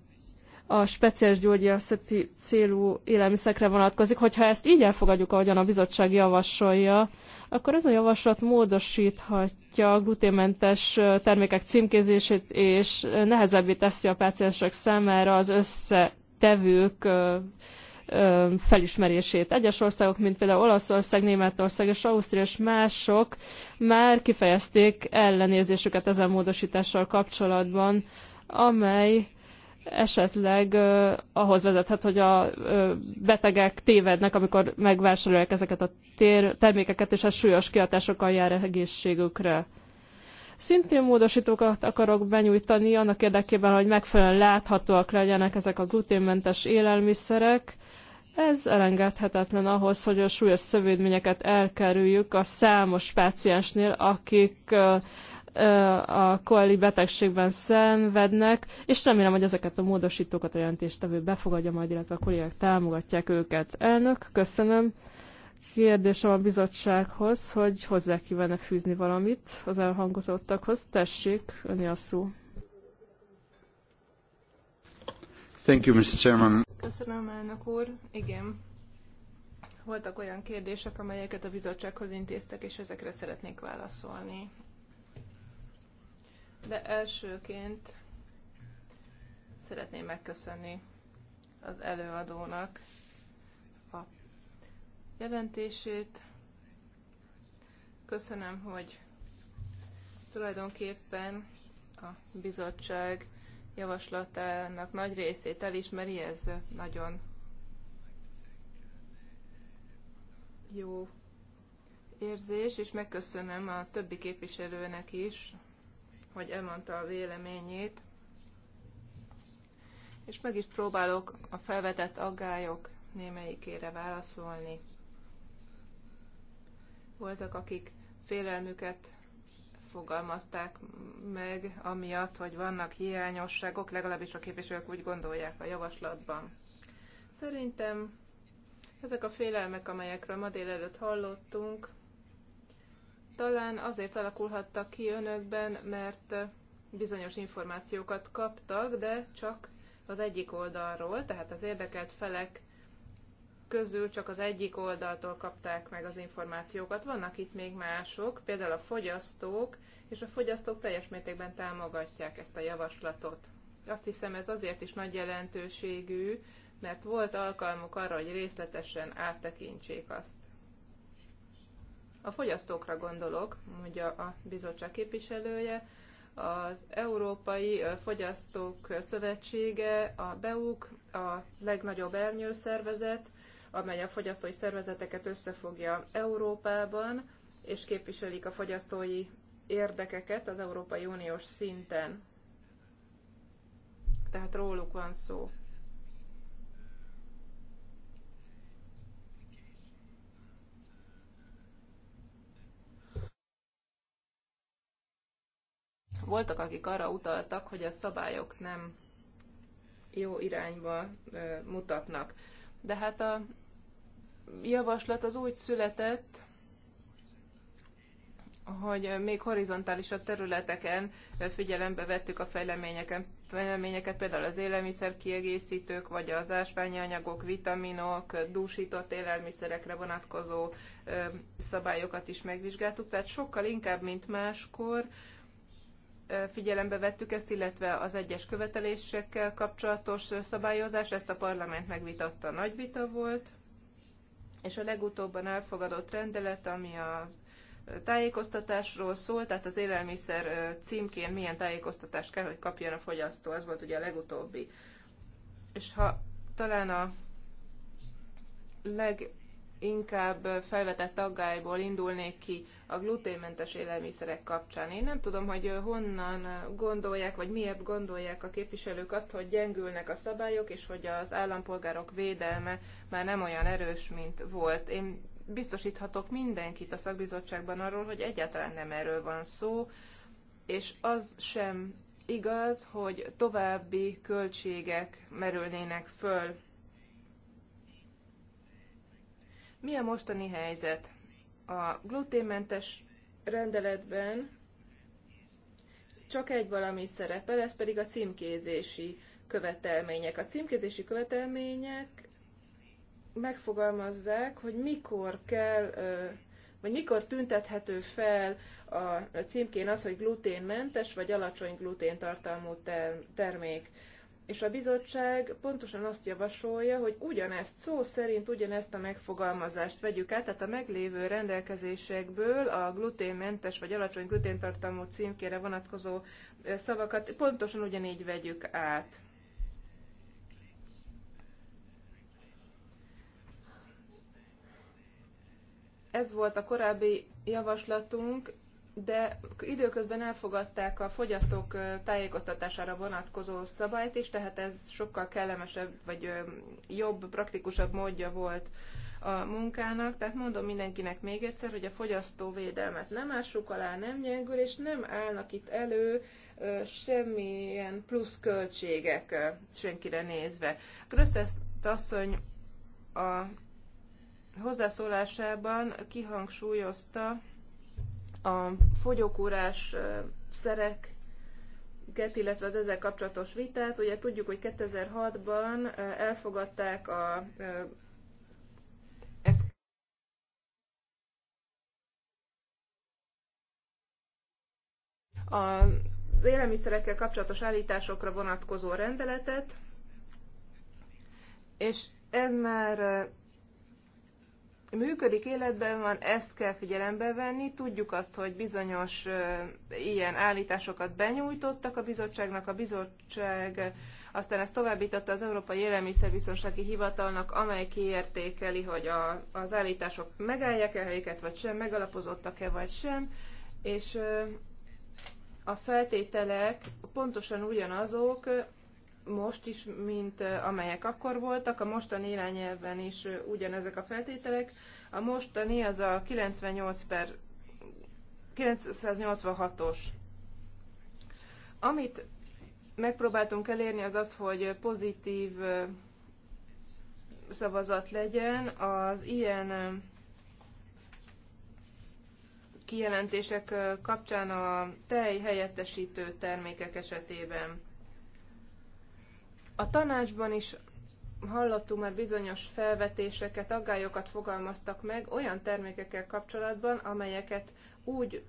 a speciális gyógyászati célú élelmiszekre vonatkozik, hogyha ezt így elfogadjuk, ahogyan a bizottság javasolja, akkor ez a javaslat módosíthatja a gluténmentes termékek címkézését, és nehezebbé teszi a páciensek számára az összetevők felismerését. Egyes országok, mint például Olaszország, Németország és Ausztria és mások már kifejezték ellenérzésüket ezen módosítással kapcsolatban, amely esetleg uh, ahhoz vezethet, hogy a uh, betegek tévednek, amikor megvásárolják ezeket a tér- termékeket, és ez súlyos kihatásokkal jár egészségükre. Szintén módosítókat akarok benyújtani annak érdekében, hogy megfelelően láthatóak legyenek ezek a gluténmentes élelmiszerek, ez elengedhetetlen ahhoz, hogy a súlyos szövődményeket elkerüljük a számos páciensnél, akik a koali betegségben szenvednek, és remélem, hogy ezeket a módosítókat a jelentéstevő befogadja majd, illetve a kollégák támogatják őket. Elnök, köszönöm. Kérdésem a bizottsághoz, hogy hozzá kívánne fűzni valamit az elhangozottakhoz. Tessék, öni a szó. Thank you, Mr. Chairman. Köszönöm, elnök úr. Igen. Voltak olyan kérdések, amelyeket a bizottsághoz intéztek, és ezekre szeretnék válaszolni. De elsőként szeretném megköszönni az előadónak a jelentését. Köszönöm, hogy tulajdonképpen a bizottság javaslatának nagy részét elismeri, ez nagyon jó érzés, és megköszönöm a többi képviselőnek is, hogy elmondta a véleményét, és meg is próbálok a felvetett aggályok némelyikére válaszolni. Voltak, akik félelmüket fogalmazták meg, amiatt, hogy vannak hiányosságok, legalábbis a képviselők úgy gondolják a javaslatban. Szerintem ezek a félelmek, amelyekről ma délelőtt hallottunk, talán azért alakulhattak ki önökben, mert bizonyos információkat kaptak, de csak az egyik oldalról, tehát az érdekelt felek közül csak az egyik oldaltól kapták meg az információkat. Vannak itt még mások, például a fogyasztók, és a fogyasztók teljes mértékben támogatják ezt a javaslatot. Azt hiszem ez azért is nagy jelentőségű, mert volt alkalmuk arra, hogy részletesen áttekintsék azt. A fogyasztókra gondolok, mondja a bizottság képviselője, az Európai Fogyasztók Szövetsége, a BEUK, a legnagyobb ernyőszervezet, amely a fogyasztói szervezeteket összefogja Európában, és képviselik a fogyasztói érdekeket az Európai Uniós szinten. Tehát róluk van szó. Voltak, akik arra utaltak, hogy a szabályok nem jó irányba mutatnak. De hát a javaslat az úgy született, hogy még horizontálisabb területeken figyelembe vettük a fejleményeken, fejleményeket, például az élelmiszer kiegészítők, vagy az ásványi anyagok, vitaminok, dúsított élelmiszerekre vonatkozó szabályokat is megvizsgáltuk, tehát sokkal inkább, mint máskor figyelembe vettük ezt, illetve az egyes követelésekkel kapcsolatos szabályozás, ezt a parlament megvitatta, nagy vita volt, és a legutóbban elfogadott rendelet, ami a tájékoztatásról szól, tehát az élelmiszer címkén milyen tájékoztatást kell, hogy kapjon a fogyasztó, az volt ugye a legutóbbi. És ha talán a leginkább felvetett aggályból indulnék ki, a gluténmentes élelmiszerek kapcsán. Én nem tudom, hogy honnan gondolják, vagy miért gondolják a képviselők azt, hogy gyengülnek a szabályok, és hogy az állampolgárok védelme már nem olyan erős, mint volt. Én biztosíthatok mindenkit a szakbizottságban arról, hogy egyáltalán nem erről van szó, és az sem igaz, hogy további költségek merülnének föl. Mi a mostani helyzet? a gluténmentes rendeletben csak egy valami szerepel, ez pedig a címkézési követelmények. A címkézési követelmények megfogalmazzák, hogy mikor kell, vagy mikor tüntethető fel a címkén az, hogy gluténmentes vagy alacsony gluténtartalmú termék és a bizottság pontosan azt javasolja, hogy ugyanezt, szó szerint ugyanezt a megfogalmazást vegyük át, tehát a meglévő rendelkezésekből a gluténmentes vagy alacsony gluténtartalmú címkére vonatkozó szavakat pontosan ugyanígy vegyük át. Ez volt a korábbi javaslatunk, de időközben elfogadták a fogyasztók tájékoztatására vonatkozó szabályt is, tehát ez sokkal kellemesebb, vagy jobb, praktikusabb módja volt a munkának. Tehát mondom mindenkinek még egyszer, hogy a fogyasztóvédelmet nem ássuk alá, nem gyengül, és nem állnak itt elő semmilyen plusz költségek senkire nézve. köszönöm asszony a hozzászólásában kihangsúlyozta, a fogyókúrás szerek illetve az ezzel kapcsolatos vitát. Ugye tudjuk, hogy 2006-ban elfogadták a az élelmiszerekkel kapcsolatos állításokra vonatkozó rendeletet, és ez már működik, életben van, ezt kell figyelembe venni. Tudjuk azt, hogy bizonyos ilyen állításokat benyújtottak a bizottságnak, a bizottság aztán ezt továbbította az Európai Élelmiszerbiztonsági Hivatalnak, amely kiértékeli, hogy a, az állítások megállják-e helyüket, vagy sem, megalapozottak-e, vagy sem, és a feltételek pontosan ugyanazok, most is, mint amelyek akkor voltak. A mostani irányelven is ugyanezek a feltételek. A mostani az a 98 per 986-os. Amit megpróbáltunk elérni az az, hogy pozitív szavazat legyen az ilyen kijelentések kapcsán a tej helyettesítő termékek esetében. A tanácsban is hallottunk már bizonyos felvetéseket, aggályokat fogalmaztak meg olyan termékekkel kapcsolatban, amelyeket úgy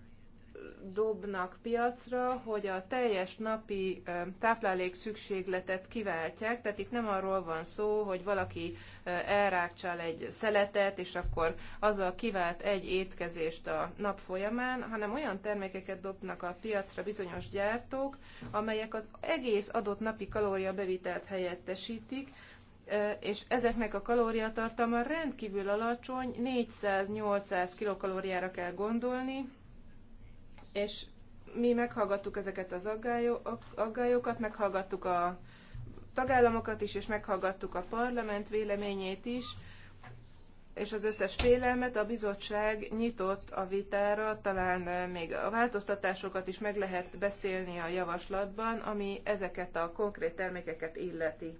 dobnak piacra, hogy a teljes napi táplálék szükségletet kiváltják, tehát itt nem arról van szó, hogy valaki elrákcsál egy szeletet, és akkor azzal kivált egy étkezést a nap folyamán, hanem olyan termékeket dobnak a piacra bizonyos gyártók, amelyek az egész adott napi kalóriabevitelt helyettesítik, és ezeknek a kalóriatartalma rendkívül alacsony, 400-800 kilokalóriára kell gondolni, és mi meghallgattuk ezeket az aggályokat, meghallgattuk a tagállamokat is, és meghallgattuk a parlament véleményét is, és az összes félelmet a bizottság nyitott a vitára, talán eh, még a változtatásokat is meg lehet beszélni a javaslatban, ami ezeket a konkrét termékeket illeti.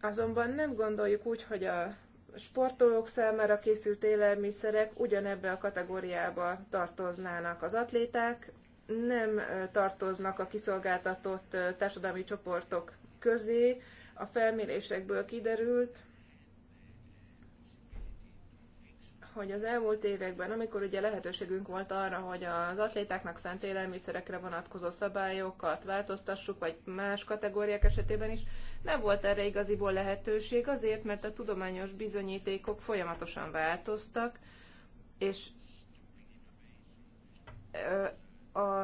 Azonban nem gondoljuk úgy, hogy a sportolók számára készült élelmiszerek ugyanebbe a kategóriába tartoznának. Az atléták nem tartoznak a kiszolgáltatott társadalmi csoportok közé. A felmérésekből kiderült, hogy az elmúlt években, amikor ugye lehetőségünk volt arra, hogy az atlétáknak szánt élelmiszerekre vonatkozó szabályokat változtassuk, vagy más kategóriák esetében is, nem volt erre igaziból lehetőség azért, mert a tudományos bizonyítékok folyamatosan változtak, és a,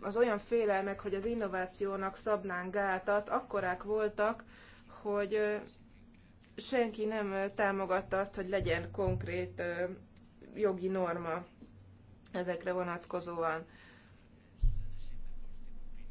az olyan félelmek, hogy az innovációnak szabnánk gátat, akkorák voltak, hogy senki nem támogatta azt, hogy legyen konkrét jogi norma ezekre vonatkozóan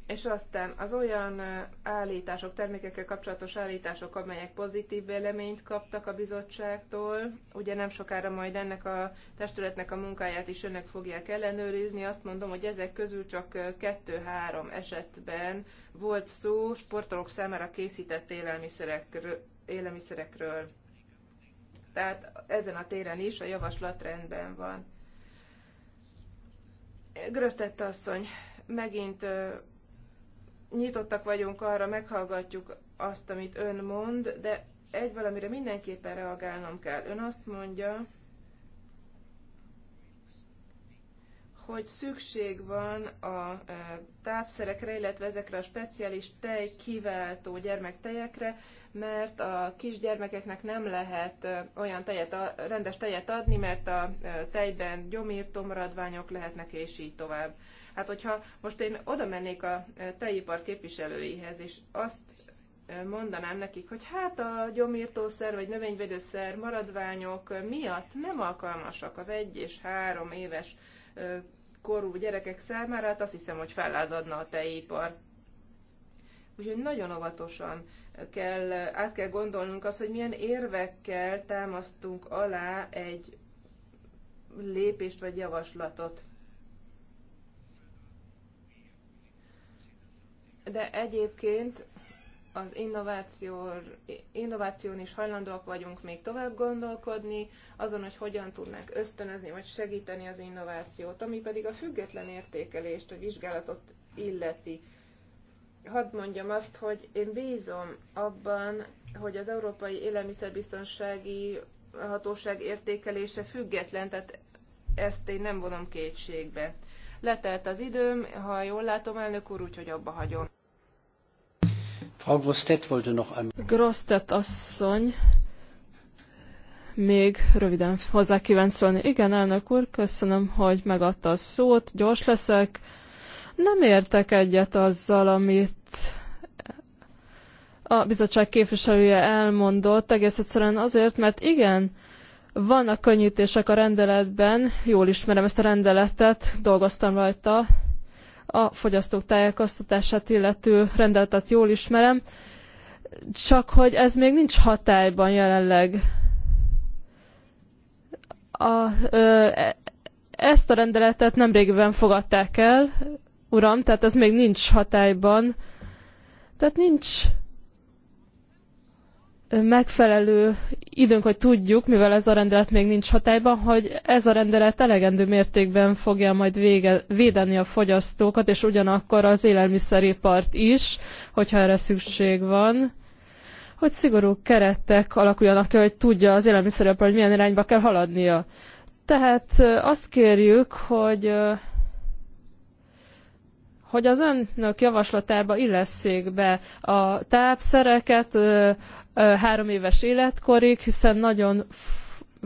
és aztán az olyan állítások, termékekkel kapcsolatos állítások, amelyek pozitív véleményt kaptak a bizottságtól, ugye nem sokára majd ennek a testületnek a munkáját is önök fogják ellenőrizni, azt mondom, hogy ezek közül csak kettő-három esetben volt szó sportolók számára készített élelmiszerekről. élelmiszerekről. Tehát ezen a téren is a javaslat rendben van. Grösztett asszony, megint nyitottak vagyunk arra, meghallgatjuk azt, amit ön mond, de egy valamire mindenképpen reagálnom kell. Ön azt mondja, hogy szükség van a e, tápszerekre, illetve ezekre a speciális tej kiváltó gyermektejekre, mert a kisgyermekeknek nem lehet e, olyan tejet, rendes tejet adni, mert a e, tejben gyomírtó maradványok lehetnek, és így tovább. Hát, hogyha most én oda mennék a tejipar képviselőihez, és azt mondanám nekik, hogy hát a gyomírtószer vagy növényvédőszer maradványok miatt nem alkalmasak az egy és három éves korú gyerekek számára, hát azt hiszem, hogy fellázadna a tejipar. Úgyhogy nagyon óvatosan kell, át kell gondolnunk azt, hogy milyen érvekkel támasztunk alá egy lépést vagy javaslatot. de egyébként az innováción is hajlandóak vagyunk még tovább gondolkodni, azon, hogy hogyan tudnánk ösztönözni vagy segíteni az innovációt, ami pedig a független értékelést, a vizsgálatot illeti. Hadd mondjam azt, hogy én bízom abban, hogy az Európai Élelmiszerbiztonsági Hatóság értékelése független, tehát ezt én nem vonom kétségbe. Letelt az időm, ha jól látom, elnök úr, úgyhogy abba hagyom. Frau wollte noch einmal. asszony még röviden hozzá kíván szólni. Igen, elnök úr, köszönöm, hogy megadta a szót, gyors leszek. Nem értek egyet azzal, amit a bizottság képviselője elmondott, egész egyszerűen azért, mert igen, vannak könnyítések a rendeletben, jól ismerem ezt a rendeletet, dolgoztam rajta, a fogyasztók tájékoztatását illető rendeletet jól ismerem, csak hogy ez még nincs hatályban jelenleg. A, ö, e, ezt a rendeletet nemrégiben fogadták el, uram, tehát ez még nincs hatályban. Tehát nincs megfelelő időnk, hogy tudjuk, mivel ez a rendelet még nincs hatályban, hogy ez a rendelet elegendő mértékben fogja majd vége, védeni a fogyasztókat, és ugyanakkor az élelmiszeripart is, hogyha erre szükség van, hogy szigorú keretek alakuljanak ki, hogy tudja az élelmiszeripar, hogy milyen irányba kell haladnia. Tehát azt kérjük, hogy hogy az önök javaslatába illesszék be a tápszereket, három éves életkorig, hiszen nagyon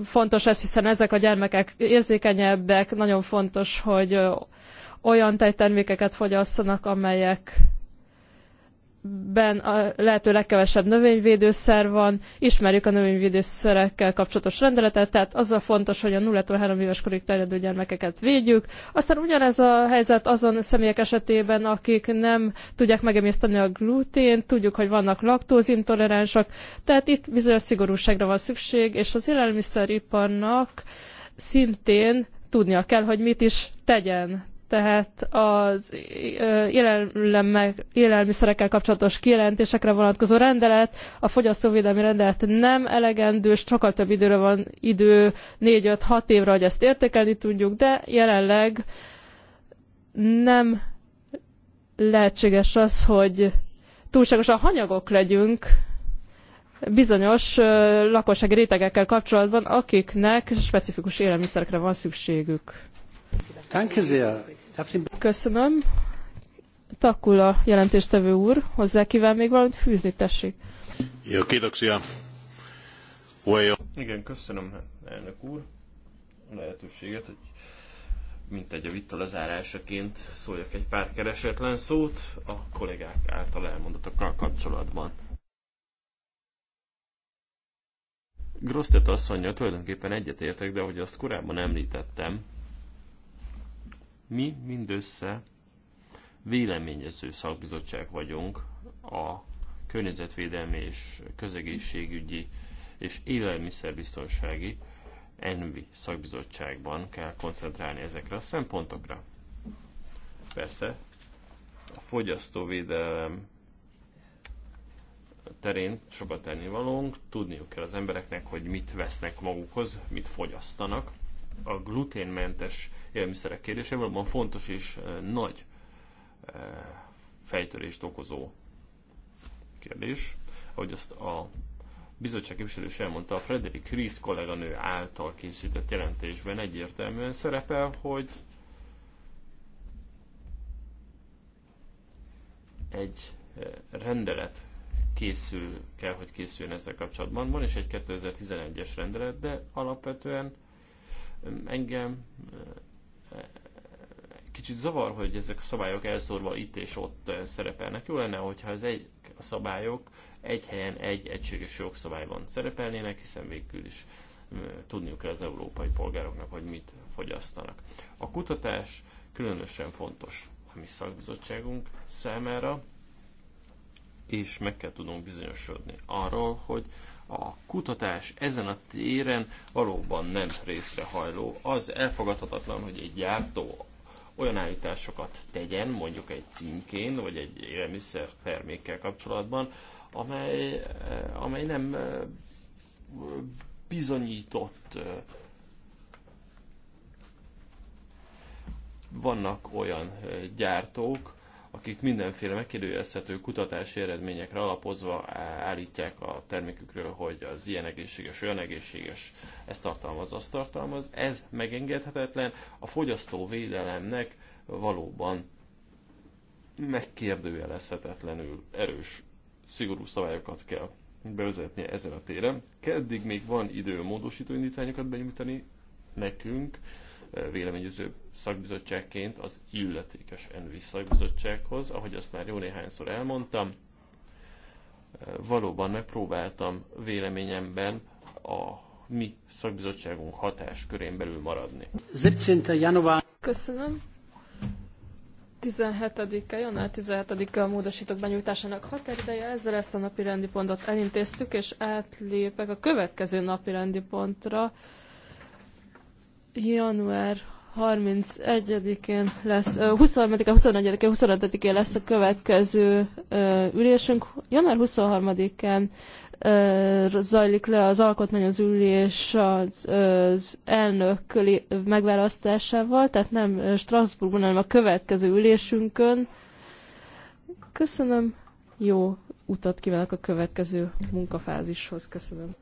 fontos ez, hiszen ezek a gyermekek érzékenyebbek, nagyon fontos, hogy olyan tejtermékeket fogyasszanak, amelyek ben a lehető legkevesebb növényvédőszer van, ismerjük a növényvédőszerekkel kapcsolatos rendeletet, tehát az a fontos, hogy a 0-3 éves korig terjedő gyermekeket védjük. Aztán ugyanez a helyzet azon személyek esetében, akik nem tudják megemészteni a glutént, tudjuk, hogy vannak laktózintoleránsak, tehát itt bizonyos szigorúságra van szükség, és az élelmiszeriparnak szintén tudnia kell, hogy mit is tegyen tehát az élelmiszerekkel kapcsolatos kijelentésekre vonatkozó rendelet, a fogyasztóvédelmi rendelet nem elegendő, sokkal több időre van idő, 4-5-6 évre, hogy ezt értékelni tudjuk, de jelenleg nem lehetséges az, hogy túlságosan hanyagok legyünk bizonyos lakossági rétegekkel kapcsolatban, akiknek specifikus élelmiszerekre van szükségük. Köszönöm. takula a jelentéstevő úr, hozzá kíván még valamit fűzni, tessék. Jó, kiitoksia. Igen, köszönöm, elnök úr, a lehetőséget, hogy mint egy a vita lezárásaként szóljak egy pár keresetlen szót a kollégák által elmondottakkal kapcsolatban. Grosztet asszonya tulajdonképpen egyetértek, de ahogy azt korábban említettem, mi mindössze véleményező szakbizottság vagyunk a környezetvédelmi és közegészségügyi és élelmiszerbiztonsági ENVI szakbizottságban kell koncentrálni ezekre a szempontokra. Persze a fogyasztóvédelem terén sokat valónk, tudniuk kell az embereknek, hogy mit vesznek magukhoz, mit fogyasztanak. A gluténmentes élelmiszerek kérdése valóban fontos és nagy fejtörést okozó kérdés. Ahogy azt a bizottság képviselő is elmondta, a Frederick Ries kolléganő által készített jelentésben egyértelműen szerepel, hogy egy rendelet készül, kell, hogy készüljön ezzel kapcsolatban. Van is egy 2011-es rendelet, de alapvetően engem kicsit zavar, hogy ezek a szabályok elszórva itt és ott szerepelnek. Jó lenne, hogyha az egy, a szabályok egy helyen egy egységes jogszabályban szerepelnének, hiszen végül is tudniuk kell az európai polgároknak, hogy mit fogyasztanak. A kutatás különösen fontos a mi szakbizottságunk számára, és meg kell tudnunk bizonyosodni arról, hogy a kutatás ezen a téren valóban nem részrehajló. Az elfogadhatatlan, hogy egy gyártó olyan állításokat tegyen, mondjuk egy címkén, vagy egy élelmiszer termékkel kapcsolatban, amely, eh, amely nem eh, bizonyított. Eh, vannak olyan gyártók, akik mindenféle megkérdőjelezhető kutatási eredményekre alapozva állítják a termékükről, hogy az ilyen egészséges, olyan egészséges, ez tartalmaz, azt tartalmaz. Ez megengedhetetlen. A fogyasztóvédelemnek valóban megkérdőjelezhetetlenül erős, szigorú szabályokat kell bevezetnie ezen a téren. Keddig még van idő módosító indítványokat benyújtani nekünk véleményező szakbizottságként az illetékes ENVI szakbizottsághoz, ahogy azt már jó néhányszor elmondtam. Valóban megpróbáltam véleményemben a mi szakbizottságunk hatáskörén belül maradni. Köszönöm. 17-e, január 17-e a módosítók benyújtásának határideje. Ezzel ezt a napi rendi pontot elintéztük, és átlépek a következő napi rendi pontra, január 31-én lesz, 23 24-én, 25-én lesz a következő ülésünk. Január 23-án zajlik le az alkotmányos ülés az, az elnök megválasztásával, tehát nem Strasbourgban, hanem a következő ülésünkön. Köszönöm, jó utat kívánok a következő munkafázishoz. Köszönöm.